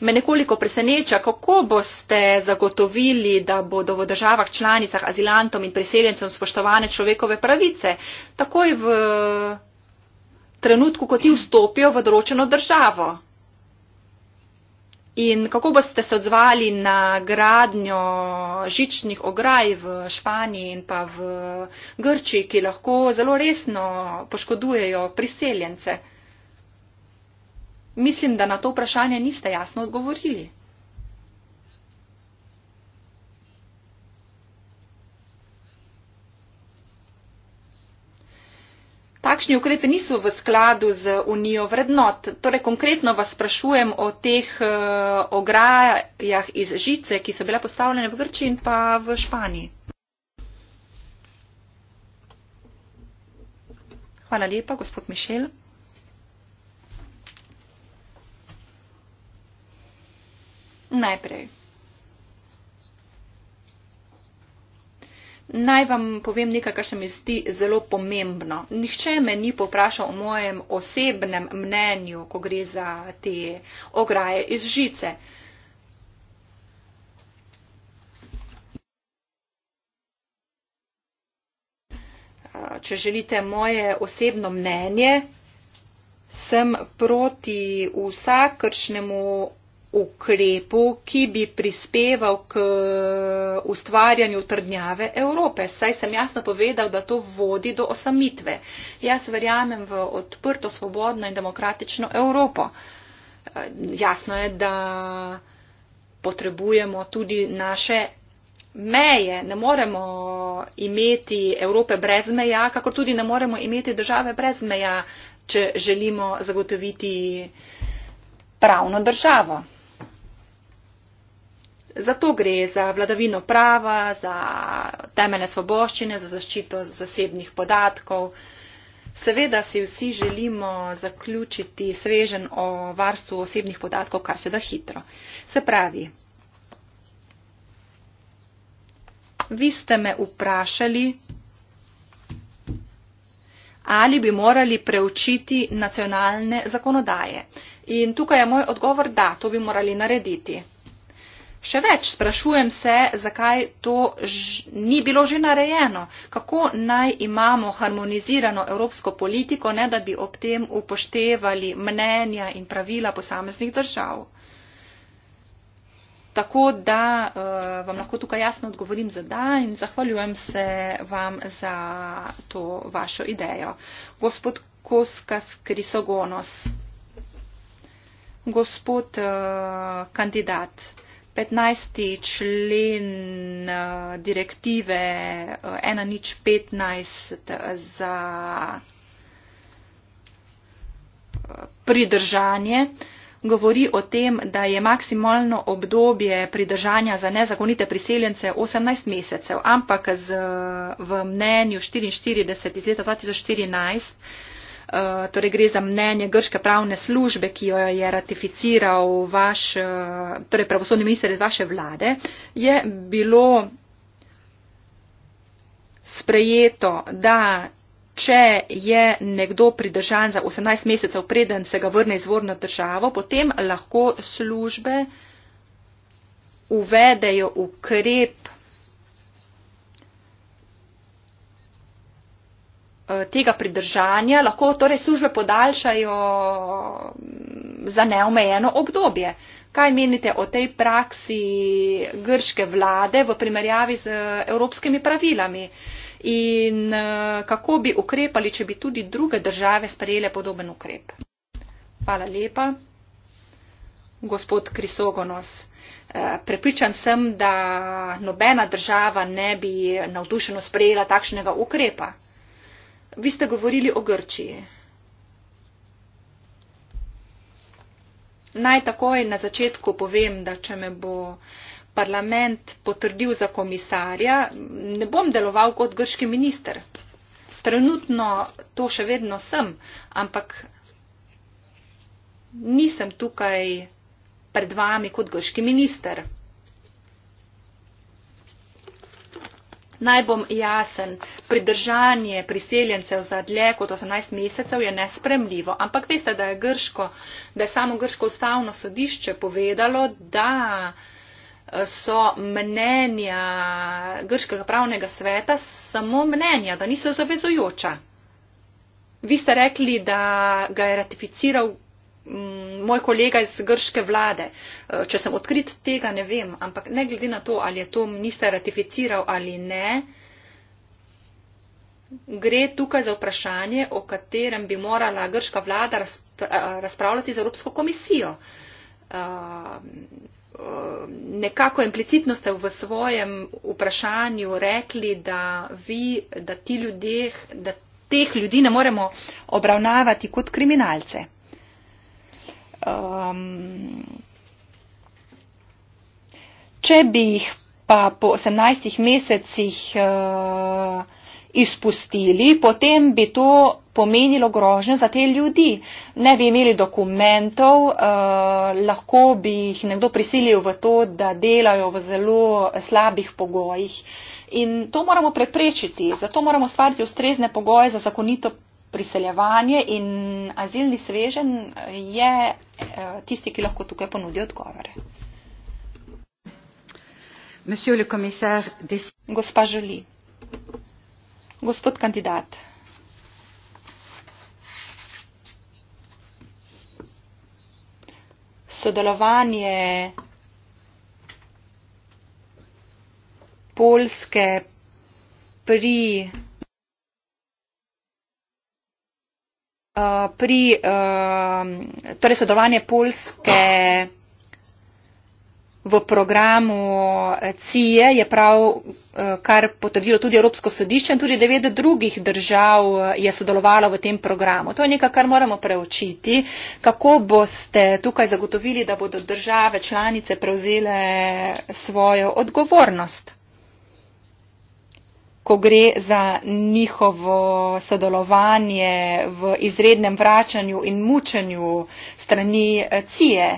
me nekoliko preseneča, kako boste zagotovili, da bodo v državah članicah azilantom in priseljencem spoštovane človekove pravice, takoj v trenutku, ko ti vstopijo v določeno državo. In kako boste se odzvali na gradnjo žičnih ograj v Španiji in pa v Grčiji, ki lahko zelo resno poškodujejo priseljence? Mislim, da na to vprašanje niste jasno odgovorili. takšni ukrepi niso v skladu z unijo vrednot. Torej, konkretno vas sprašujem o teh eh, ograjah iz žice, ki so bila postavljene v Grčiji in pa v Španiji. Hvala lepa, gospod Mišel. Najprej. Naj vam povem nekaj, kar se mi zdi zelo pomembno. Nihče me ni poprašal o mojem osebnem mnenju, ko gre za te ograje iz žice. Če želite moje osebno mnenje, sem proti vsakršnemu ukrepu, ki bi prispeval k uh, ustvarjanju trdnjave Evrope. Saj sem jasno povedal, da to vodi do osamitve. Jaz verjamem v odprto, svobodno in demokratično Evropo. Uh, jasno je, da potrebujemo tudi naše meje. Ne moremo imeti Evrope brez meja, kako tudi ne moremo imeti države brez meja, če želimo zagotoviti pravno državo. Zato gre za vladavino prava, za temeljne svoboščine, za zaščito zasebnih podatkov. Seveda si vsi želimo zaključiti svežen o varstvu osebnih podatkov, kar se da hitro. Se pravi, vi ste me vprašali, ali bi morali preučiti nacionalne zakonodaje. In tukaj je moj odgovor, da, to bi morali narediti. Še več, sprašujem se, zakaj to ž, ni bilo že narejeno, kako naj imamo harmonizirano evropsko politiko, ne da bi ob tem upoštevali mnenja in pravila posameznih držav. Tako da uh, vam lahko tukaj jasno odgovorim za da in zahvaljujem se vam za to vašo idejo. Gospod Koskas Krisogonos, gospod uh, kandidat. 15. člen eh, direktive 1015 eh, eh, za pridržanje govori o tem, da je maksimalno obdobje pridržanja za nezakonite priseljence 18 mesecev, ampak z, v mnenju 44 iz leta 2014 Eh, torej gre za mnenje grške pravne službe, ki jo je ratificiral vaš, eh, torej pravosodni minister iz vaše vlade, je bilo sprejeto, da če je nekdo pridržan za 18 mesecev, preden se ga vrne izvorno državo, potem lahko službe uvedejo ukrep Eh, tega pridržanja, lahko torej službe podaljšajo mm, za neomejeno obdobje. Kaj menite o tej praksi grške vlade v primerjavi z evropskimi pravilami? In eh, kako bi ukrepali, če bi tudi druge države sprejele podoben ukrep? Hvala lepa. Gospod Krisogonos, eh, prepričan sem, da nobena država ne bi navdušeno sprejela takšnega ukrepa. Vi ste govorili o Grčiji. Naj takoj na začetku povem, da če me bo parlament potrdil za komisarja, ne bom deloval kot grški minister. Trenutno to še vedno sem, ampak nisem tukaj pred vami kot grški minister. Naj bom jasen, pridržanje priseljencev za dlje kot 18 mesecev je nespremljivo, ampak veste, da je, grško, da je samo grško ustavno sodišče povedalo, da eh, so mnenja grškega pravnega sveta samo mnenja, da niso zavezujoča. Vi ste rekli, da ga je ratificiral Mm, moj kolega iz grške vlade. Eh, če sem odkrit, tega ne vem, ampak ne glede na to, ali je to minister ratificiral ali ne, gre tukaj za vprašanje, o katerem bi morala grška vlada eh, razpravljati z Evropsko komisijo. Eh, nekako implicitno ste v svojem vprašanju rekli, da vi, da ti ljudje, da teh ljudi ne moremo obravnavati kot kriminalce. Um, če bi jih pa po 18 mesecih uh, izpustili, potem bi to pomenilo grožnjo za te ljudi. Ne bi imeli dokumentov, uh, lahko bi jih nekdo prisilil v to, da delajo v zelo slabih pogojih. In to moramo preprečiti, zato moramo stvariti ustrezne pogoje za zakonito priseljevanje in azilni svežen je eh, tisti, ki lahko tukaj ponudi odgovore. Gospa želi. Gospod kandidat. Sodelovanje Polske pri uh, pri uh, torej sodelovanje Polske v programu CIE je prav, uh, kar potrdilo tudi Evropsko sodišče in tudi devet drugih držav je sodelovalo v tem programu. To je nekaj, kar moramo preučiti. Kako boste tukaj zagotovili, da bodo države članice prevzele svojo odgovornost? ko gre za njihovo sodelovanje v izrednem vračanju in mučenju strani eh, CIE.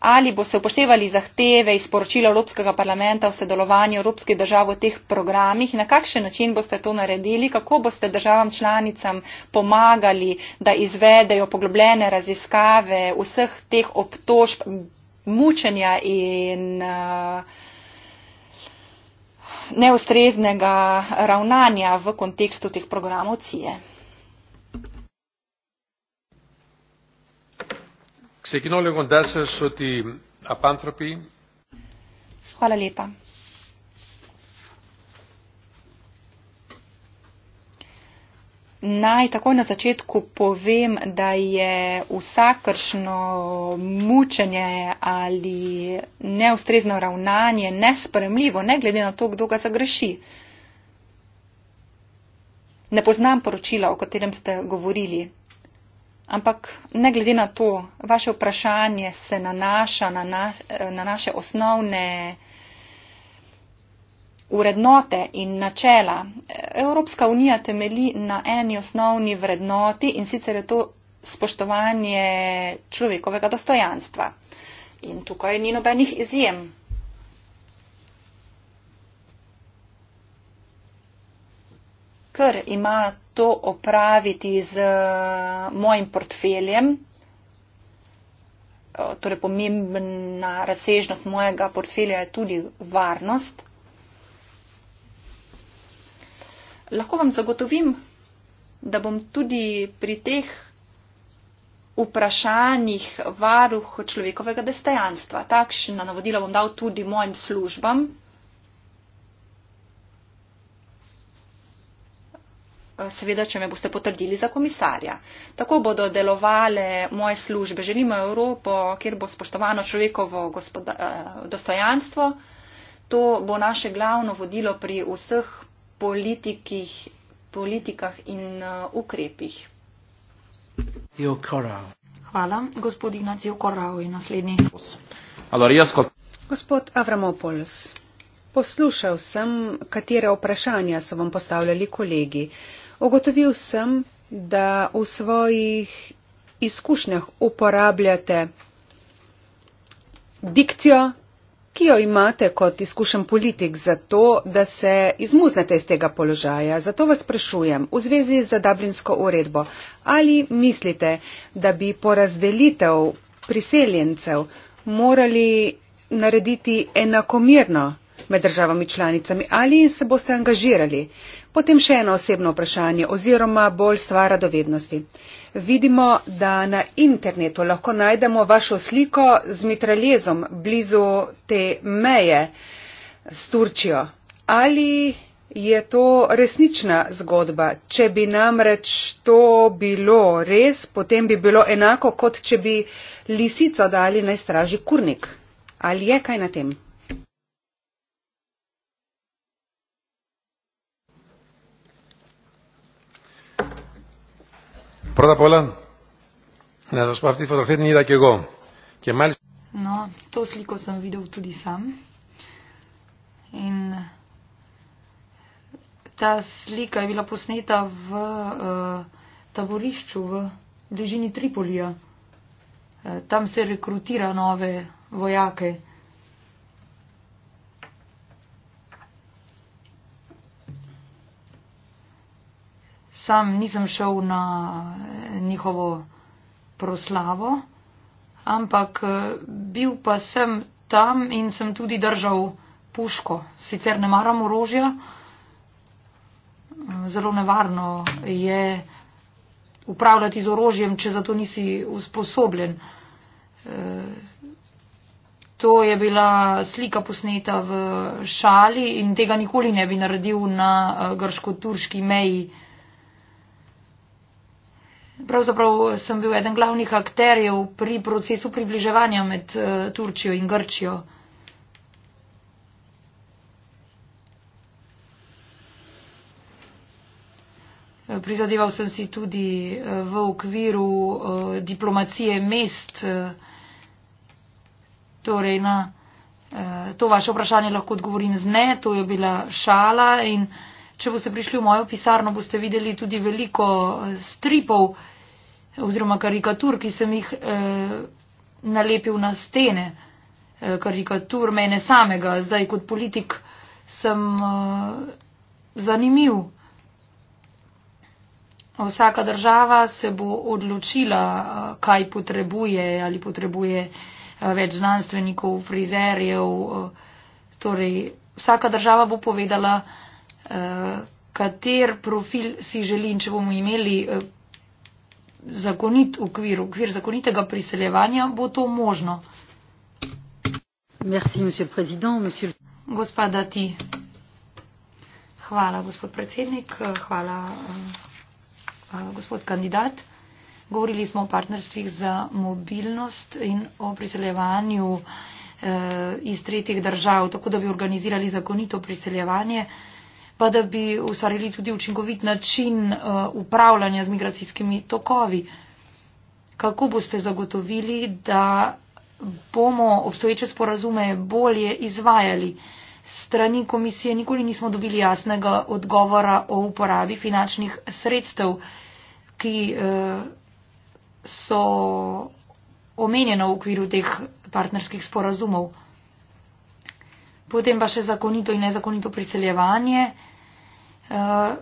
Ali boste upoštevali zahteve iz poročila Evropskega parlamenta o sodelovanju Evropskih držav v teh programih in na kakšen način boste to naredili, kako boste državam članicam pomagali, da izvedejo poglobljene raziskave vseh teh obtožb mučenja in uh, neustreznega ravnanja v kontekstu teh programov CIE. Hvala lepa. Naj takoj na začetku povem, da je vsakršno mučenje ali neustrezno ravnanje nespremljivo, ne glede na to, kdo ga zagreši. Ne poznam poročila, o katerem ste govorili. Ampak ne glede na to, vaše vprašanje se nanaša na, na, eh, na naše osnovne vrednote in načela. Evropska unija temeli na eni osnovni vrednoti in sicer je to spoštovanje človekovega dostojanstva. In tukaj ni nobenih izjem. Ker ima to opraviti z eh, mojim portfeljem, eh, torej pomembna razsežnost mojega portfelja je tudi varnost, lahko vam zagotovim, da bom tudi pri teh vprašanjih varuh človekovega dostojanstva. Takšna navodila bom dal tudi mojim službam. Seveda, če me boste potrdili za komisarja. Tako bodo delovale moje službe. Želimo Evropo, kjer bo spoštovano človekovo gospoda, eh, dostojanstvo. To bo naše glavno vodilo pri vseh politikih, politikah in uh, ukrepih. Hvala. Gospod Ignacio Korao je naslednji. Gospod Avramopoulos, poslušal sem, katere vprašanja so vam postavljali kolegi. Ogotovil sem, da v svojih izkušnjah uporabljate dikcijo ki jo imate kot izkušen politik za to, da se izmuznete iz tega položaja. Zato vas sprašujem v zvezi z Dublinsko uredbo, ali mislite, da bi porazdelitev priseljencev morali narediti enakomerno med državami članicami ali se boste angažirali. Potem še eno osebno vprašanje oziroma bolj stvar radovednosti. Vidimo, da na internetu lahko najdemo vašo sliko z mitraljezom blizu te meje s Turčijo. Ali je to resnična zgodba? Če bi namreč to bilo res, potem bi bilo enako, kot če bi lisico dali naj straži kurnik. Ali je kaj na tem? Πρώτα απ' όλα, να σα πω αυτή τη φωτογραφία την είδα και εγώ. Και μάλιστα. Να, το σλίκο σαν βίντεο του τη ΣΑΜ. Τα σλίκα είναι αποσνέτα в τα βορίσκου, в Λιζίνη Τρίπολια. Там се рекрутира нове вояке. sam nisem šel na njihovo proslavo, ampak eh, bil pa sem tam in sem tudi držal puško. Sicer ne maram orožja, zelo nevarno je upravljati z orožjem, če za to nisi usposobljen. Eh, to je bila slika posneta v šali in tega nikoli ne bi naredil na eh, grško-turški meji. Pravzaprav sem bil eden glavnih akterjev pri procesu približevanja med eh, Turčijo in Grčijo. Eh, prizadeval sem si tudi eh, v okviru diplomacije mest. Torej na to vaše vprašanje lahko odgovorim z ne, to je bila šala in če boste prišli v mojo pisarno, boste videli tudi veliko eh, stripov oziroma karikatur, ki sem jih eh, nalepil na stene. Eh, karikatur mene samega. Zdaj kot politik sem eh, zanimiv. Vsaka država se bo odločila, eh, kaj potrebuje, ali potrebuje eh, več znanstvenikov, frizerjev. Torej, vsaka država bo povedala, Eh, kater profil si želi in če bomo imeli eh, zakonit ukvir, ukvir zakonitega priseljevanja, bo to možno. Merci, monsieur monsieur... Gospoda ti. Hvala, gospod predsednik, eh, hvala, gospod kandidat. Govorili smo o partnerstvih za mobilnost in o priseljevanju iz tretjih držav, tako da bi organizirali zakonito priseljevanje pa da bi ustvarili tudi učinkovit način uh, upravljanja z migracijskimi tokovi. Kako boste zagotovili, da bomo obstoječe sporazume bolje izvajali? Strani komisije nikoli nismo dobili jasnega odgovora o uporabi finančnih sredstev, ki uh, so omenjena v okviru teh partnerskih sporazumov. Potem pa še zakonito in nezakonito priseljevanje. Eh,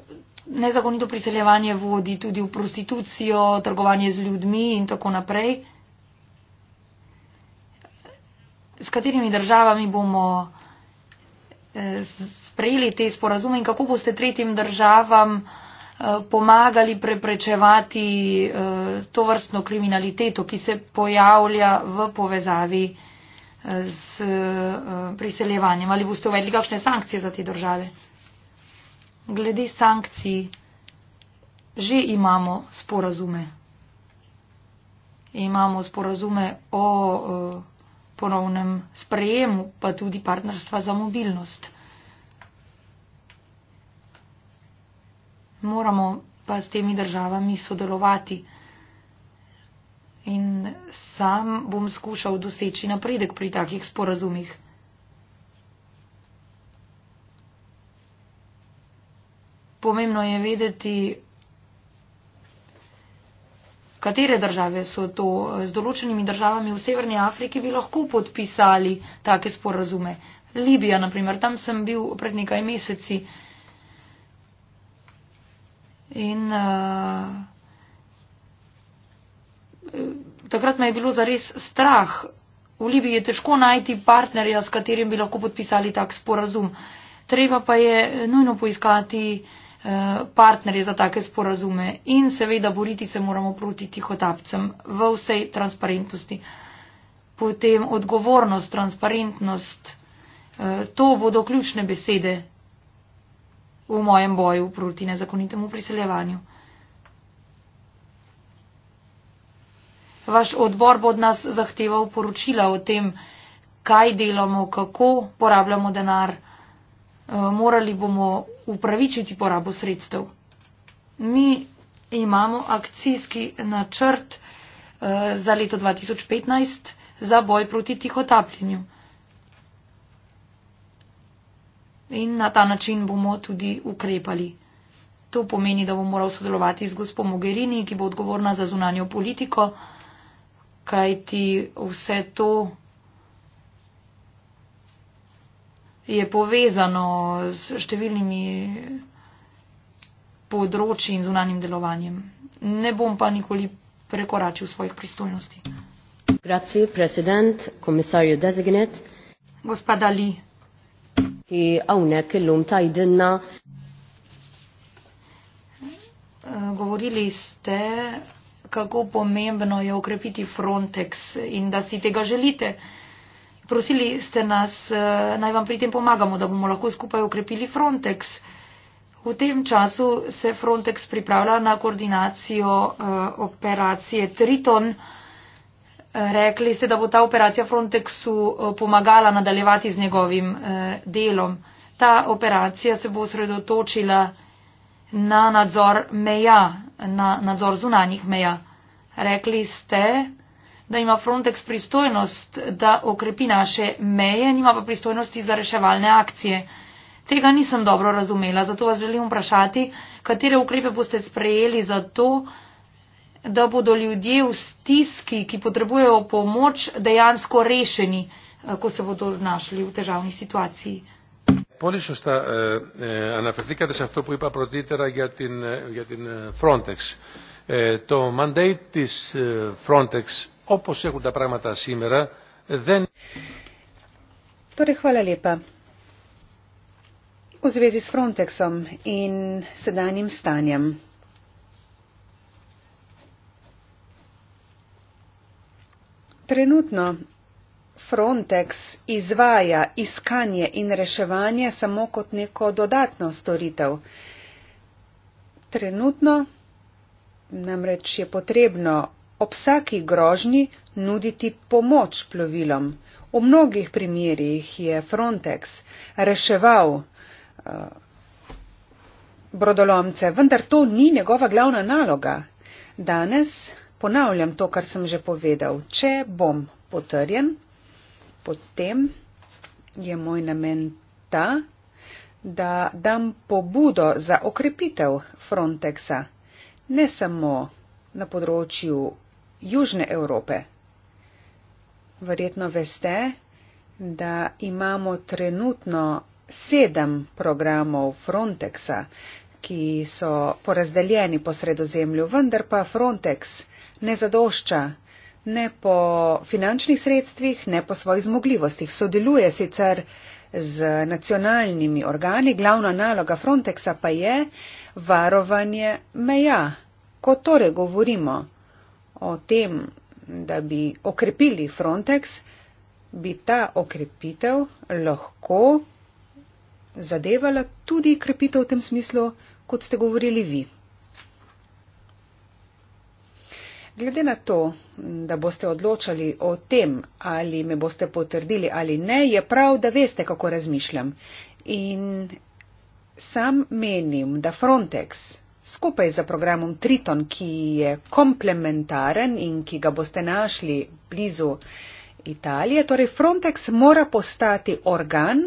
nezakonito priseljevanje vodi tudi v prostitucijo, trgovanje z ljudmi in tako naprej. S katerimi državami bomo eh, sprejeli te sporazume in kako boste tretjim državam eh, pomagali preprečevati to vrstno kriminaliteto, ki se pojavlja v povezavi z priseljevanjem? Ali boste uvedli kakšne sankcije za te države? glede sankcij že imamo sporazume. Imamo sporazume o uh, ponovnem sprejemu, pa tudi partnerstva za mobilnost. Moramo pa s temi državami sodelovati. In sam bom skušal doseči napredek pri takih sporazumih. pomembno je vedeti, katere države so to. Z določenimi državami v Severni Afriki bi lahko podpisali take sporazume. Libija, na primer, tam sem bil pred nekaj meseci. In uh, takrat me je bilo zares strah. V Libiji je težko najti partnerja, s katerim bi lahko podpisali tak sporazum. Treba pa je nujno poiskati uh, Eh, partnerje za take sporazume in seveda boriti se moramo proti tihotapcem v vsej transparentnosti. Potem odgovornost, transparentnost, eh, to bodo ključne besede v mojem boju proti nezakonitemu priseljevanju. Vaš odbor bo od nas zahteval poročila o tem, kaj delamo, kako porabljamo denar. Eh, morali bomo upravičiti porabo sredstev. Mi imamo akcijski načrt eh, za leto 2015 za boj proti tihotapljenju. In na ta način bomo tudi ukrepali. To pomeni, da bom moral sodelovati z gospod Mogherini, ki bo odgovorna za zunanjo politiko, kajti vse to je povezano s številnimi področji in zunanjim delovanjem. Ne bom pa nikoli prekoračil svojih pristojnosti. Grazie, president, komisarju designet. Gospoda Li. Ki avne, ki lumta idena. Govorili ste, kako pomembno je okrepiti Frontex in da si tega želite. Uh, Prosili ste nas, eh, naj vam pri tem pomagamo, da bomo lahko skupaj ukrepili Frontex. V tem času se Frontex pripravlja na koordinacijo eh, operacije Triton. Eh, rekli ste, da bo ta operacija Frontexu pomagala nadaljevati z njegovim delom. Ta operacija se bo osredotočila na nadzor meja, na nadzor zunanjih meja. Rekli ste, da ima Frontex pristojnost, da okrepi naše meje, nima pa pristojnosti za reševalne akcije. Tega nisem dobro razumela, zato vas želim vprašati, katere ukrepe boste sprejeli za to, da bodo ljudje v stiski, ki potrebujejo pomoč, dejansko rešeni, eh, ko se bodo znašli v težavni situaciji. Πολύ σωστά ε, ε, αναφερθήκατε σε αυτό που είπα πρωτήτερα για την, για την Frontex. Ε, το mandate της ε, Frontex όπως έχουν τα πράγματα σήμερα δεν... Torej, hvala lepa. V zvezi s Frontexom in sedanjim stanjem. Trenutno Frontex izvaja iskanje in reševanje samo kot neko dodatno storitev. Trenutno namreč je potrebno ob vsaki grožnji nuditi pomoč plovilom. V mnogih primerjih je Frontex reševal uh, eh, brodolomce, vendar to ni njegova glavna naloga. Danes ponavljam to, kar sem že povedal. Če bom potrjen, potem je moj namen ta, da dam pobudo za okrepitev Frontexa, ne samo na področju Južne Evrope. Verjetno veste, da imamo trenutno sedem programov Frontexa, ki so porazdeljeni po sredozemlju, vendar pa Frontex ne zadošča ne po finančnih sredstvih, ne po svojih zmogljivostih. Sodeluje sicer z nacionalnimi organi, glavna naloga Frontexa pa je varovanje meja. Ko torej govorimo o tem, da bi okrepili Frontex, bi ta okrepitev lahko zadevala tudi krepitev v tem smislu, kot ste govorili vi. Glede na to, da boste odločali o tem, ali me boste potrdili ali ne, je prav, da veste, kako razmišljam. In sam menim, da Frontex Skupaj za programom Triton, ki je komplementaren in ki ga boste našli blizu Italije, torej Frontex mora postati organ,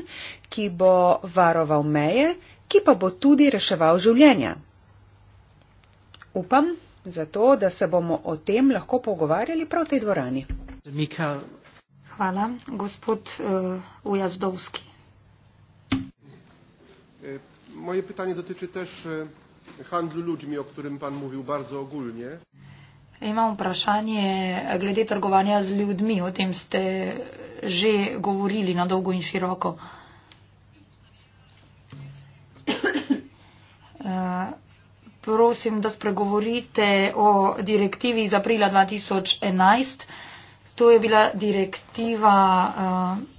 ki bo varoval meje, ki pa bo tudi reševal življenja. Upam zato, da se bomo o tem lahko pogovarjali prav v tej dvorani. Mika. Hvala, gospod uh, eh, Ujazdovski. E, moje vprašanje dotiče tudi. Uh, handlu ljudmi, o którym Pan mówił bardzo ogólnie. Imam vprašanje glede trgovanja z ljudmi, o tem ste že govorili na no, dolgo in široko. Eh, prosim, da spregovorite o direktivi iz aprila 2011. To je bila direktiva.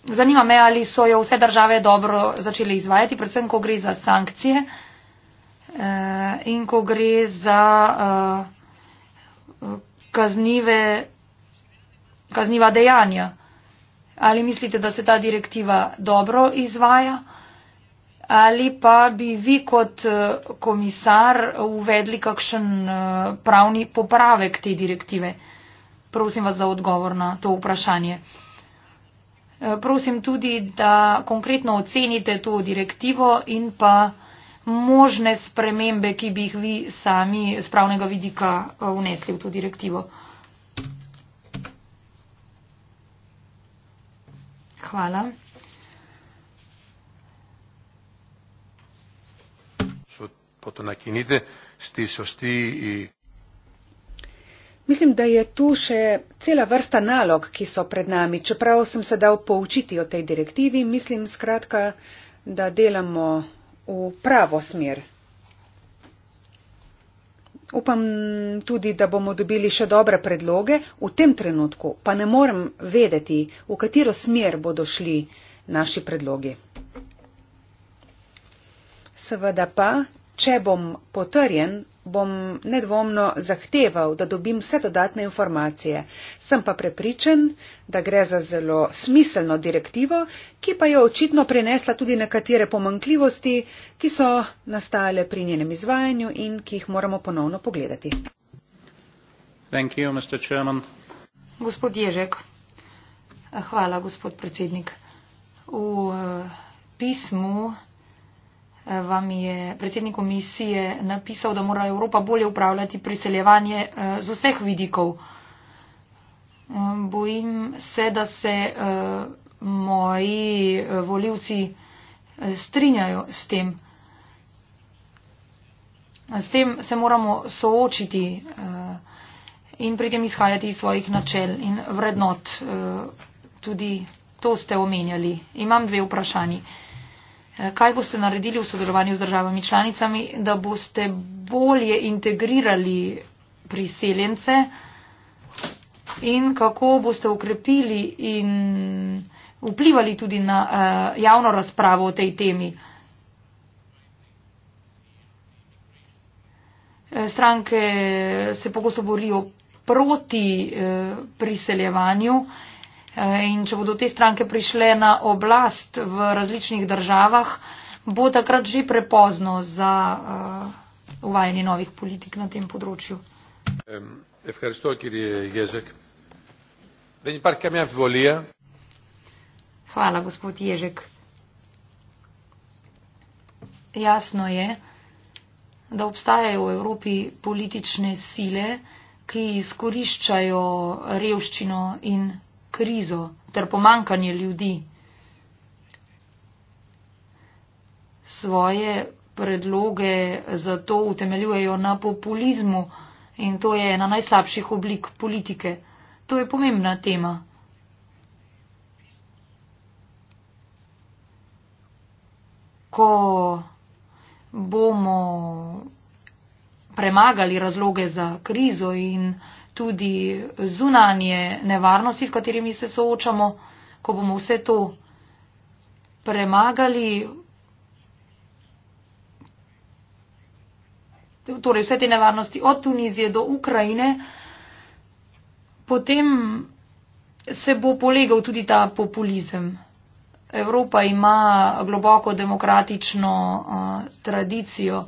Eh, zanima me, ali so jo vse države dobro začele izvajati, predvsem, ko gre za sankcije. Eh, in ko gre za eh, kaznive, kazniva dejanja. Ali mislite, da se ta direktiva dobro izvaja? Ali pa bi vi kot eh, komisar uvedli kakšen pravni popravek te direktive? Prosim vas za odgovor na to vprašanje. Prosim tudi, da konkretno ocenite to direktivo in pa možne spremembe, ki bi jih vi sami z pravnega vidika eh, vnesli v to direktivo. Hvala. Mislim, da je tu še cela vrsta nalog, ki so pred nami. Čeprav sem se dal poučiti o tej direktivi, mislim skratka, da delamo v pravo smer. Upam tudi, da bomo dobili še dobre predloge, v tem trenutku pa ne morem vedeti, v katero smer bodo šli naši predlogi. Seveda pa če bom potrjen, bom nedvomno zahteval, da dobim vse dodatne informacije. Sem pa prepričan, da gre za zelo smiselno direktivo, ki pa je očitno prinesla tudi nekatere pomankljivosti, ki so nastale pri njenem izvajanju in ki jih moramo ponovno pogledati. Gospod Ježek. Hvala, gospod predsednik. V eh, pismu Eh, vam je predsednik komisije napisal, da mora Evropa bolje upravljati priseljevanje eh, z vseh vidikov. Eh, bojim se, da se moji voljivci strinjajo s tem. S tem se moramo soočiti in pri tem izhajati iz svojih načel in vrednot. Tudi to ste omenjali. Imam dve vprašanji. Eh, kaj boste naredili v sodelovanju z državami članicami, da boste bolje integrirali priseljence in kako boste ukrepili in vplivali tudi na eh, javno razpravo o tej temi? Eh, stranke se pogosto borijo proti priseljevanju. In če bodo te stranke prišle na oblast v različnih državah, bo takrat že prepozno za uh, uvajanje novih politik na tem področju. Hvala, gospod Ježek. Jasno je, da obstajajo v Evropi politične sile, ki izkoriščajo revščino in krizo ter pomankanje ljudi. Svoje predloge zato utemeljujejo na populizmu in to je ena najslabših oblik politike. To je pomembna tema. Ko bomo premagali razloge za krizo in tudi zunanje nevarnosti, s katerimi se soočamo, ko bomo vse to premagali, torej vse te nevarnosti od Tunizije do Ukrajine, potem se bo polegal tudi ta populizem. Evropa ima globoko demokratično uh, tradicijo. Uh,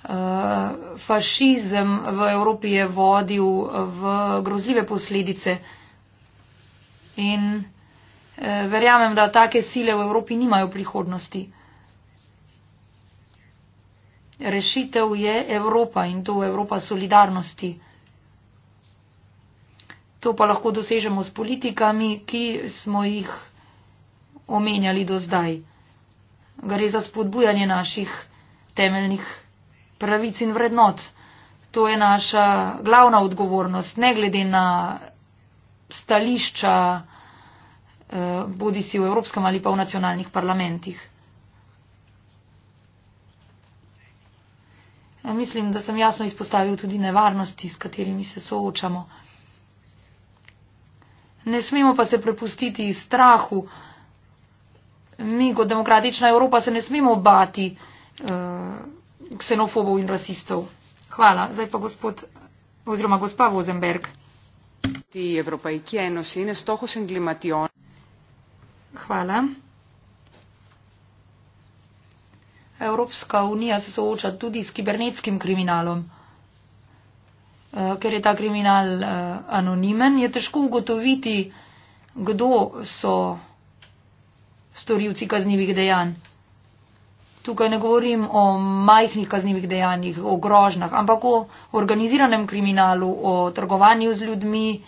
Eh, fašizem v Evropi je vodil v grozljive posledice. In eh, verjamem, da take sile v Evropi nimajo prihodnosti. Rešitev je Evropa in to Evropa solidarnosti. To pa lahko dosežemo s politikami, ki smo jih omenjali do zdaj. Gre za spodbujanje naših temeljnih pravic in vrednot. To je naša glavna odgovornost, ne glede na stališča, eh, bodi si v Evropskem ali pa v nacionalnih parlamentih. Eh, mislim, da sem jasno izpostavil tudi nevarnosti, s katerimi se soočamo. Ne smemo pa se prepustiti strahu. Mi kot demokratična Evropa se ne smemo bati. Uh, ksenofobov in rasistov. Hvala. Zdaj pa gospod oziroma gospa Vozenberg. Hvala. Evropska unija se sooča tudi s kibernetskim kriminalom. Eh, ker je ta kriminal eh, anonimen, je težko ugotoviti, kdo so storilci kaznjivih dejanj tukaj ne govorim o majhnih kaznjivih dejanjih, o grožnjah, ampak o organiziranem kriminalu, o trgovanju z ljudmi,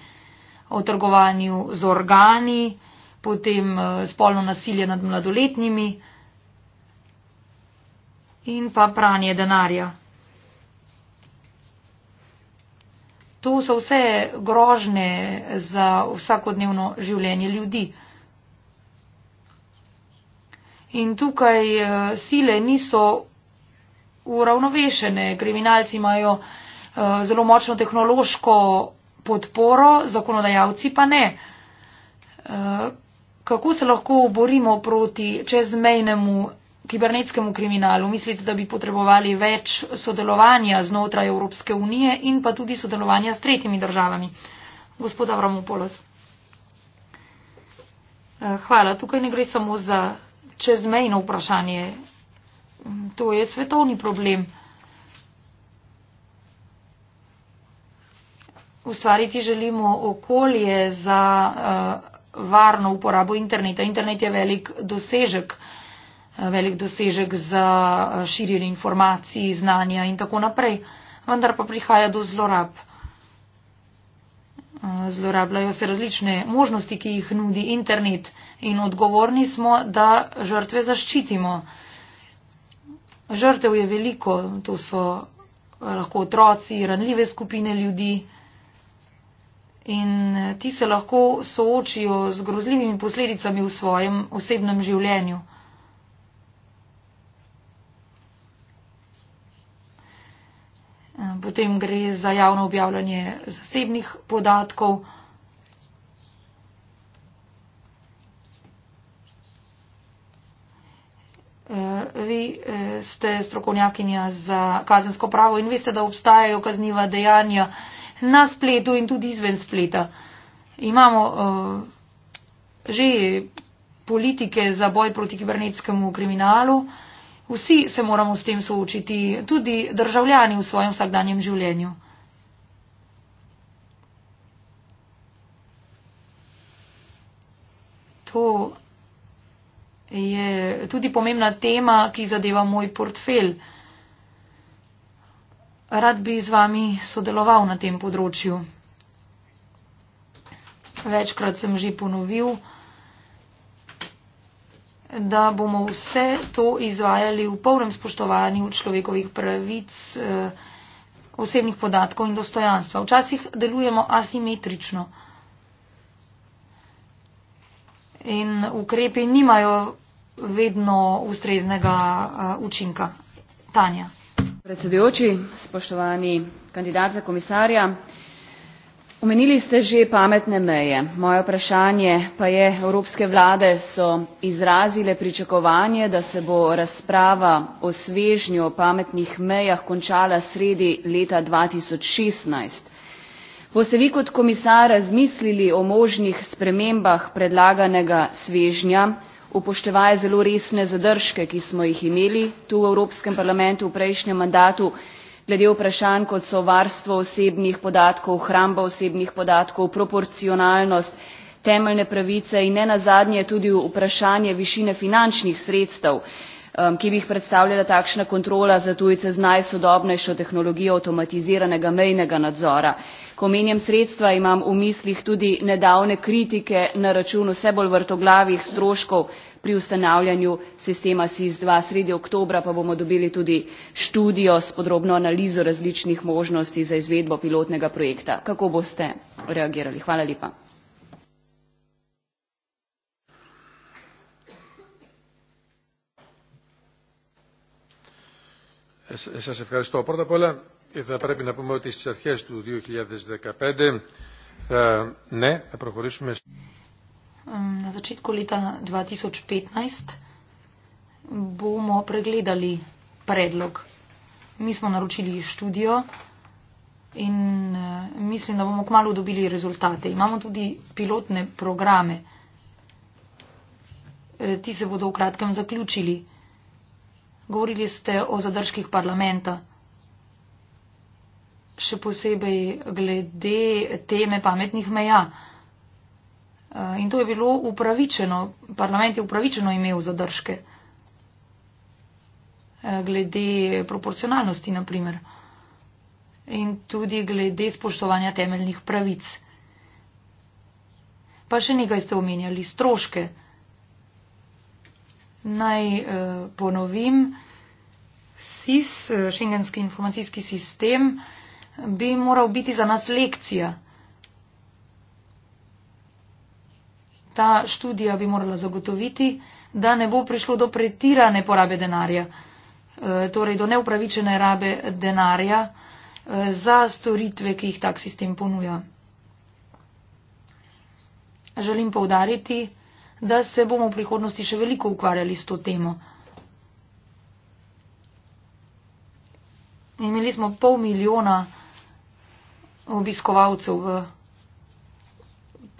o trgovanju z organi, potem eh, spolno nasilje nad mladoletnimi in pa pranje denarja. To so vse grožne za vsakodnevno življenje ljudi. In tukaj uh, sile niso uravnovešene. Kriminalci imajo uh, zelo močno tehnološko podporo, zakonodajalci pa ne. Uh, kako se lahko borimo proti čezmejnemu kibernetskemu kriminalu? Mislite, da bi potrebovali več sodelovanja znotraj Evropske unije in pa tudi sodelovanja s tretjimi državami? Gospod Avramopolos. Uh, hvala. Tukaj ne gre samo za čezmejno vprašanje. To je svetovni problem. Ustvariti želimo okolje za uh, varno uporabo interneta. Internet je velik dosežek, eh, velik dosežek za eh, širjenje informacij, znanja in tako naprej, vendar pa prihaja do zlorab zlorabljajo se različne možnosti, ki jih nudi internet in odgovorni smo, da žrtve zaščitimo. Žrtev je veliko, to so eh, lahko otroci, ranljive skupine ljudi in eh, ti se lahko soočijo z grozljivimi posledicami v svojem osebnem življenju. Eh, potem gre za javno objavljanje zasebnih podatkov. Eh, vi eh, ste strokovnjakinja za kazensko pravo in veste, da obstajajo kazniva dejanja na spletu in tudi izven spleta. Imamo uh, že politike za boj proti kibernetskemu kriminalu. Uh, Vsi se moramo s tem soočiti, tudi državljani v svojem vsakdanjem življenju. To je tudi pomembna tema, ki zadeva moj portfel. Rad bi z vami sodeloval na tem področju. Večkrat sem že ponovil, da bomo vse to izvajali v polnem spoštovanju človekovih pravic, eh, osebnih podatkov in dostojanstva. Včasih delujemo asimetrično in ukrepi nimajo vedno ustreznega eh, učinka. Tanja. Predsedujoči, spoštovani kandidat za komisarja omenili ste že pametne meje moje vprašanje pa je evropske vlade so izrazile pričakovanje da se bo razprava o svežnju o pametnih mejah končala sredi leta dva tisoč šestnajst boste vi kot komisar razmislili o možnih spremembah predlaganega svežnja upoštevaje zelo resne zadržke ki smo jih imeli tu v evropskem parlamentu v prejšnjem mandatu glede vprašanj kot so varstvo osebnih podatkov hramba osebnih podatkov proporcionalnost temeljne pravice in nenazadnje tudi vprašanje višine finančnih sredstev um, ki bi jih predstavljala takšna kontrola za tujce z najsodobnejšo tehnologijo avtomatiziranega mejnega nadzora. ko omenjam sredstva imam v mislih tudi nedavne kritike na račun vse bolj vrtoglavih stroškov pri ustanavljanju sistema sis ii sredi oktobra pa bomo dobili tudi študijo s podrobno analizo različnih možnosti za izvedbo pilotnega projekta kako boste reagirali hvala lepa Σας ευχαριστώ. Πρώτα απ' όλα θα πρέπει να πούμε ότι στις αρχές του 2015 θα, ναι, θα προχωρήσουμε na začetku leta 2015 bomo pregledali predlog. Mi smo naročili študijo in eh, mislim, da bomo kmalo dobili rezultate. Imamo tudi pilotne programe. E, ti se bodo v kratkem zaključili. Govorili ste o zadržkih parlamenta. Še posebej glede teme pametnih meja. Eh, in to je bilo upravičeno, parlament je upravičeno imel zadržke eh, glede proporcionalnosti, naprimer, in tudi glede spoštovanja temeljnih pravic. Pa še nekaj ste omenjali, stroške. Naj eh, ponovim, SIS, Schengenski informacijski sistem, bi moral biti za nas lekcija. ta študija bi morala zagotoviti, da ne bo prišlo do pretirane porabe denarja, e, torej do neupravičene rabe denarja e, za storitve, ki jih tak sistem ponuja. Želim povdariti, da se bomo v prihodnosti še veliko ukvarjali s to temo. Imeli smo pol milijona obiskovalcev v.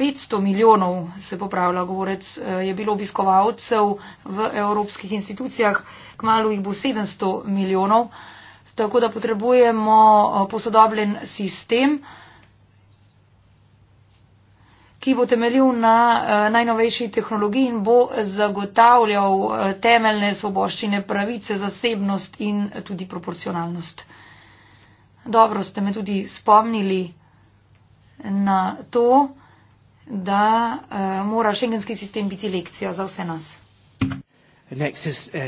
500 milijonov, se popravlja govorec, eh, je bilo obiskovalcev v evropskih institucijah, kmalo jih bo 700 milijonov, tako da potrebujemo eh, posodobljen sistem, ki bo temeljil na eh, najnovejši tehnologiji in bo zagotavljal temeljne svoboščine, pravice, zasebnost in tudi proporcionalnost. Dobro ste me tudi spomnili na to da uh, mora šengenski sistem biti lekcija za vse nas. Is, uh,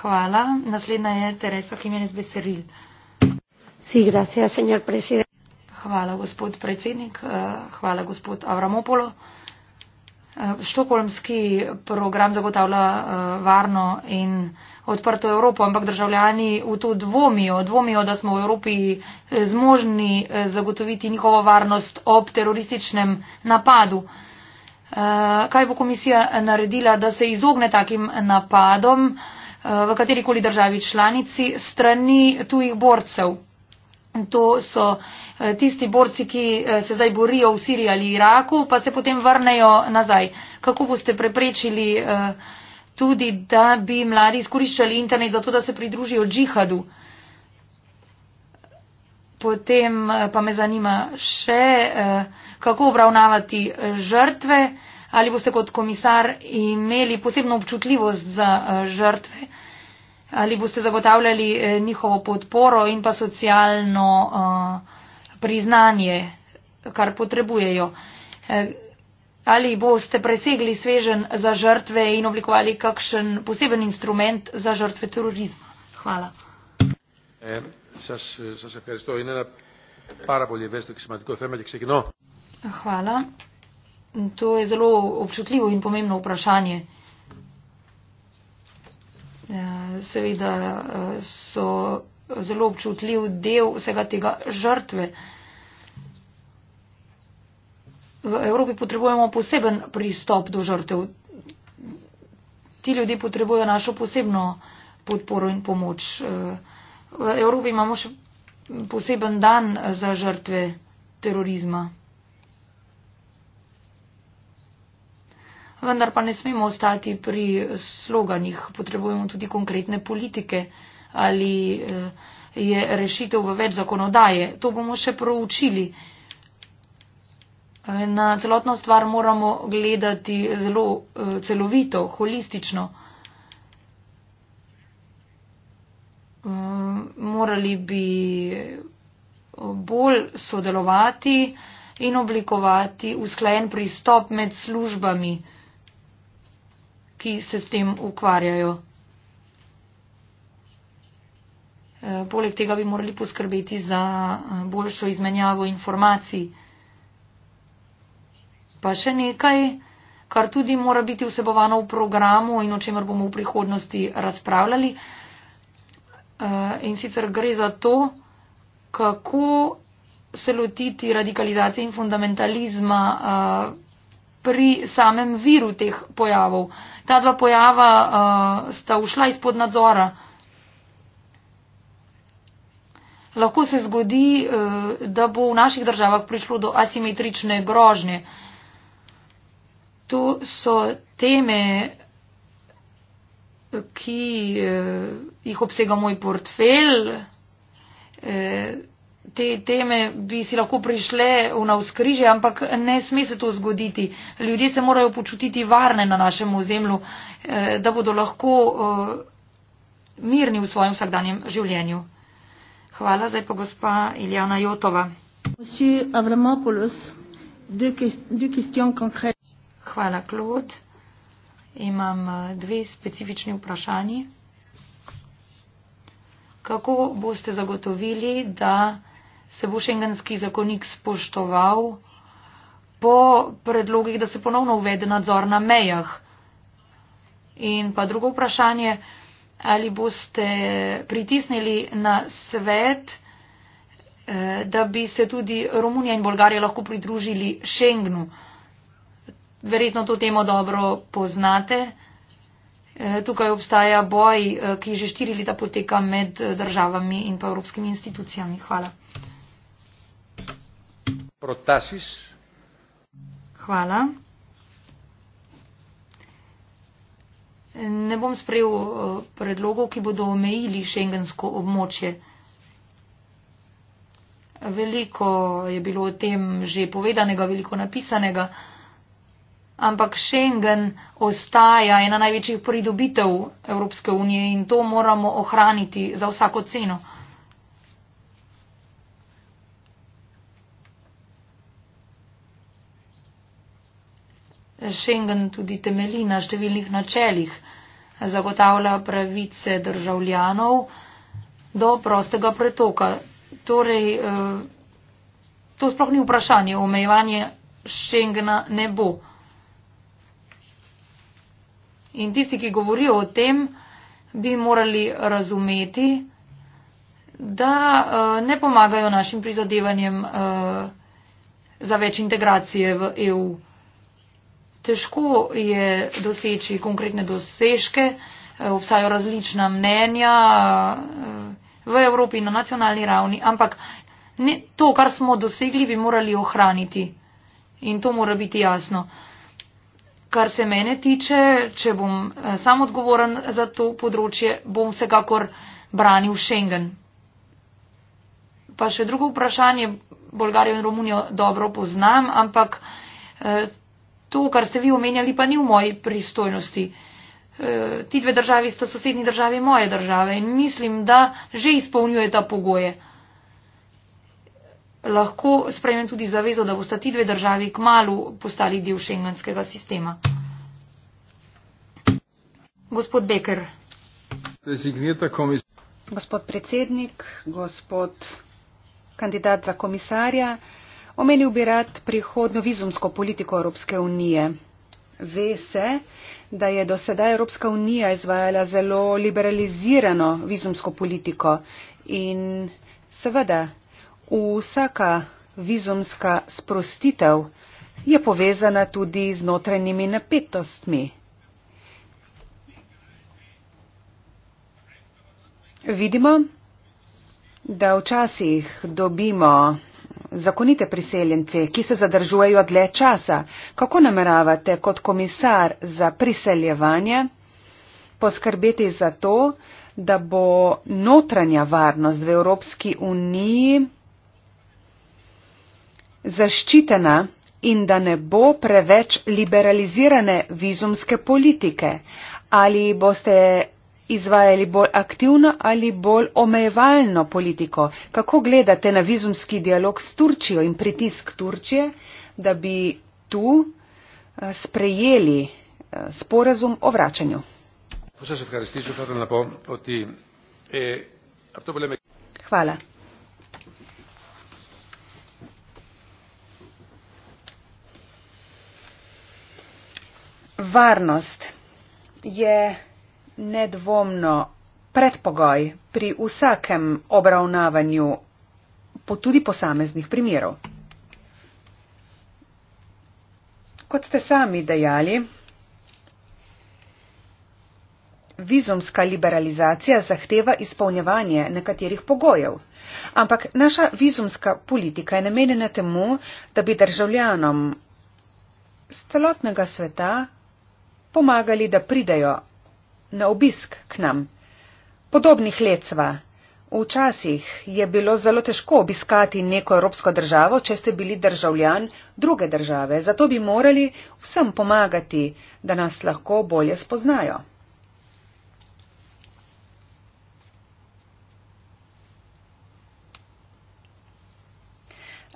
Hvala. Naslednja je Teresa Jimenez Beseril. Sí, gracias, señor presidente. Hvala, gospod predsednik. Eh, hvala, gospod Avramopolo. Štokholmski program zagotavlja varno in odprto Evropo, ampak državljani v to dvomijo. Dvomijo, da smo v Evropi eh, zmožni eh, zagotoviti njihovo varnost ob terorističnem napadu. Eh, kaj bo komisija naredila, da se izogne takim napadom v katerikoli državi članici strani tujih borcev? To so tisti borci, ki se zdaj borijo v Siriji ali Iraku, pa se potem vrnejo nazaj. Kako boste preprečili uh, tudi, da bi mladi izkoriščali internet za to, da se pridružijo džihadu. Potem eh, pa me zanima še, eh, kako obravnavati eh, žrtve, ali boste kot komisar imeli posebno občutljivost za žrtve, ali boste zagotavljali njihovo podporo in pa socialno priznanje, kar potrebujejo. Ali boste presegli svežen za žrtve in oblikovali kakšen poseben instrument za žrtve terorizma? Hvala. Eh, Hvala. To je zelo občutljivo in pomembno vprašanje. Eh, seveda eh, so zelo občutljiv del vsega tega žrtve v Evropi potrebujemo poseben pristop do žrtev. Ti ljudje potrebujejo našo posebno podporo in pomoč. V Evropi imamo še poseben dan za žrtve terorizma. Vendar pa ne smemo ostati pri sloganih, potrebujemo tudi konkretne politike ali eh, je rešitev v več zakonodaje. To bomo še proučili. Eh, na celotno stvar moramo gledati zelo eh, celovito, holistično. Eh, morali bi bolj sodelovati in oblikovati usklajen pristop med službami, ki se s tem ukvarjajo. Poleg tega bi morali poskrbeti za boljšo izmenjavo informacij. Pa še nekaj, kar tudi mora biti vsebovano v programu in o čemer bomo v prihodnosti razpravljali. Eh, in sicer gre za to, kako se lotiti radikalizacije in fundamentalizma eh, pri samem viru teh pojavov. Ta dva pojava eh, sta ušla izpod nadzora. Lahko se zgodi, da bo v naših državah prišlo do asimetrične grožnje tu so teme, ki eh, jih obsega moj portfel. Eh, Te teme bi si lahko prišle v navskrižje, ampak ne sme se to zgoditi. Ljudje se morajo počutiti varne na našem ozemlju, eh, da bodo lahko eh, mirni v svojem vsakdanjem življenju. Hvala, zdaj pa gospa Iljana Jotova. Monsieur Avramopoulos, dve vprašanje konkretne. Hvala, Klod. Imam eh, dve specifični vprašanji. Kako boste zagotovili, da se bo šengenski zakonik spoštoval po predlogih, da se ponovno uvede nadzor na mejah? In pa drugo vprašanje, ali boste pritisnili na svet, eh, da bi se tudi Romunija in Bolgarija lahko pridružili šengnu? verjetno to temo dobro poznate. E, tukaj obstaja boj, e, ki že štiri leta poteka med e, državami in pa evropskimi institucijami. Hvala. Protasis. Hvala. Ne bom sprejel predlogov, ki bodo omejili šengensko območje. Veliko je bilo o tem že povedanega, veliko napisanega ampak Schengen ostaja ena največjih pridobitev Evropske unije in to moramo ohraniti za vsako ceno. Schengen tudi temelji na številnih načelih, zagotavlja pravice državljanov do prostega pretoka. Torej, eh, to sploh ni vprašanje, omejevanje Schengena ne bo. In tisti, ki govorijo o tem, bi morali razumeti, da eh, ne pomagajo našim prizadevanjem eh, za več integracije v EU. Težko je doseči konkretne dosežke, eh, obstajajo različna mnenja v Evropi in na nacionalni ravni, ampak to, kar smo dosegli, bi morali ohraniti. In to mora biti jasno. Kar se mene tiče, če bom eh, sam odgovoren za to področje, bom vsekakor branil Schengen. Pa še drugo vprašanje, Bolgarijo in Romunijo dobro poznam, ampak eh, to, kar ste vi omenjali, pa ni v moji pristojnosti. Eh, ti dve državi sta sosednji državi moje države in mislim, da že izpolnjujeta pogoje lahko sprejmem tudi zavezo, da bosta ti dve državi k malu postali del šengenskega sistema. Gospod Beker. Gospod predsednik, gospod kandidat za komisarja, omenil bi rad prihodno vizumsko politiko Evropske unije. Ve se, da je do sedaj Evropska unija izvajala zelo liberalizirano vizumsko politiko in seveda Vsaka vizumska sprostitev je povezana tudi z notranjimi napetostmi. Vidimo, da včasih dobimo zakonite priseljence, ki se zadržujejo dlje časa. Kako nameravate kot komisar za priseljevanje poskrbeti za to, da bo notranja varnost v Evropski uniji zaščitena in da ne bo preveč liberalizirane vizumske politike? Ali boste izvajali bolj aktivno ali bolj omejevalno politiko? Kako gledate na vizumski dialog s Turčijo in pritisk Turčije, da bi tu eh, sprejeli eh, sporazum o vračanju? Hvala. Eh, Varnost je nedvomno predpogoj pri vsakem obravnavanju, pa tudi posameznih primerov. Kot ste sami dejali, vizumska liberalizacija zahteva izpolnjevanje nekaterih pogojev. Ampak naša vizumska politika je namenjena temu, da bi državljanom z celotnega sveta pomagali, da pridejo na obisk k nam. Podobnih let sva. Včasih je bilo zelo težko obiskati neko evropsko državo, če ste bili državljan druge države, zato bi morali vsem pomagati, da nas lahko bolje spoznajo.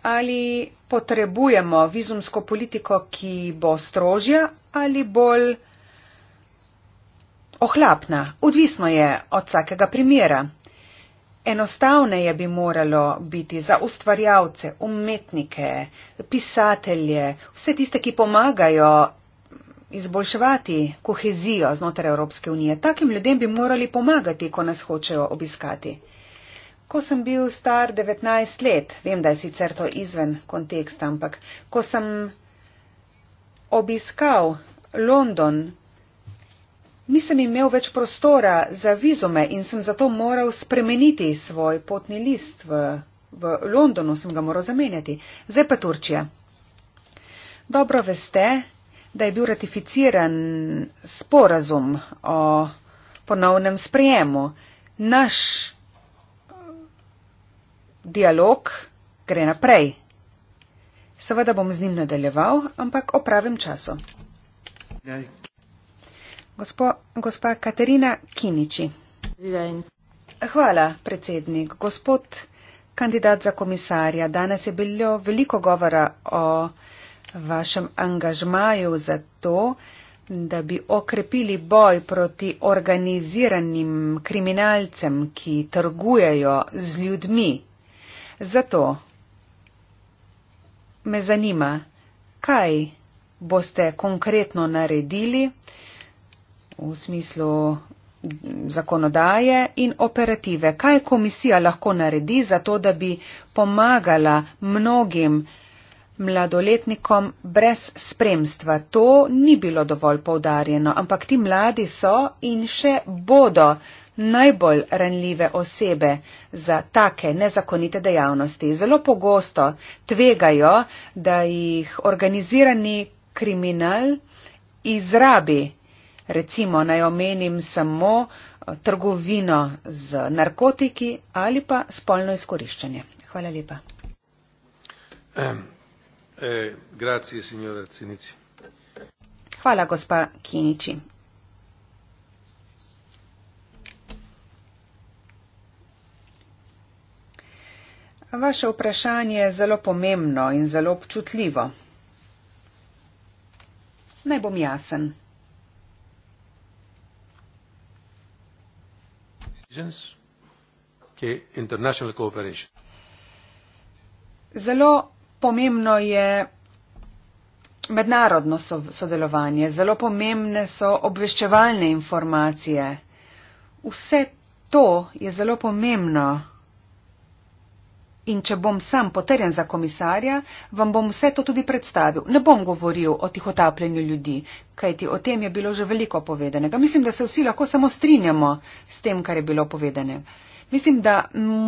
ali potrebujemo vizumsko politiko, ki bo strožja ali bolj ohlapna. Odvisno je od vsakega primera. Enostavneje bi moralo biti za ustvarjavce, umetnike, pisatelje, vse tiste, ki pomagajo izboljševati kohezijo znotraj Evropske unije. Takim ljudem bi morali pomagati, ko nas hočejo obiskati. Ko sem bil star 19 let, vem, da je sicer to izven konteksta, ampak ko sem obiskal London, nisem imel več prostora za vizume in sem zato moral spremeniti svoj potni list v, v Londonu, sem ga moral zamenjati. Zdaj pa Turčija. Dobro veste, da je bil ratificiran sporazum o ponovnem sprejemu. Naš dialog gre naprej. Seveda bom z njim nadaljeval, ampak o pravem času. Gospo, gospa Katerina Kiniči. Hvala, predsednik. Gospod kandidat za komisarja, danes je bilo veliko govora o vašem angažmaju za to, da bi okrepili boj proti organiziranim kriminalcem, ki trgujejo z ljudmi. Zato me zanima, kaj boste konkretno naredili v smislu zakonodaje in operative. Kaj komisija lahko naredi za to, da bi pomagala mnogim mladoletnikom brez spremstva. To ni bilo dovolj poudarjeno, ampak ti mladi so in še bodo najbolj ranljive osebe za take nezakonite dejavnosti. Zelo pogosto tvegajo, da jih organizirani kriminal izrabi. Recimo naj omenim samo eh, trgovino z narkotiki ali pa spolno izkoriščanje. Hvala lepa. Eh, Hvala, gospa Kiniči. Vaše vprašanje je zelo pomembno in zelo občutljivo. Naj bom jasen. Zelo pomembno je mednarodno sodelovanje, zelo pomembne so obveščevalne informacije. Vse to je zelo pomembno. In če bom sam poterjen za komisarja, vam bom vse to tudi predstavil. Ne bom govoril o tihotapljenju ljudi, kajti o tem je bilo že veliko povedanega. Mislim, da se vsi lahko samo strinjamo s tem, kar je bilo povedane. Mislim, da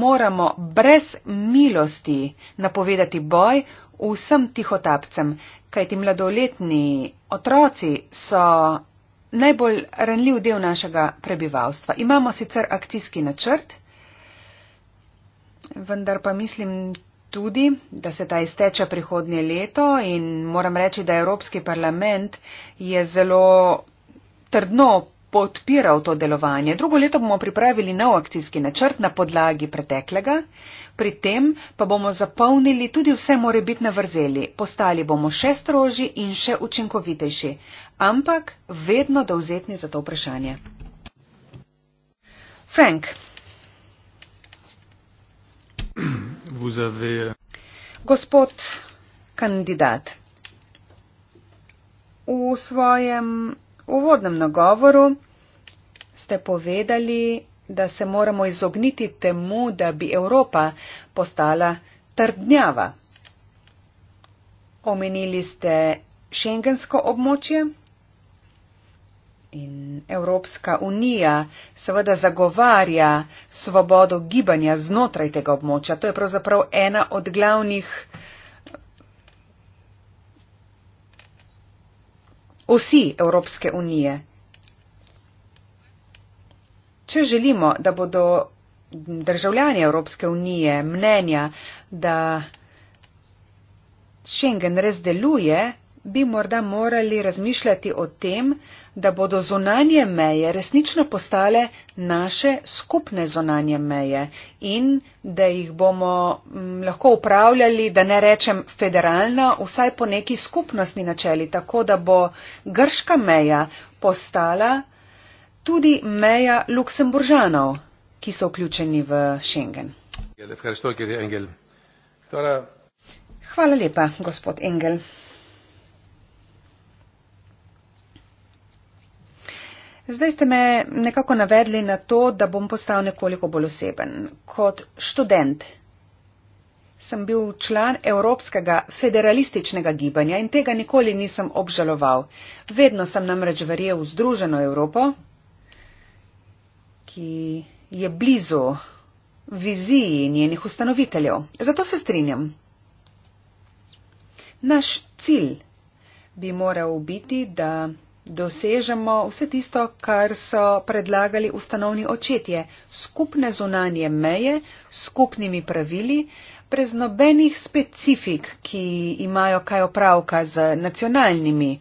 moramo brez milosti napovedati boj vsem tihotapcem, kajti mladoletni otroci so najbolj ranljiv del našega prebivalstva. Imamo sicer akcijski načrt vendar pa mislim tudi, da se ta izteče prihodnje leto in moram reči, da Evropski parlament je zelo trdno podpiral to delovanje. Drugo leto bomo pripravili nov akcijski načrt na podlagi preteklega, pri tem pa bomo zapolnili tudi vse morebitne vrzeli. Postali bomo še strožji in še učinkovitejši, ampak vedno dovzetni za to vprašanje. Frank, vous avez. Euh, Gospod kandidat, v svojem uvodnem nagovoru ste povedali, da se moramo izogniti temu, da bi Evropa postala trdnjava. Omenili ste šengensko območje. In Evropska unija seveda zagovarja svobodo gibanja znotraj tega območja. To je pravzaprav ena od glavnih osi Evropske unije. Če želimo, da bodo državljani Evropske unije mnenja, da Schengen res deluje, bi morda morali razmišljati o tem, da bodo zunanje meje resnično postale naše skupne zunanje meje in da jih bomo m, mm, lahko upravljali, da ne rečem federalna, vsaj po neki skupnostni načeli, tako da bo grška meja postala tudi meja luksemburžanov, ki so vključeni v Schengen. Hvala lepa, gospod Engel. Zdaj ste me nekako navedli na to, da bom postal nekoliko bolj oseben. Kot študent sem bil član Evropskega federalističnega gibanja in tega nikoli nisem obžaloval. Vedno sem namreč verjel v Združeno Evropo, ki je blizu viziji njenih ustanoviteljev. Zato se strinjam. Naš cilj bi moral biti, da dosežemo vse tisto, kar so predlagali ustanovni očetje, skupne zunanje meje, skupnimi pravili, brez nobenih specifik, ki imajo kaj opravka z nacionalnimi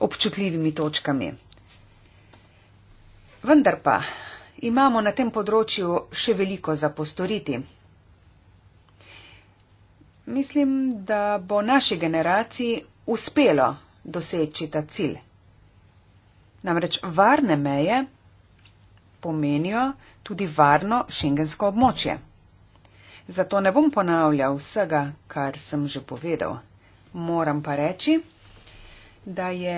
občutljivimi točkami. Vendar pa imamo na tem področju še veliko za postoriti. Mislim, da bo naši generaciji uspelo doseči ta cilj. Namreč varne meje pomenijo tudi varno šengensko območje. Zato ne bom ponavljal vsega, kar sem že povedal. Moram pa reči, da je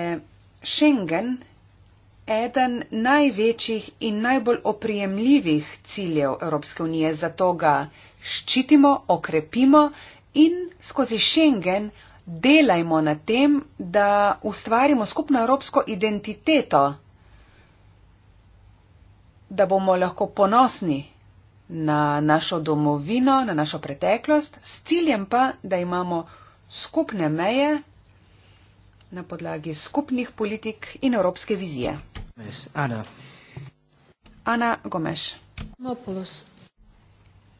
Schengen eden največjih in najbolj oprijemljivih ciljev Evropske unije, zato ga ščitimo, okrepimo in skozi Schengen delajmo na tem, da ustvarimo skupno evropsko identiteto, da bomo lahko ponosni na našo domovino, na našo preteklost, s ciljem pa, da imamo skupne meje na podlagi skupnih politik in evropske vizije. Ana. Ana Gomeš.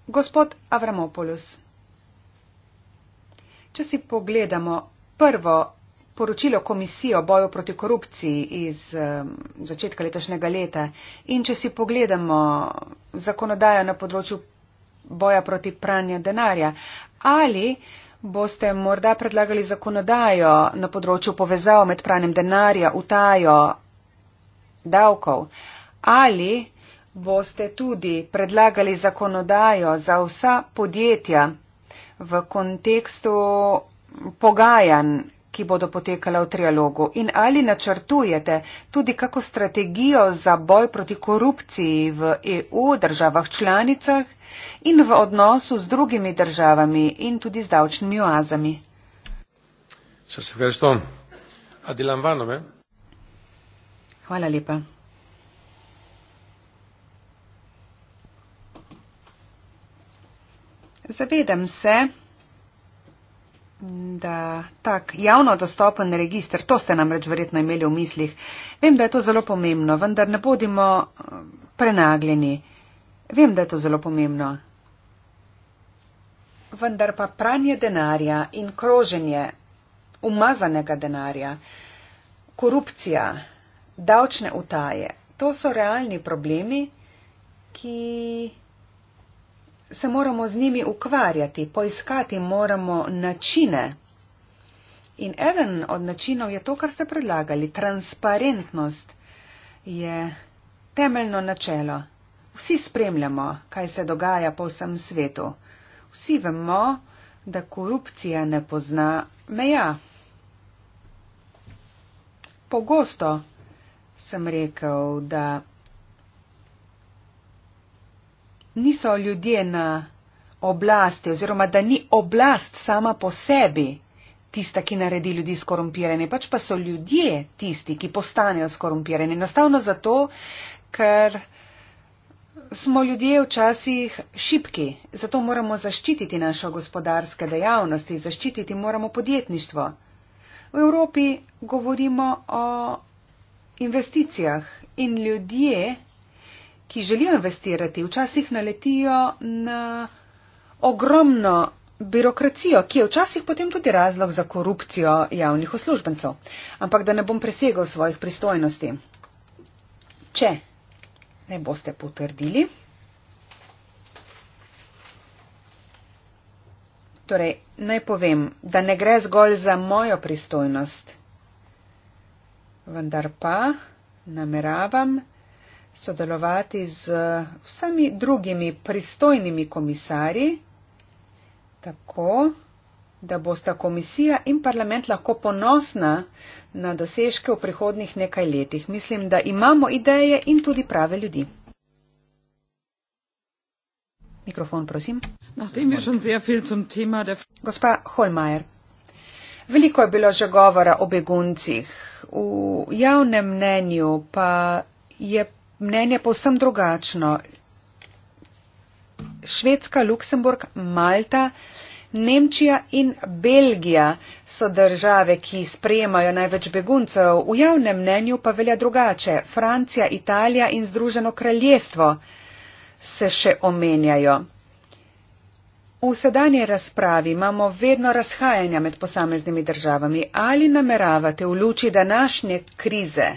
Gospod Avramopoulos. Če si pogledamo prvo poročilo komisije o boju proti korupciji iz um, začetka letošnjega leta in če si pogledamo zakonodajo na področju boja proti pranju denarja ali boste morda predlagali zakonodajo na področju povezav med pranjem denarja, utajo davkov ali boste tudi predlagali zakonodajo za vsa podjetja v kontekstu pogajanj, ki bodo potekala v trialogu in ali načrtujete tudi kako strategijo za boj proti korupciji v EU državah članicah in v odnosu z drugimi državami in tudi z davčnimi oazami. Hvala lepa. Zavedam se, da tak javno dostopen registr, to ste namreč verjetno imeli v mislih, vem, da je to zelo pomembno, vendar ne bodimo eh, prenagljeni. Vem, da je to zelo pomembno. Vendar pa pranje denarja in kroženje umazanega denarja, korupcija, davčne utaje, to so realni problemi, ki se moramo z njimi ukvarjati, poiskati moramo načine. In eden od načinov je to, kar ste predlagali. Transparentnost je temeljno načelo. Vsi spremljamo, kaj se dogaja po vsem svetu. Vsi vemo, da korupcija ne pozna meja. Pogosto sem rekel, da niso ljudje na oblasti oziroma da ni oblast sama po sebi tista, ki naredi ljudi skorumpirane, pač pa so ljudje tisti, ki postanejo skorumpirane. Enostavno zato, ker smo ljudje včasih šipki, zato moramo zaščititi našo gospodarske dejavnosti, zaščititi moramo podjetništvo. V Evropi govorimo o investicijah in ljudje ki želijo investirati, včasih naletijo na ogromno birokracijo, ki je včasih potem tudi razlog za korupcijo javnih uslužbencev. Ampak da ne bom presegal svojih pristojnosti. Če ne boste potrdili, torej naj povem, da ne gre zgolj za mojo pristojnost, vendar pa nameravam sodelovati z vsemi drugimi pristojnimi komisarji, tako da bosta komisija in parlament lahko ponosna na dosežke v prihodnih nekaj letih. Mislim, da imamo ideje in tudi prave ljudi. Mikrofon, prosim. Gospa Holmajer, veliko je bilo že govora o beguncih. V javnem mnenju pa je mnenje povsem drugačno. Švedska, Luksemburg, Malta, Nemčija in Belgija so države, ki sprejemajo največ beguncev. V javnem mnenju pa velja drugače. Francija, Italija in Združeno kraljestvo se še omenjajo. V sedanje razpravi imamo vedno razhajanja med posameznimi državami. Ali nameravate v luči današnje krize?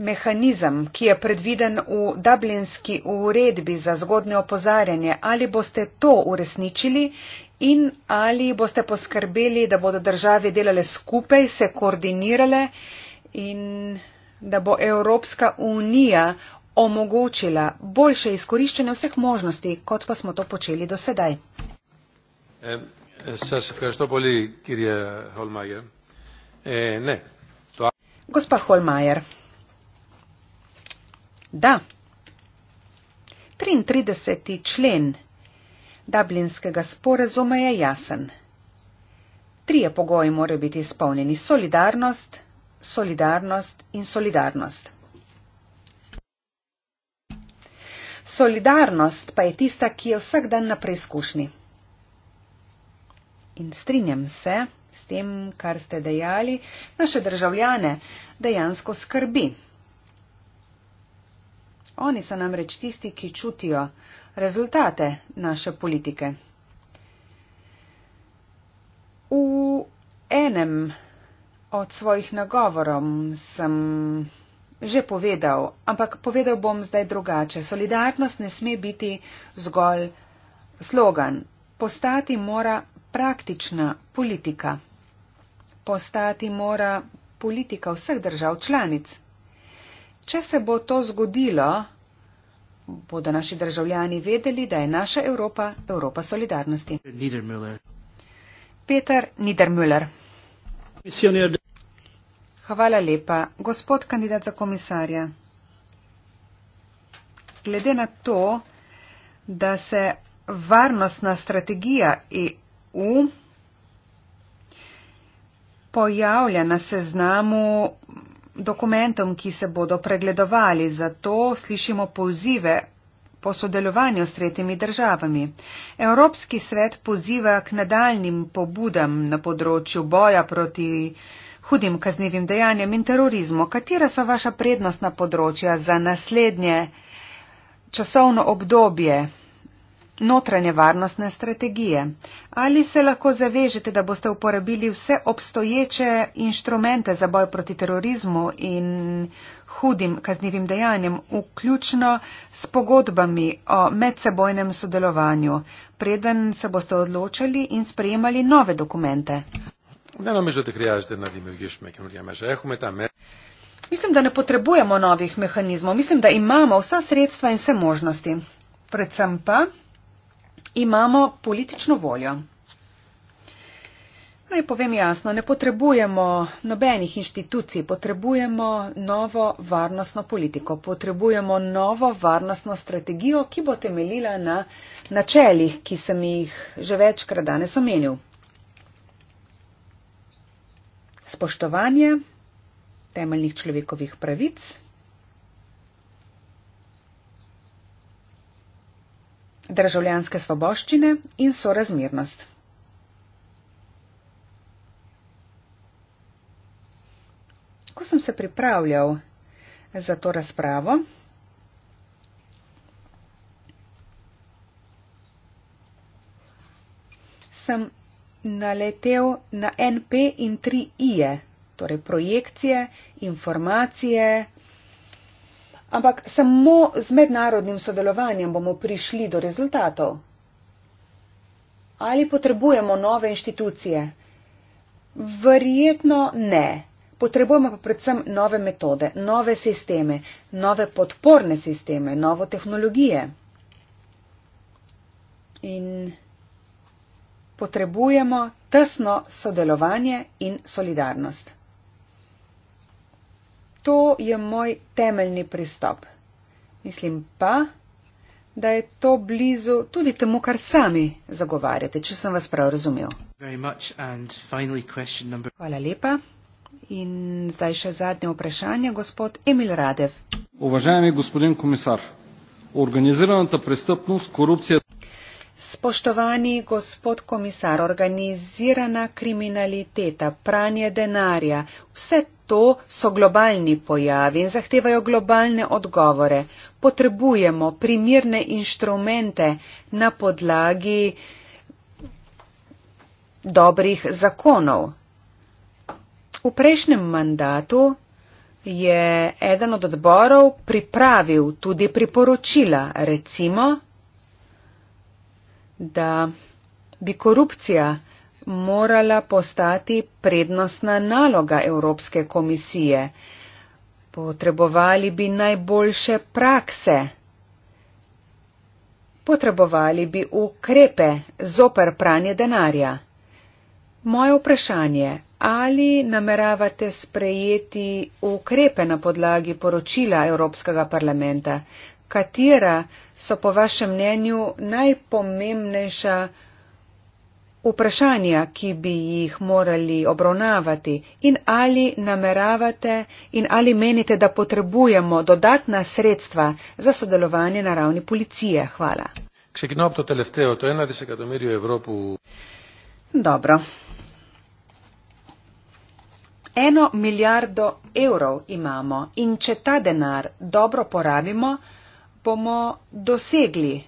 mehanizem, ki je predviden v dublinski uredbi za zgodne opozarjanje, ali boste to uresničili in ali boste poskrbeli, da bodo države delale skupaj, se koordinirale in da bo Evropska unija omogočila boljše izkoriščanje vseh možnosti, kot pa smo to počeli do sedaj. E, Gospa Holmajer. Da, 33. člen Dublinskega sporazuma je jasen. Trije pogoji mora biti izpolnjeni - solidarnost, solidarnost in solidarnost. Solidarnost pa je tista, ki je vsak dan na preizkušnji. In strinjam se s tem, kar ste dejali, naše državljane dejansko skrbi. Oni so namreč tisti, ki čutijo rezultate naše politike. V enem od svojih nagovorov sem že povedal, ampak povedal bom zdaj drugače. Solidarnost ne sme biti zgolj slogan. Postati mora praktična politika. Postati mora politika vseh držav članic. Če se bo to zgodilo, bodo naši državljani vedeli, da je naša Evropa Evropa solidarnosti. Peter Niedermüller. Hvala lepa, gospod kandidat za komisarja. Glede na to, da se varnostna strategija EU pojavlja na seznamu dokumentom, ki se bodo pregledovali, zato slišimo pozive po sodelovanju s tretjimi državami. Evropski svet poziva k nadaljnim pobudam na področju boja proti hudim kaznevim dejanjem in terorizmu. Katera so vaša prednostna področja za naslednje časovno obdobje notranje varnostne strategije? Ali se lahko zavežete, da boste uporabili vse obstoječe inštrumente za boj proti terorizmu in hudim kaznivim dejanjem, vključno s pogodbami o medsebojnem sodelovanju, preden se boste odločali in sprejemali nove dokumente? Mislim, da ne potrebujemo novih mehanizmov. Mislim, da imamo vsa sredstva in vse možnosti. Predvsem pa imamo politično voljo. Naj povem jasno, ne potrebujemo nobenih inštitucij, potrebujemo novo varnostno politiko, potrebujemo novo varnostno strategijo, ki bo temeljila na načeljih, ki sem jih že večkrat danes omenil. Spoštovanje temeljnih človekovih pravic, državljanske svoboščine in sorazmernost. Ko sem se pripravljal za to razpravo, sem naletel na NP in 3I, torej projekcije, informacije, Ampak samo z mednarodnim sodelovanjem bomo prišli do rezultatov. Ali potrebujemo nove inštitucije? Verjetno ne. Potrebujemo pa predvsem nove metode, nove sisteme, nove podporne sisteme, novo tehnologije. In potrebujemo tesno sodelovanje in solidarnost. To je moj temeljni pristop. Mislim pa, da je to blizu tudi temu, kar sami zagovarjate, če sem vas prav razumel. Number... Hvala lepa. In zdaj še zadnje vprašanje, gospod Emil Radev. Uvaženi gospodin komisar, organizirana ta prestopnost, korupcija. Spoštovani gospod komisar, organizirana kriminaliteta, pranje denarja, vse to so globalni pojavi in zahtevajo globalne odgovore. Potrebujemo primirne inštrumente na podlagi dobrih zakonov. V prejšnjem mandatu je eden od odborov pripravil tudi priporočila, recimo, da bi korupcija morala postati prednostna naloga Evropske komisije. Potrebovali bi najboljše prakse. Potrebovali bi ukrepe zoper pranje denarja. Moje vprašanje, ali nameravate sprejeti ukrepe na podlagi poročila Evropskega parlamenta, katera so po vašem mnenju najpomembnejša vprašanja, ki bi jih morali obravnavati in ali nameravate in ali menite, da potrebujemo dodatna sredstva za sodelovanje na ravni policije. Hvala. Dobro. Eno milijardo evrov imamo in če ta denar dobro porabimo, bomo dosegli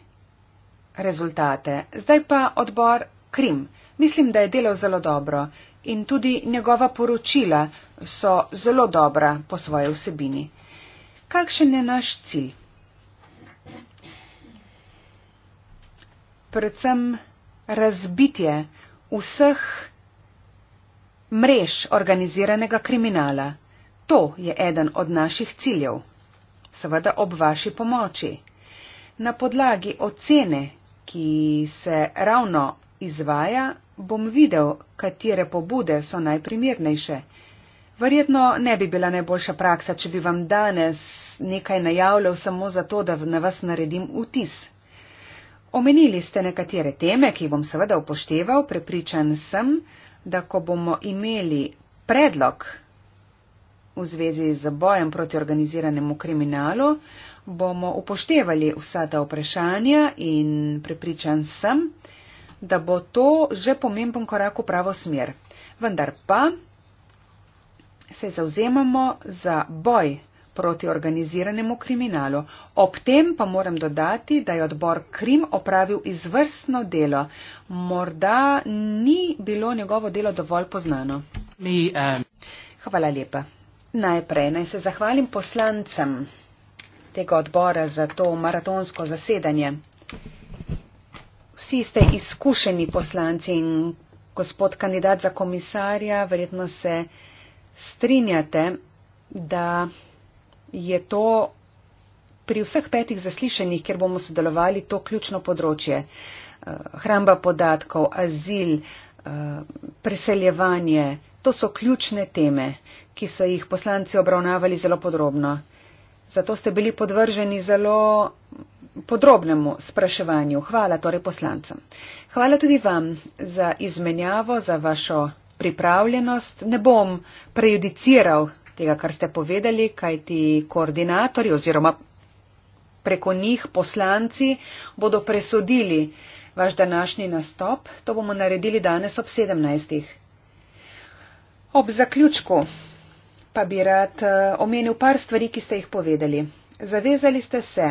rezultate. Zdaj pa odbor Krim. Mislim, da je delal zelo dobro in tudi njegova poročila so zelo dobra po svoje vsebini. Kakšen je naš cilj? Predvsem razbitje vseh mrež organiziranega kriminala. To je eden od naših ciljev. Seveda ob vaši pomoči. Na podlagi ocene, ki se ravno izvaja, bom videl, katere pobude so najprimernejše. Verjetno ne bi bila najboljša praksa, če bi vam danes nekaj najavljal samo zato, da na vas naredim vtis. Omenili ste nekatere teme, ki bom seveda upošteval, prepričan sem, da ko bomo imeli predlog v zvezi z bojem proti organiziranemu kriminalu, bomo upoštevali vsa ta vprašanja in prepričan sem, da da bo to že pomemben korak v pravo smer. Vendar pa se zauzemamo za boj proti organiziranemu kriminalu. Ob tem pa moram dodati, da je odbor Krim opravil izvrstno delo. Morda ni bilo njegovo delo dovolj poznano. Mi, um... Hvala lepa. Najprej naj se zahvalim poslancem tega odbora za to maratonsko zasedanje vsi ste izkušeni poslanci in gospod kandidat za komisarja, verjetno se strinjate, da je to pri vseh petih zaslišanjih, kjer bomo sodelovali, to ključno področje. Eh, hramba podatkov, azil, eh, preseljevanje, to so ključne teme, ki so jih poslanci obravnavali zelo podrobno. Zato ste bili podvrženi zelo podrobnemu spraševanju. Hvala torej poslancem. Hvala tudi vam za izmenjavo, za vašo pripravljenost. Ne bom prejudiciral tega, kar ste povedali, kaj ti koordinatori oziroma preko njih poslanci bodo presodili vaš današnji nastop. To bomo naredili danes ob 17. Ob zaključku pa bi rad eh, omenil par stvari, ki ste jih povedali. Zavezali ste se,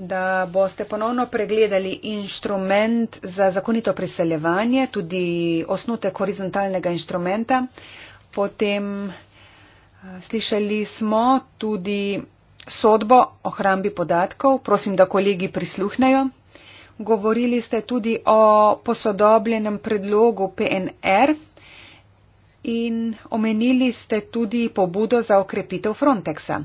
da boste ponovno pregledali inštrument za zakonito priseljevanje, tudi osnute horizontalnega inštrumenta. Potem eh, slišali smo tudi sodbo o hrambi podatkov, prosim, da kolegi prisluhnejo. Govorili ste tudi o posodobljenem predlogu PNR in omenili ste tudi pobudo za okrepitev Frontexa.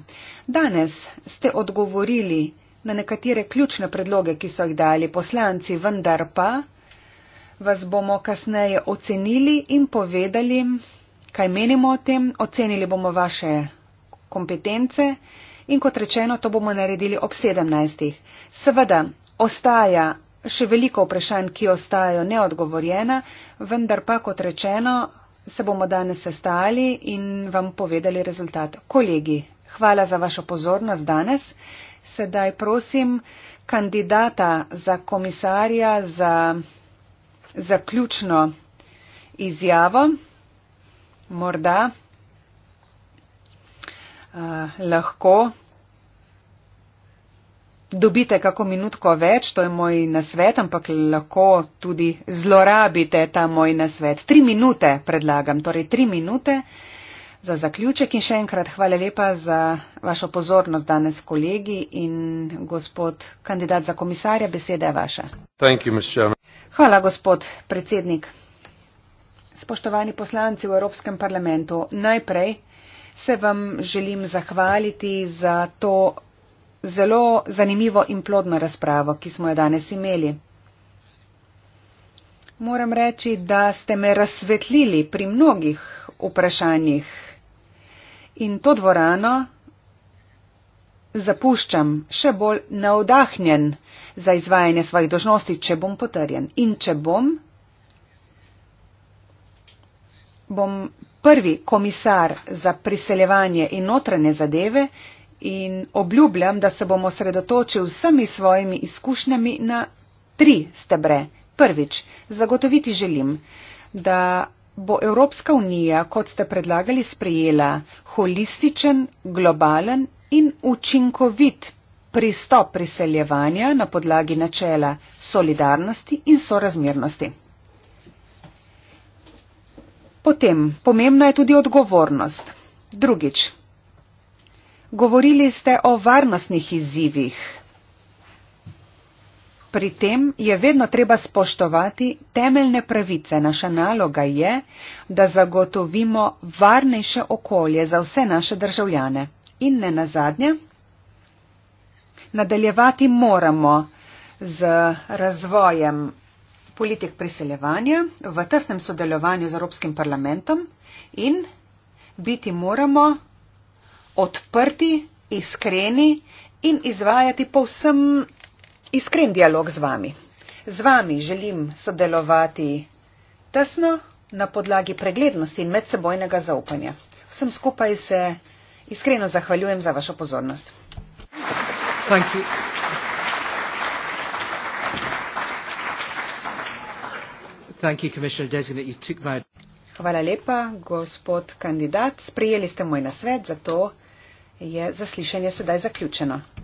Danes ste odgovorili, na nekatere ključne predloge, ki so jih dali poslanci, vendar pa vas bomo kasneje ocenili in povedali, kaj menimo o tem, ocenili bomo vaše kompetence in kot rečeno, to bomo naredili ob 17. Seveda, ostaja še veliko vprašanj, ki ostajajo neodgovorjena, vendar pa kot rečeno, se bomo danes sestali in vam povedali rezultat. Kolegi, hvala za vašo pozornost danes. Sedaj prosim kandidata za komisarja za zaključno izjavo. Morda uh, lahko dobite kako minutko več, to je moj nasvet, ampak lahko tudi zlorabite ta moj nasvet. Tri minute predlagam, torej tri minute za zaključek in še enkrat hvala lepa za vašo pozornost danes, kolegi in gospod kandidat za komisarja, beseda je vaša. You, hvala, gospod predsednik. Spoštovani poslanci v Evropskem parlamentu, najprej se vam želim zahvaliti za to zelo zanimivo in plodno razpravo, ki smo jo danes imeli. Moram reči, da ste me razsvetlili pri mnogih vprašanjih, in to dvorano zapuščam še bolj navdahnjen za izvajanje svojih dožnosti, če bom potrjen. In če bom, bom prvi komisar za priseljevanje in notranje zadeve in obljubljam, da se bom osredotočil vsemi svojimi izkušnjami na tri stebre. Prvič, zagotoviti želim, da bo Evropska unija, kot ste predlagali, sprejela holističen, globalen in učinkovit pristop priseljevanja na podlagi načela solidarnosti in sorazmernosti. Potem, pomembna je tudi odgovornost. Drugič, govorili ste o varnostnih izzivih, Pri tem je vedno treba spoštovati temeljne pravice. Naša naloga je, da zagotovimo varnejše okolje za vse naše državljane. In ne nazadnje, nadaljevati moramo z razvojem politik priseljevanja v tesnem sodelovanju z Evropskim parlamentom in biti moramo odprti, iskreni in izvajati povsem iskren dialog z vami. Z vami želim sodelovati tesno na podlagi preglednosti in medsebojnega zaupanja. Vsem skupaj se iskreno zahvaljujem za vašo pozornost. Thank you. Thank you, my... Hvala lepa, gospod kandidat. Sprijeli ste moj nasvet, zato je zaslišanje sedaj zaključeno.